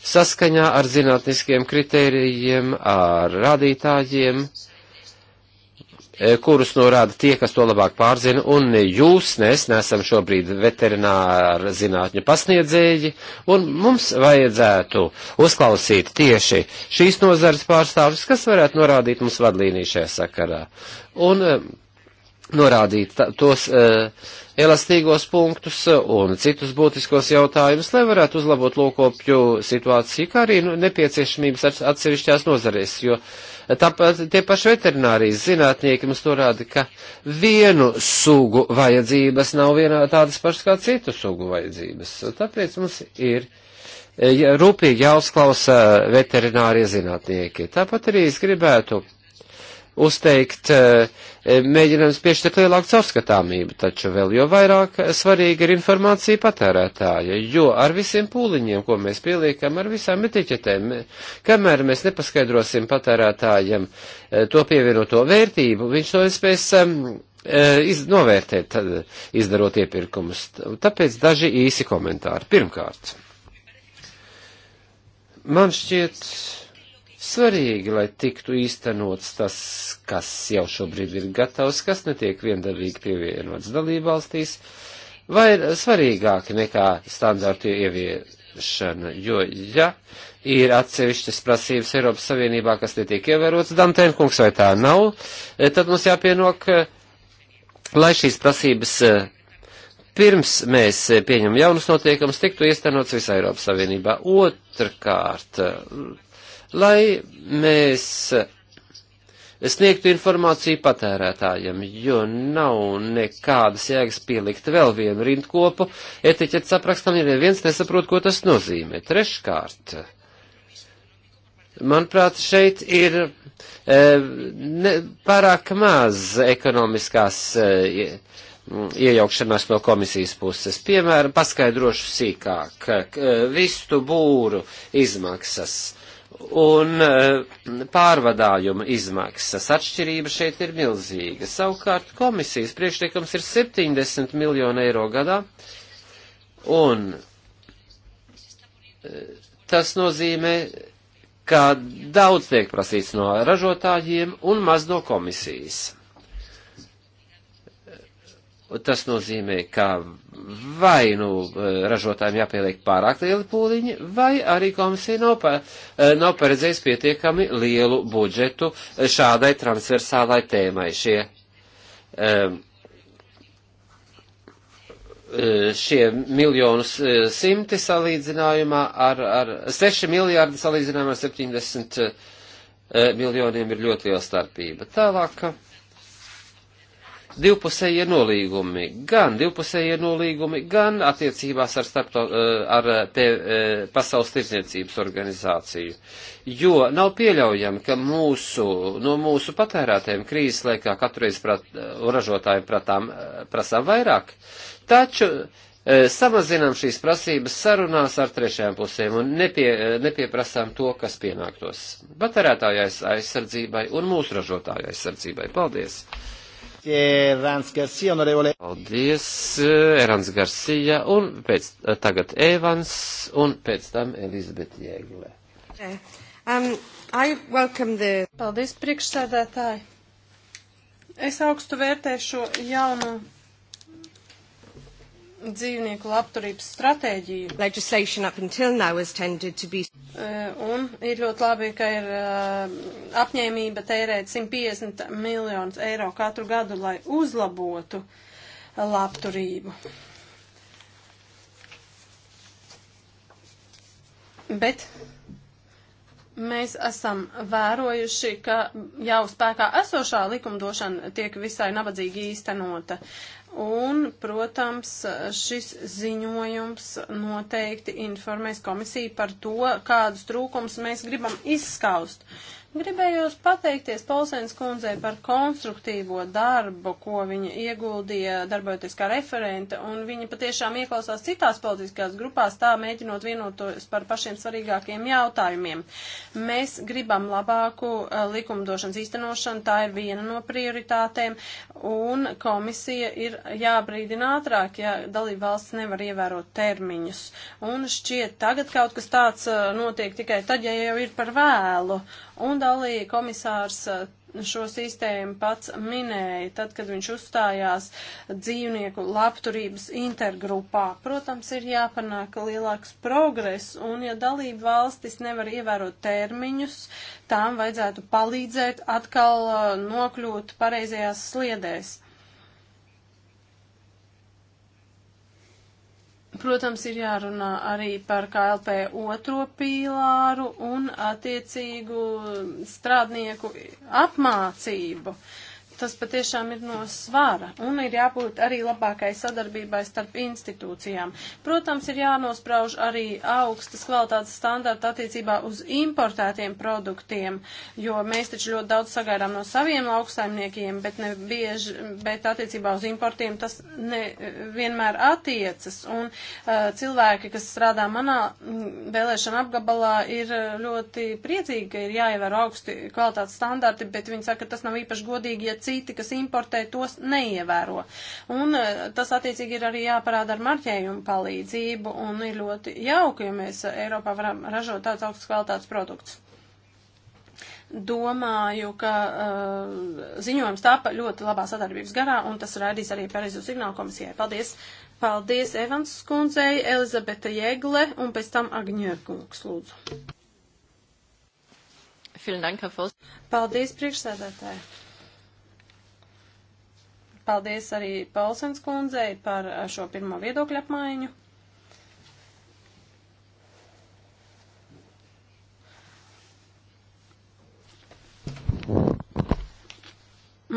saskaņā ar zinātniskiem kritērijiem, ar rādītājiem, e, kurus norāda tie, kas to labāk pārzina, un ne jūs, ne es neesam šobrīd veterināra zinātņu pasniedzēji, un mums vajadzētu uzklausīt tieši šīs nozares pārstāvis, kas varētu norādīt mums vadlīniju šajā sakarā. Un, e, norādīt tos uh, elastīgos punktus un citus būtiskos jautājumus, lai varētu uzlabot lokopju situāciju, kā arī nu, nepieciešamības atsevišķās nozarēs, jo tāpat tie paši veterinārijas zinātnieki mums norāda, ka vienu sugu vajadzības nav vienā tādas pašas kā citu sugu vajadzības. Tāpēc mums ir ja, e, rūpīgi jāuzklausa veterinārie zinātnieki. Tāpat arī es gribētu uzteikt eh, mēģinājums piešķirt lielāku caurskatāmību, taču vēl jo vairāk svarīga ir informācija patērētāja, jo ar visiem pūliņiem, ko mēs pieliekam, ar visām etiķetēm, kamēr mēs nepaskaidrosim patērētājiem eh, to pievienoto vērtību, viņš to nespēs ehm, eh, iz, novērtēt, tad, izdarot iepirkumus. Tāpēc daži īsi komentāri. Pirmkārt, man šķiet, svarīgi, lai tiktu īstenots tas, kas jau šobrīd ir gatavs, kas netiek viendabīgi pievienots dalībvalstīs, vai svarīgāk nekā standārtu ieviešana, jo, ja ir atsevišķas prasības Eiropas Savienībā, kas netiek ievērotas, Dantēnkungs vai tā nav, eh, tad mums jāpienok, eh, lai šīs prasības eh, pirms mēs pieņemam jaunus notiekumus, tiktu īstenots visā Eiropas Savienībā. Otrkārt, lai mēs sniegtu informāciju patērētājiem, jo nav nekādas jēgas pielikt vēl vienu rindkopu etiķetes aprakstam, ja neviens nesaprot, ko tas nozīmē. Treškārt, manuprāt, šeit ir e, ne, pārāk maz ekonomiskās e, iejaukšanās no komisijas puses. Piemēram, paskaidrošu sīkāk, vistu būru izmaksas un eh, pārvadājuma izmaksas. Atšķirība šeit ir milzīga. Savukārt komisijas priekšlikums ir 70 miljonu eiro gadā, un eh, tas nozīmē, ka daudz tiek prasīts no ražotājiem un maz no komisijas. Tas nozīmē, ka vai nu ražotājiem jāpieliek pārāk lieli pūliņi, vai arī komisija nav, pa, nav paredzējis pietiekami lielu budžetu šādai transversālai tēmai. Šie, ehm, eh, šie miljonus eh, simti salīdzinājumā ar, ar 6 miljārdi salīdzinājumā ar 70 eh, miljoniem ir ļoti liela starpība. Tālāk divpusējie nolīgumi, gan divpusējie nolīgumi, gan attiecībās ar, starpto, eh, ar te, eh, eh, Pasaules tirdzniecības organizāciju. Jo nav pieļaujami, ka mūsu, no mūsu patērētēm krīzes laikā katreiz prat, ražotājiem pratām, prasām vairāk, taču samazinām šīs prasības sarunās ar trešajām pusēm un nepie, nepieprasām to, kas pienāktos patērētāju aizsardzībai un mūsu ražotāju aizsardzībai. Paldies! Paldies, eh, Erans Garcia, un pēc, eh, tagad Evans, un pēc tam Elizabete Jēgle. Okay. Eh, um, the... Paldies, priekšsēdētāji. Es augstu vērtēju šo jaunu dzīvnieku labturības stratēģiju. Be... Eh, un ir ļoti labi, ka ir eh, apņēmība tērēt 150 miljonus eiro katru gadu, lai uzlabotu labturību. Bet mēs esam vērojuši, ka jau spēkā esošā likumdošana tiek visai nabadzīgi īstenota. Un, protams, šis ziņojums noteikti informēs komisiju par to, kādus trūkums mēs gribam izskaust. Gribējos pateikties Polsēnas kundzei par konstruktīvo darbu, ko viņa ieguldīja darbojoties kā referente, un viņa patiešām ieklausās citās politiskās grupās, tā mēģinot vienotos par pašiem svarīgākiem jautājumiem. Mēs gribam labāku eh, likumdošanas īstenošanu, tā ir viena no prioritātēm, un komisija ir jābrīdina ātrāk, ja dalība valsts nevar ievērot termiņus. Un šķiet, tagad kaut kas tāds eh, notiek tikai tad, ja jau ir par vēlu. Uh, Un dalīja komisārs eh, šo sistēmu pats minēja, tad, kad viņš uzstājās dzīvnieku labturības intergrupā. Protams, ir jāpanāk lielāks progress, un ja dalība valstis nevar ievērot termiņus, tām vajadzētu palīdzēt atkal eh, nokļūt pareizajās sliedēs. Protams, ir jārunā arī par KLP otro pīlāru un attiecīgu strādnieku apmācību. Uh, tas patiešām ir no svara un ir jābūt arī labākai sadarbībai starp institūcijām. Protams, ir jānosprauž arī augstas kvalitātes standarta attiecībā uz importētiem produktiem, jo mēs taču ļoti daudz sagaidām no saviem lauksaimniekiem, bet, ne bieži, bet attiecībā uz importiem tas ne vienmēr attiecas. Un uh, cilvēki, kas strādā manā vēlēšana apgabalā, ir ļoti priecīgi, ka ir jāievēro augsti kvalitātes standarti, bet viņi saka, ka tas nav īpaši godīgi, ja citi, kas importē, tos neievēro. Un eh, tas attiecīgi ir arī jāparāda ar marķējumu palīdzību un ir ļoti jauki, ja mēs Eiropā varam ražot tāds augsts kvalitātes produkts domāju, ka uh, ziņojums tāpa ļoti labā sadarbības garā, un tas raidīs arī pareizo signālu komisijai. Paldies! Paldies Evans skundzei, Elizabeta Jēgle, un pēc tam Agņērkungs, lūdzu. Paldies, priekšsēdētāji! Paldies arī Paulsens kundzei par eh, šo pirmo viedokļu apmaiņu.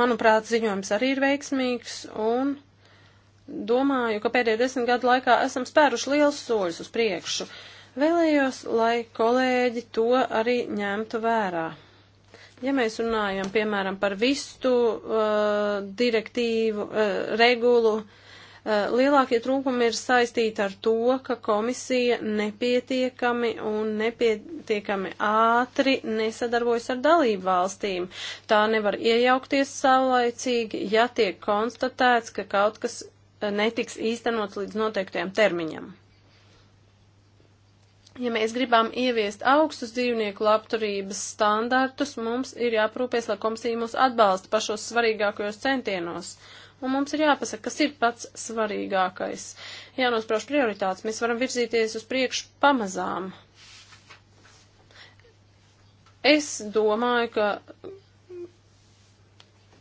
manuprāt, ziņojums arī ir veiksmīgs, un domāju, ka pēdējo desmit gadu laikā esam spēruši liels soļus uz priekšu. Vēlējos, lai kolēģi to arī ņemtu vērā. Ja mēs runājam, piemēram, par vistu uh, direktīvu, uh, regulu, uh, lielākie trūkumi ir saistīti ar to, ka komisija nepietiekami un nepietiekami ātri nesadarbojas ar dalību valstīm. Tā nevar iejaukties saulaicīgi, ja tiek konstatēts, ka kaut kas uh, netiks īstenots līdz noteiktajam termiņam. Ja mēs gribam ieviest augstus dzīvnieku labturības standartus, mums ir jāprūpēs, lai komisija mūs atbalsta pašos svarīgākajos centienos. Un mums ir jāpasaka, kas ir pats svarīgākais. Jānosprauž prioritātes, mēs varam virzīties uz priekšu pamazām. Es domāju, ka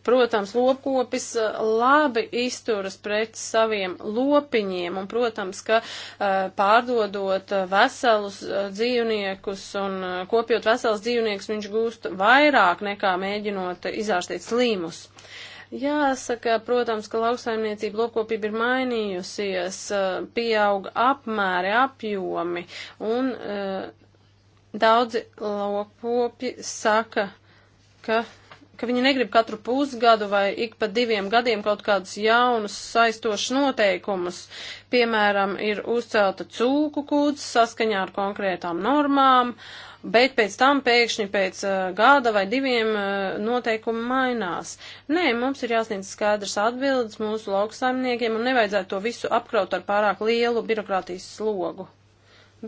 Protams, lopkopis eh, labi izturas pret saviem lopiņiem un, protams, ka eh, pārdodot veselus eh, dzīvniekus un kopjot veselus dzīvniekus, viņš gūst vairāk nekā mēģinot izārstīt slīmus. Jāsaka, protams, ka lauksaimniecība lopkopība ir mainījusies, pieauga apmēri, apjomi, un daudzi lopkopi saka, ka ka viņi negrib katru pusgadu vai ik pa diviem gadiem kaut kādus jaunus saistošus noteikumus. Piemēram, ir uzcelta cūku kūts saskaņā ar konkrētām normām, bet pēc tam pēkšņi pēc uh, gada vai diviem uh, noteikumi mainās. Nē, mums ir jāsniedz skaidrs atbildes mūsu lauksaimniekiem un nevajadzētu to visu apkraut ar pārāk lielu birokrātijas slogu.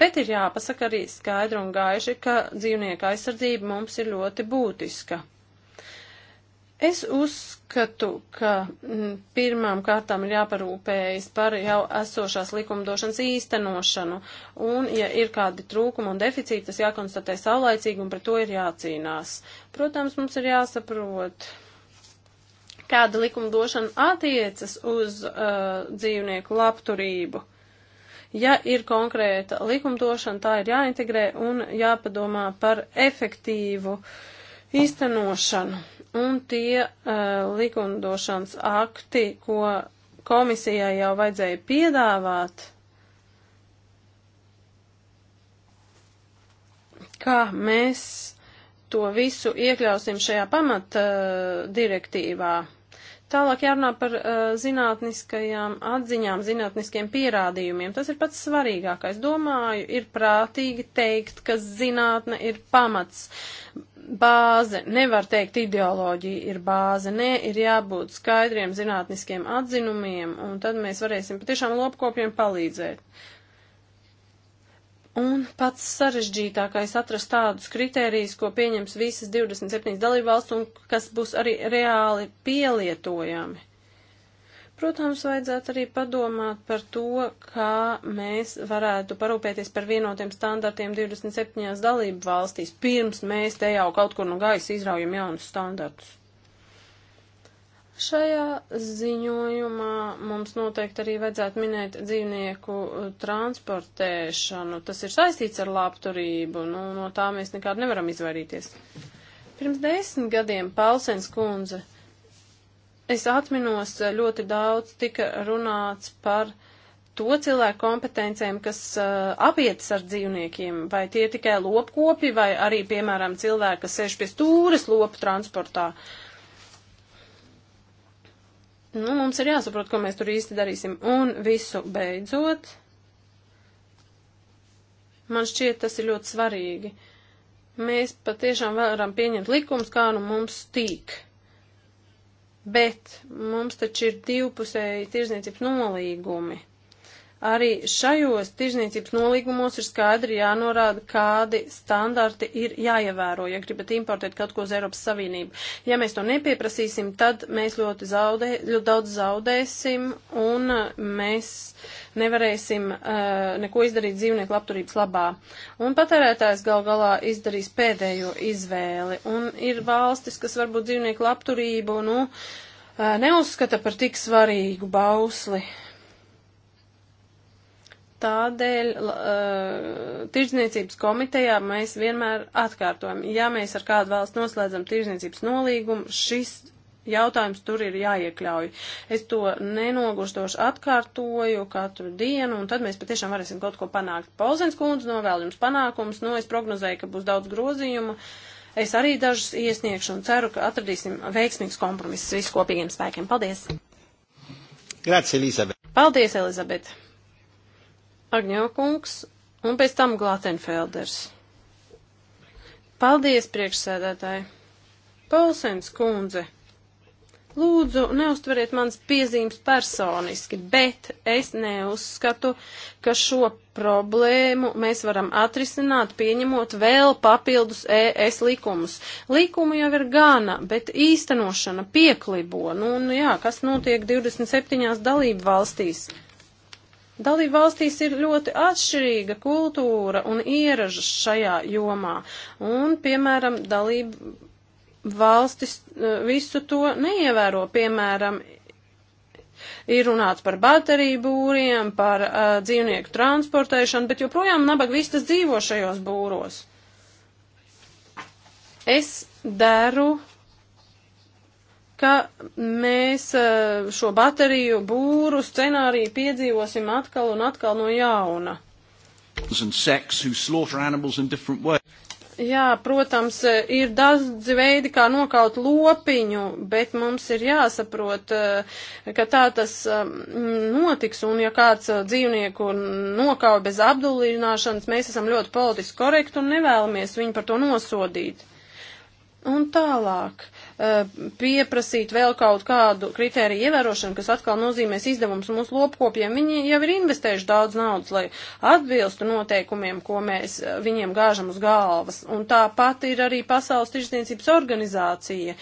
Bet ir jāpasaka arī skaidri un gaiši, ka dzīvnieku aizsardzība mums ir ļoti būtiska. Es uzskatu, ka mm, pirmām kārtām ir jāparūpējas par jau esošās likumdošanas īstenošanu, un, ja ir kādi trūkumi un deficīti, tas jākonstatē saulaicīgi, un pret to ir jācīnās. Protams, mums ir jāsaprot, kāda likumdošana attiecas uz uh, dzīvnieku labturību. Ja ir konkrēta likumdošana, tā ir jāintegrē un jāpadomā par efektīvu īstenošanu. Un tie uh, likumdošanas akti, ko komisijai jau vajadzēja piedāvāt, kā mēs to visu iekļausim šajā pamata eh, direktīvā. Tālāk jārunā par uh, zinātniskajām atziņām, zinātniskiem pierādījumiem. Tas ir pats svarīgākais. Domāju, ir prātīgi teikt, ka zinātne ir pamats bāze. Nevar teikt, ideoloģija ir bāze. Nē, ir jābūt skaidriem zinātniskiem atzinumiem, un tad mēs varēsim patiešām lopkopiem palīdzēt. Un pats sarežģītākais atrast tādus kritērijus, ko pieņems visas 27 dalībvalsts un kas būs arī reāli pielietojami. Protams, vajadzētu arī padomāt par to, kā mēs varētu parūpēties par vienotiem standartiem 27 dalību valstīs, pirms mēs te jau kaut kur no gaisa izraujam jaunus standartus. Šajā ziņojumā mums noteikti arī vajadzētu minēt dzīvnieku uh, transportēšanu. Tas ir saistīts ar labturību, nu, no tā mēs nekādu nevaram izvairīties. Pirms desmit gadiem Paulsens kundze uh, es atminos, eh, ļoti daudz tika runāts par to cilvēku kompetencijām, kas uh, apietas ar dzīvniekiem, vai tie ir tikai lopkopi, vai arī, piemēram, cilvēki, kas sēž pie stūres lopu transportā. Nu, mums ir jāsaprot, ko mēs tur īsti darīsim. Un visu beidzot, man šķiet, tas ir ļoti svarīgi. Mēs patiešām varam pieņemt likums, kā nu mums tīk. Bet mums taču ir divpusēji tirzniecības nolīgumi. Arī šajos tirzniecības nolīgumos ir skaidri jānorāda, kādi standarti ir jāievēro, ja gribat importēt kaut ko uz Eiropas Savienību. Ja mēs to nepieprasīsim, tad mēs ļoti, zaudē, ļoti daudz zaudēsim un uh, mēs nevarēsim uh, neko izdarīt dzīvnieku labturības labā. Un patērētājs gal galā izdarīs pēdējo izvēli. Un ir valstis, kas varbūt dzīvnieku labturību, nu, uh, neuzskata par tik svarīgu bausli. Uh, Tādēļ uh, tirzniecības komitejā mēs vienmēr atkārtojam, ja mēs ar kādu valsts noslēdzam tirzniecības nolīgumu, šis jautājums tur ir jāiekļauj. Es to nenogurstoši atkārtoju katru dienu, un tad mēs patiešām varēsim kaut ko panākt. Pauzens kundze novēl jums panākums, nu es prognozēju, ka būs daudz grozījumu. Es arī dažus iesniegšu un ceru, ka atradīsim veiksmīgs kompromiss visu kopīgiem spēkiem. Paldies! Grazie, Elizabete! Paldies, Elizabete! Agņokungs un pēc tam Glātenfelders. Paldies, priekšsēdētāji! Paulsens kundze! Lūdzu, neustveriet manas piezīmes personiski, bet es neuzskatu, ka šo problēmu mēs varam atrisināt, pieņemot vēl papildus ES likumus. Likumu jau ir gana, bet īstenošana pieklibo. Nu, nu jā, kas notiek 27 dalību valstīs? Dalību valstīs ir ļoti atšķirīga kultūra un ieražas šajā jomā. Un, piemēram, dalību valstis e, visu to neievēro. Piemēram, ir runāts par bateriju būriem, par uh, dzīvnieku transportēšanu, bet joprojām nabaga vistas dzīvo šajos būros. Es daru ka mēs e, šo bateriju būru scenāriju piedzīvosim atkal un atkal no jauna. Jā, protams, e, ir daudz veidi, kā nokaut lopiņu, bet mums ir jāsaprot, e, ka tā tas notiks, un ja kāds dzīvnieku nokauj bez apdulināšanas, mēs esam ļoti politiski korekti un nevēlamies viņu par to nosodīt. Un tālāk. Uh, Eh, pieprasīt vēl kaut kādu kritēriju ievērošanu, kas atkal nozīmēs izdevums mūsu lopkopiem. Viņi jau ir investējuši daudz naudas, lai atbilstu noteikumiem, ko mēs eh, viņiem gāžam uz galvas. Un tāpat ir arī Pasaules tirsniecības organizācija.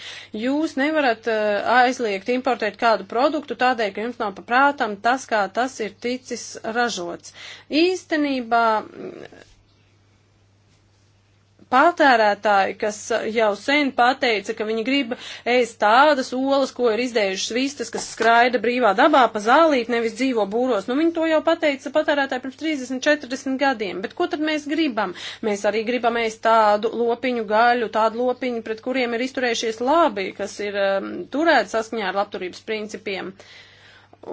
Jūs nevarat eh, aizliegt importēt kādu produktu tādēļ, ka jums nav paprātam tas, kā tas ir ticis ražots. Īstenībā patērētāji, kas uh, jau sen pateica, ka viņi grib ēst tādas olas, ko ir izdējušas vistas, kas skraida brīvā dabā pa zālīt, nevis dzīvo būros. Nu, viņi to jau pateica patērētāji pirms 30, 40 gadiem. Bet ko tad mēs gribam? Mēs arī gribam ēst tādu lopiņu gaļu, tādu lopiņu, pret kuriem ir izturējušies labi, kas ir um, turēti saskaņā ar labturības principiem. Uh,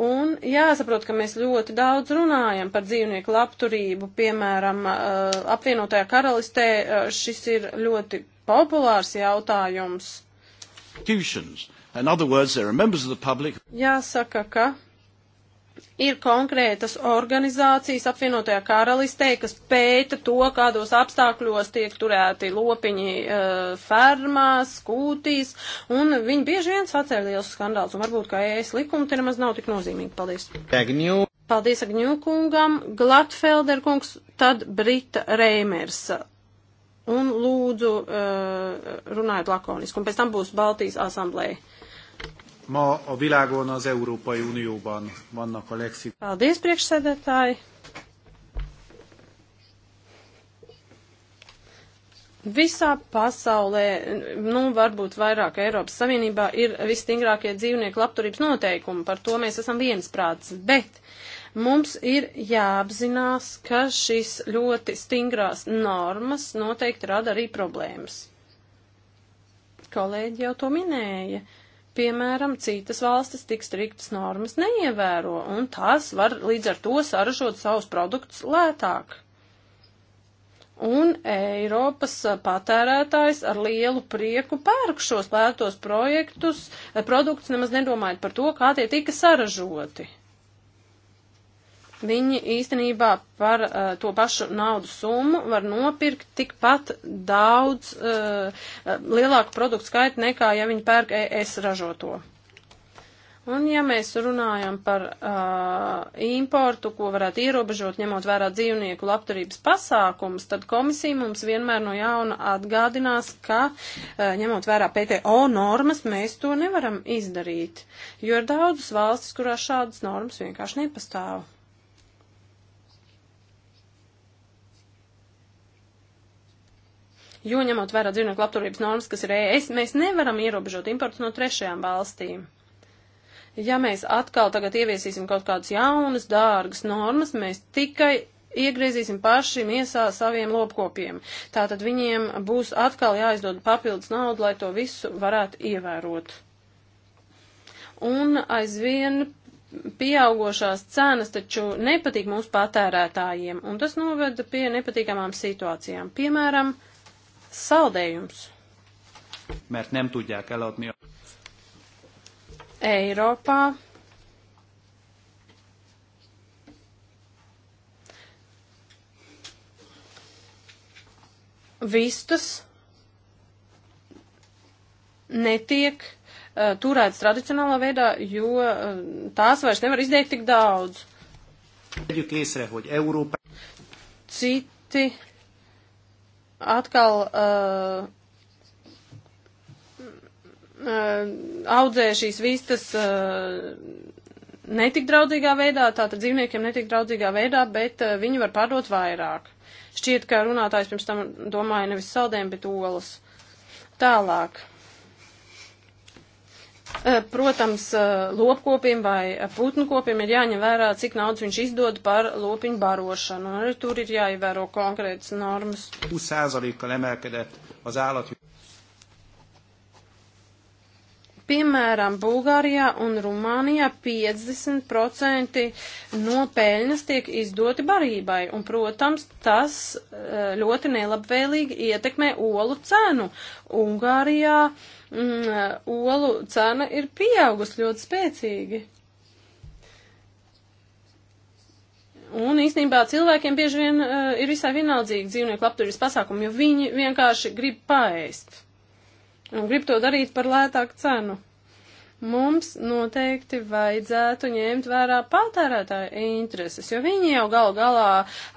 Un jāsaprot, ka mēs ļoti daudz runājam par dzīvnieku labturību, piemēram, eh, apvienotajā karalistē eh, šis ir ļoti populārs jautājums. Jāsaka, ka Ir konkrētas organizācijas apvienotajā karalistē, kas pēta to, kādos apstākļos tiek turēti lopiņi uh, fermās, kūtīs, un viņi bieži vien sacēla liels skandāls, un varbūt, ka ēs e likumi te nemaz nav tik nozīmīgi. Paldies! Agņū. Paldies Agņūkungam, Glatfelderkungs, tad Brita Reimers un lūdzu uh, runājiet lakoniski, un pēc tam būs Baltijas asamblēja. Ma a világon az Európai Unióban vannak a legszív... Paldies, priekšsēdētāji! Visā pasaulē, nu, varbūt vairāk Eiropas Savienībā ir visstingrākie dzīvnieku labturības noteikumi, par to mēs esam viensprāts, bet mums ir jāapzinās, ka šīs ļoti stingrās normas noteikti rada arī problēmas. Kolēģi jau to minēja piemēram, citas valstis tik striktas normas neievēro, un tās var līdz ar to saražot savus produktus lētāk. Un Eiropas patērētājs ar lielu prieku pērk šos lētos projektus, eh, produktus, nemaz nedomājot par to, kā tie tika saražoti. Viņi īstenībā par uh, to pašu naudu summu var nopirkt tikpat daudz uh, uh lielāku produktu skaitu nekā, ja viņi pērk ES ražoto. Un ja mēs runājam par uh, importu, ko varētu ierobežot, ņemot vērā dzīvnieku labturības pasākums, tad komisija mums vienmēr no jauna atgādinās, ka uh, ņemot vērā PTO normas, mēs to nevaram izdarīt, jo ir daudzas valstis, kurās šādas normas vienkārši nepastāv. jo ņemot vērā dzīvnieku labturības normas, kas ir ES, mēs nevaram ierobežot importu no trešajām valstīm. Ja mēs atkal tagad ieviesīsim kaut kādas jaunas, dārgas normas, mēs tikai iegriezīsim paši miesā saviem lopkopiem. Tātad viņiem būs atkal jāizdod papildus naudu, lai to visu varētu ievērot. Un aizvien pieaugošās cenas taču nepatīk mūsu patērētājiem, un tas noveda pie nepatīkamām situācijām. Piemēram, uh, saldējums. Mert nem tudják eladni. Eiropā vistas netiek uh, turētas tradicionālā veidā, jo uh, tās vairs nevar izdeikt tik daudz. Citi atkal uh, uh, audzē šīs vistas uh, netik draudzīgā veidā, tātad dzīvniekiem netik draudzīgā veidā, bet uh, viņi var pārdot vairāk. Šķiet, ka runātājs pirms tam domāja nevis saldējumu, bet olas. Tālāk. Eh, protams, eh, lopkopiem vai eh, putnukopiem ir jāņem vērā, cik naudas viņš izdod par lopiņu barošanu. Un arī tur ir jāievēro konkrētas normas. 20%-kal emelkedett az állat. Piemēram, Bulgārijā un Rumānijā 50% no peļņas tiek izdoti barībai, un, protams, tas eh, ļoti nelabvēlīgi ietekmē olu cenu. Ungārijā mm, olu cena ir pieaugusi ļoti spēcīgi. Un īstenībā cilvēkiem bieži vien uh, ir visai vienaldzīgi dzīvnieku labturības pasākumi, jo viņi vienkārši grib paēst un grib to darīt par lētāku cenu. Mums noteikti vajadzētu ņemt vērā patērētāju intereses, jo viņi jau gal galā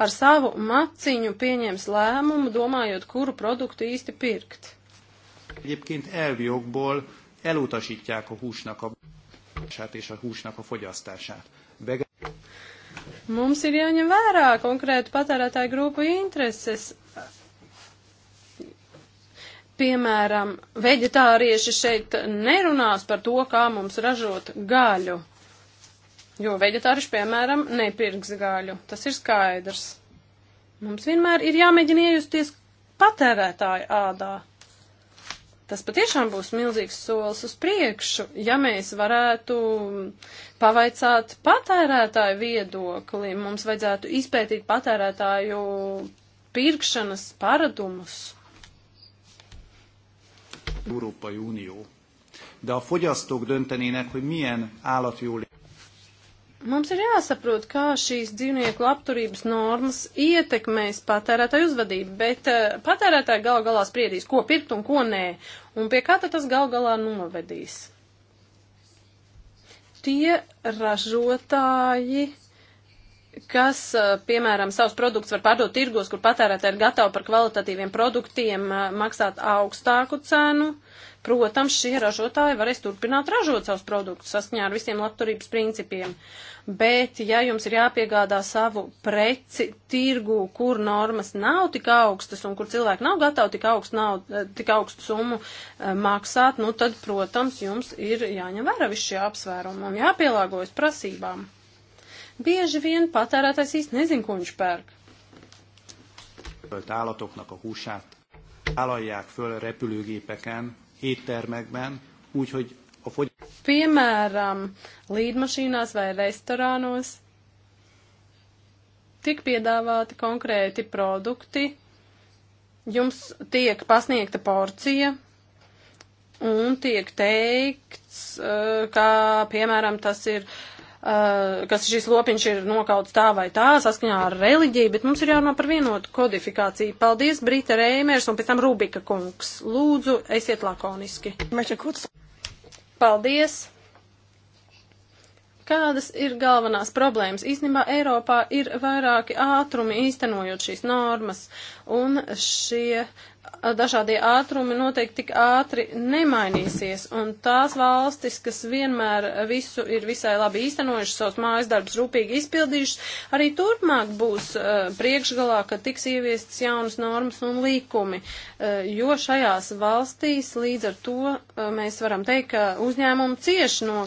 ar savu maciņu pieņems lēmumu, domājot, kuru produktu īsti pirkt. Egyébként elvi jogból elutasítják a húsnak a és a húsnak a fogyasztását. Vegán... Mums ir jāņem vērā konkrētu patērētāju grupu intereses, Piemēram, veģetārieši šeit nerunās par to, kā mums ražot gaļu, jo veģetārieši, piemēram, nepirks gaļu. Tas ir skaidrs. Mums vienmēr ir jāmēģina iejusties patērētāju ādā. Tas patiešām būs milzīgs solis uz priekšu, ja mēs varētu pavaicāt patērētāju viedokli. Mums vajadzētu izpētīt patērētāju pirkšanas paradumus. Európai Unió. De a fogyasztók döntenének, hogy milyen állatjólét. Mums ir jāsaprot, kā šīs dzīvnieku labturības normas ietekmēs patērētāju uzvedību, bet uh, patērētāji gal galā spriedīs, ko pirkt un ko nē, un pie kā tas gal galā novedīs. Tie ražotāji, kas, eh, piemēram, savus produktus var pārdot tirgos, kur patērētāji ir gatavi par kvalitatīviem produktiem eh, maksāt augstāku cenu. Protams, šie ražotāji varēs turpināt ražot savus produktus saskaņā ar visiem labturības principiem. Bet, ja jums ir jāpiegādā savu preci tirgu, kur normas nav tik augstas un kur cilvēki nav gatavi tik augstu, nav, eh, tik augstu summu maksāt, nu tad, protams, jums ir jāņem vērā visi šie apsvērumi un jāpielāgojas prasībām. Bieži vien patērētājs īsti nezin, ko viņš pērk. Állatoknak a húsát állalják föl repülőgépeken, éttermekben, úgyhogy a fogy... Piemēram, līdmašīnās vai restorānos tik piedāvāti konkrēti produkti, jums tiek pasniegta porcija un tiek teikts, eh, kā piemēram tas ir uh, Eh, kas šis lopiņš ir nokauts tā vai tā, saskaņā ar reliģiju, bet mums ir jārunā par vienotu kodifikāciju. Paldies, Brita Rēmērs un pēc tam Rubika kungs. Lūdzu, esiet lakoniski. Paldies! Kādas ir galvenās problēmas? Īstenībā Eiropā ir vairāki ātrumi īstenojot šīs normas, un šie dažādie ātrumi noteikti tik ātri nemainīsies, un tās valstis, kas vienmēr visu ir visai labi īstenojuši, savus mājas darbus rūpīgi izpildījušas, arī turpmāk būs uh, priekšgalā, ka tiks ieviestas jaunas normas un līkumi, uh, jo šajās valstīs līdz ar to uh, mēs varam teikt, ka uzņēmumi cieši no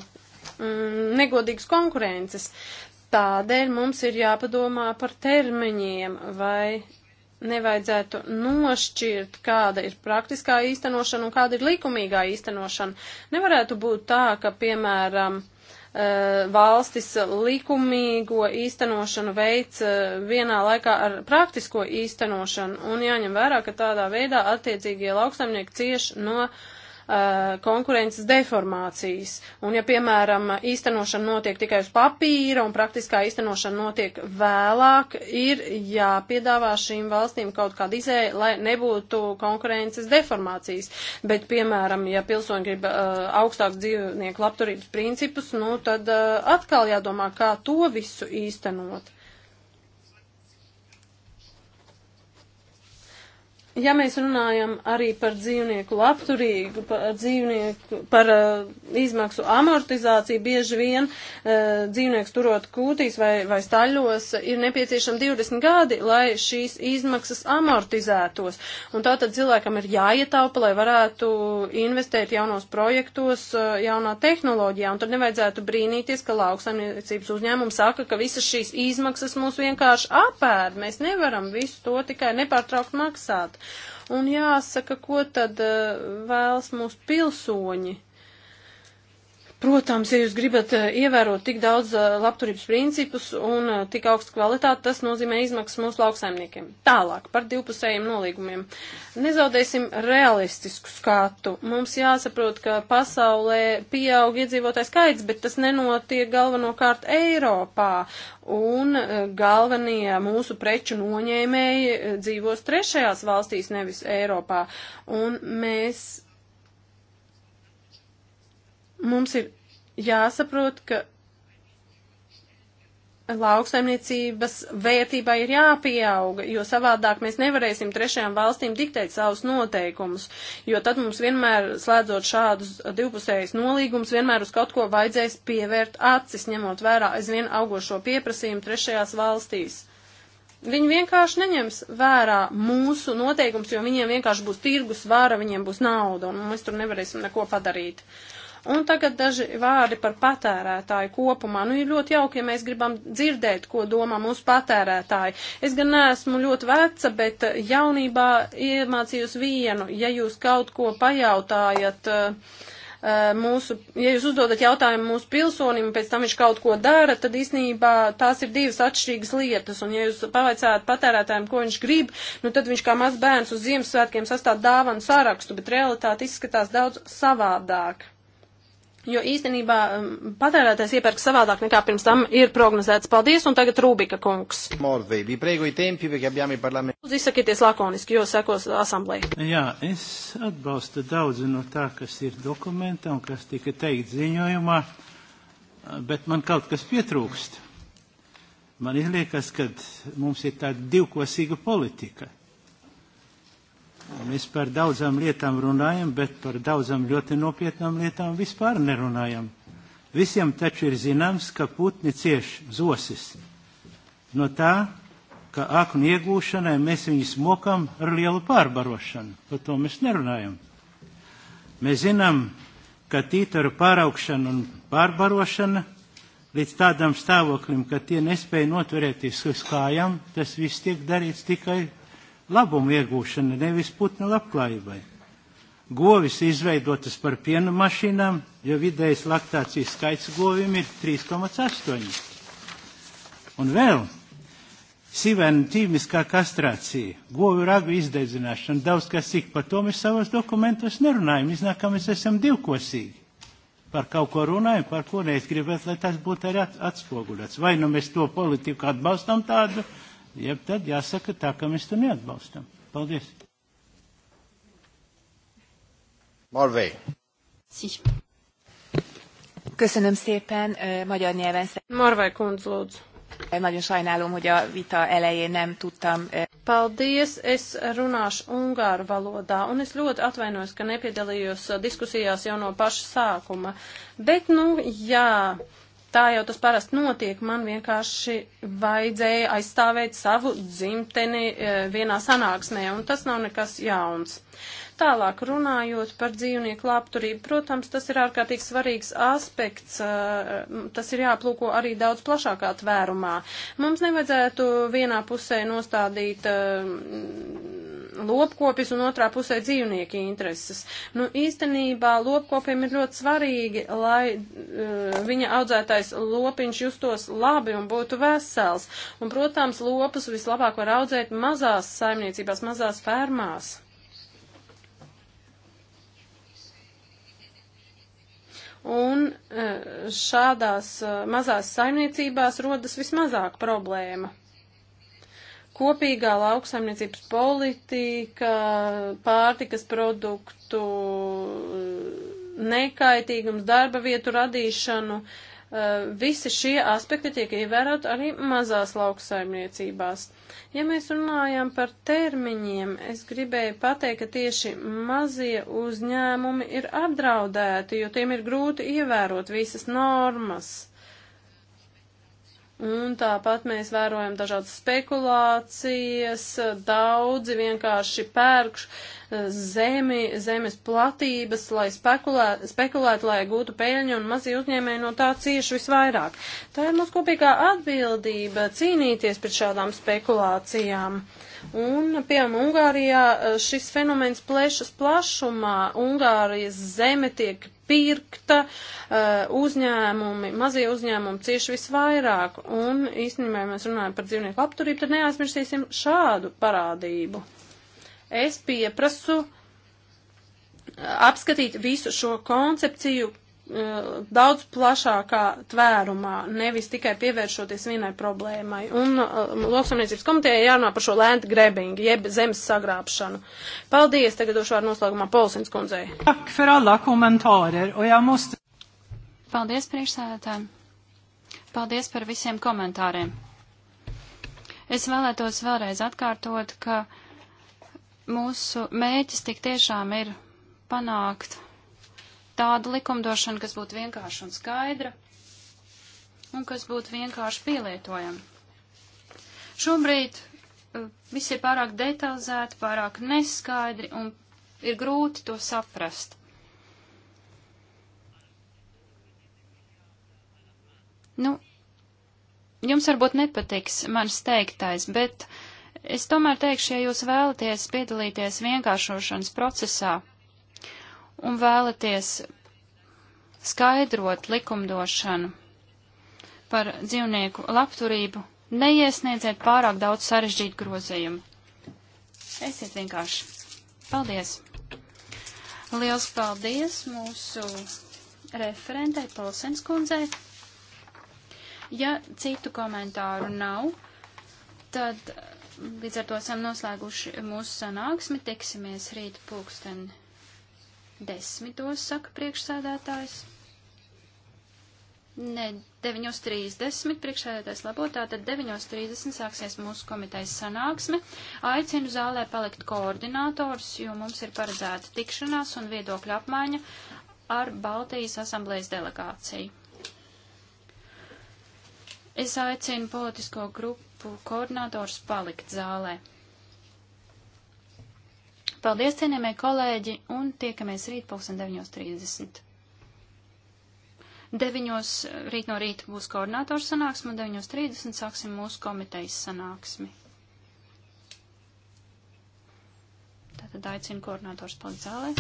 mm, negodīgas konkurences. Tādēļ mums ir jāpadomā par termiņiem, vai nevajadzētu nošķirt, kāda ir praktiskā īstenošana un kāda ir likumīgā īstenošana. Nevarētu būt tā, ka, piemēram, eh, valstis likumīgo īstenošanu veids eh, vienā laikā ar praktisko īstenošanu un jāņem vērā, ka tādā veidā attiecīgie lauksaimnieki cieš no uh, Uh, konkurences deformācijas. Un ja, piemēram, īstenošana notiek tikai uz papīra un praktiskā īstenošana notiek vēlāk, ir jāpiedāvā šīm valstīm kaut kāda izēja, lai nebūtu konkurences deformācijas. Bet, piemēram, ja pilsoņi grib uh, augstāks dzīvnieku labturības principus, nu tad uh, atkal jādomā, kā to visu īstenot. ja mēs runājam arī par dzīvnieku labturīgu, par dzīvnieku, par uh, izmaksu amortizāciju, bieži vien uh, dzīvnieks turot kūtīs vai, vai staļos ir nepieciešami 20 gadi, lai šīs izmaksas amortizētos. Un tātad cilvēkam ir jāietaupa, lai varētu investēt jaunos projektos, uh, jaunā tehnoloģijā. Un tad nevajadzētu brīnīties, ka lauksaimniecības uzņēmumi saka, ka visas šīs izmaksas mūs vienkārši apēd. Mēs nevaram visu to tikai nepārtraukt maksāt. Un jāsaka, ko tad eh, vēlas mūsu pilsoņi? Protams, ja jūs gribat eh, ievērot tik daudz eh, labturības principus un eh, tik augstu kvalitāti, tas nozīmē izmaksas mūsu lauksaimniekiem. Tālāk par divpusējiem nolīgumiem. Nezaudēsim realistisku skatu. Mums jāsaprot, ka pasaulē pieaug iedzīvotājs skaits, bet tas nenotiek galvenokārt Eiropā. Un galvenie mūsu preču noņēmēji dzīvos trešajās valstīs, nevis Eiropā. Un mēs Mums ir jāsaprot, ka lauksaimniecības vērtībai ir jāpieauga, jo savādāk mēs nevarēsim trešajām valstīm diktēt savus noteikumus, jo tad mums vienmēr, slēdzot šādus divpusējus nolīgumus, vienmēr uz kaut ko vajadzēs pievērt acis, ņemot vērā aizvien augošo pieprasījumu trešajās valstīs. Viņi vienkārši neņems vērā mūsu noteikums, jo viņiem vienkārši būs tirgus vāra, viņiem būs nauda, un mēs tur nevarēsim neko padarīt. Uh, Un tagad daži vārdi par patērētāju kopumā. Nu, ir ļoti jauki, ja mēs gribam dzirdēt, ko domā mūsu patērētāji. Es gan neesmu ļoti veca, bet eh, jaunībā iemācījos vienu. Ja jūs kaut ko pajautājat, eh, eh, mūsu, ja jūs uzdodat jautājumu mūsu pilsonim, pēc tam viņš kaut ko dara, tad īsnībā tās ir divas atšķirīgas lietas. Un ja jūs pavaicājat patērētājiem, ko viņš grib, nu tad viņš kā mazs bērns uz Ziemassvētkiem sastāv dāvanu sarakstu, bet realitāte izskatās daudz savādāk. Jo īstenībā um, patērētājs iepērk savādāk nekā pirms tam ir prognozēts. Paldies, un tagad Rūbika kungs. Morvei, vi prego i tempi, perché abbiamo i parlamenti. Lūdzu, izsakieties lakoniski, jo sekos asamblēja. Jā, es atbalstu daudz no tā, kas ir dokumentā un kas tika teikt ziņojumā, bet man kaut kas pietrūkst. Man ir liekas, ka mums ir tāda divkosīga politika. Mēs par daudzām lietām runājam, bet par daudzām ļoti nopietnām lietām vispār nerunājam. Visiem taču ir zināms, ka putni cieš zosis. No tā, ka aknu iegūšanai mēs viņus mokam ar lielu pārbarošanu. Par to mēs nerunājam. Mēs zinām, ka tītaru pāraugšana un pārbarošana līdz tādam stāvoklim, ka tie nespēja noturēties uz kājām, tas viss tiek darīts tikai labumu iegūšana, nevis putna labklājībai. Govis izveidotas par piena mašīnām, jo vidējais laktācijas skaits govim ir 3,8. Un vēl sīvēna ķīmiskā kastrācija, govu ragu izdeidzināšana, daudz kas cik par to mēs savos dokumentos nerunājam. Iznāk, ka mēs esam divkosīgi. Par kaut ko runājam, par ko neizgribētu, lai tas būtu arī atspoguļots. Vai nu mēs to politiku atbalstam tādu, jeb tad jāsaka tā, ka mēs to neatbalstam. Paldies. Morvei. Köszönöm szépen, magyar nyelven. Morvai kundz, lūdzu. Nagyon sajnálom, hogy a vita elején nem tudtam. Paldies, es runāšu ungāru valodā, un es ļoti atvainojos, ka nepiedalījos diskusijās jau no paša sākuma. Bet, nu, jā. Uh, Tā jau tas parasti notiek. Man vienkārši vajadzēja aizstāvēt savu dzimteni eh, vienā sanāksmē, un tas nav nekas jauns. Uh, Tālāk runājot par dzīvnieku labturību, protams, tas ir ārkārtīgi svarīgs aspekts, eh, tas ir jāplūko arī daudz plašākā tvērumā. Mums nevajadzētu vienā pusē nostādīt eh, lopkopis un otrā pusē dzīvnieki intereses. Nu, īstenībā lopkopiem ir ļoti svarīgi, lai uh, viņa audzētais lopiņš justos labi un būtu vesels. Un, protams, lopus vislabāk var audzēt mazās saimniecībās, mazās fermās. un e, šādās e, mazās saimniecībās rodas vismazāk problēma. Kopīgā lauksaimniecības politika, pārtikas produktu e, nekaitīgums, darba vietu radīšanu, uh, Eh, visi šie aspekti tiek ievērot arī mazās lauksaimniecībās. Ja mēs runājam par termiņiem, es gribēju pateikt, ka tieši mazie uzņēmumi ir apdraudēti, jo tiem ir grūti ievērot visas normas. Un tāpat mēs vērojam dažādas spekulācijas, daudzi vienkārši pērkš eh, zemi, zemes platības, lai spekulē, spekulētu, lai gūtu peļņu, un mazie uzņēmēji no tā cieši visvairāk. Tā ir mūsu kopīgā atbildība cīnīties pret šādām spekulācijām. Un, piemēram, Ungārijā eh, šis fenomens plešas plašumā. Ungārijas zeme tiek pirkta, eh, uzņēmumi, mazie uzņēmumi cieši visvairāk, un īstenībā, ja mēs runājam par dzīvnieku labturību, tad neaizmirsīsim šādu parādību. Es pieprasu eh, apskatīt visu šo koncepciju daudz plašākā tvērumā, nevis tikai pievēršoties vienai problēmai. Un uh, lauksaimniecības komitejai jārunā par šo lēntu grebingu, jeb zemes sagrābšanu. Paldies, tagad došu vārdu noslēgumā Polsins kundzei. Paldies, priekšsēdētāji. Paldies par visiem komentāriem. Es vēlētos vēlreiz atkārtot, ka mūsu mēķis tik tiešām ir panākt tādu likumdošanu, kas būtu vienkārša un skaidra un kas būtu vienkārši pielietojama. Šobrīd e, viss ir pārāk detalizēti, pārāk neskaidri un ir grūti to saprast. Nu, jums varbūt nepatiks mans teiktais, bet es tomēr teikšu, ja jūs vēlaties piedalīties vienkāršošanas procesā, un vēlaties skaidrot likumdošanu par dzīvnieku labturību, neiesniedziet pārāk daudz sarežģītu grozījumu. Esiet vienkārši. Paldies! Liels paldies mūsu referentei Polsens kundzei. Ja citu komentāru nav, tad līdz ar to esam noslēguši mūsu sanāksmi. Tiksimies rīt pulksteni desmitos, saka priekšsēdētājs. Ne, 9.30 priekšsēdētājs labo, tātad 9.30 sāksies mūsu komitejas sanāksme. Aicinu zālē palikt koordinātors, jo mums ir paredzēta tikšanās un viedokļa apmaiņa ar Baltijas asamblējas delegāciju. Es aicinu politisko grupu koordinātors palikt zālē. Paldies, cienījamie kolēģi, un tiekamies rīt pulksten 9.30. 9. rīt no rīta būs koordinātors sanāksme, un 9.30 sāksim mūsu komitejas sanāksmi. Tātad aicinu koordinātors palikt zālē.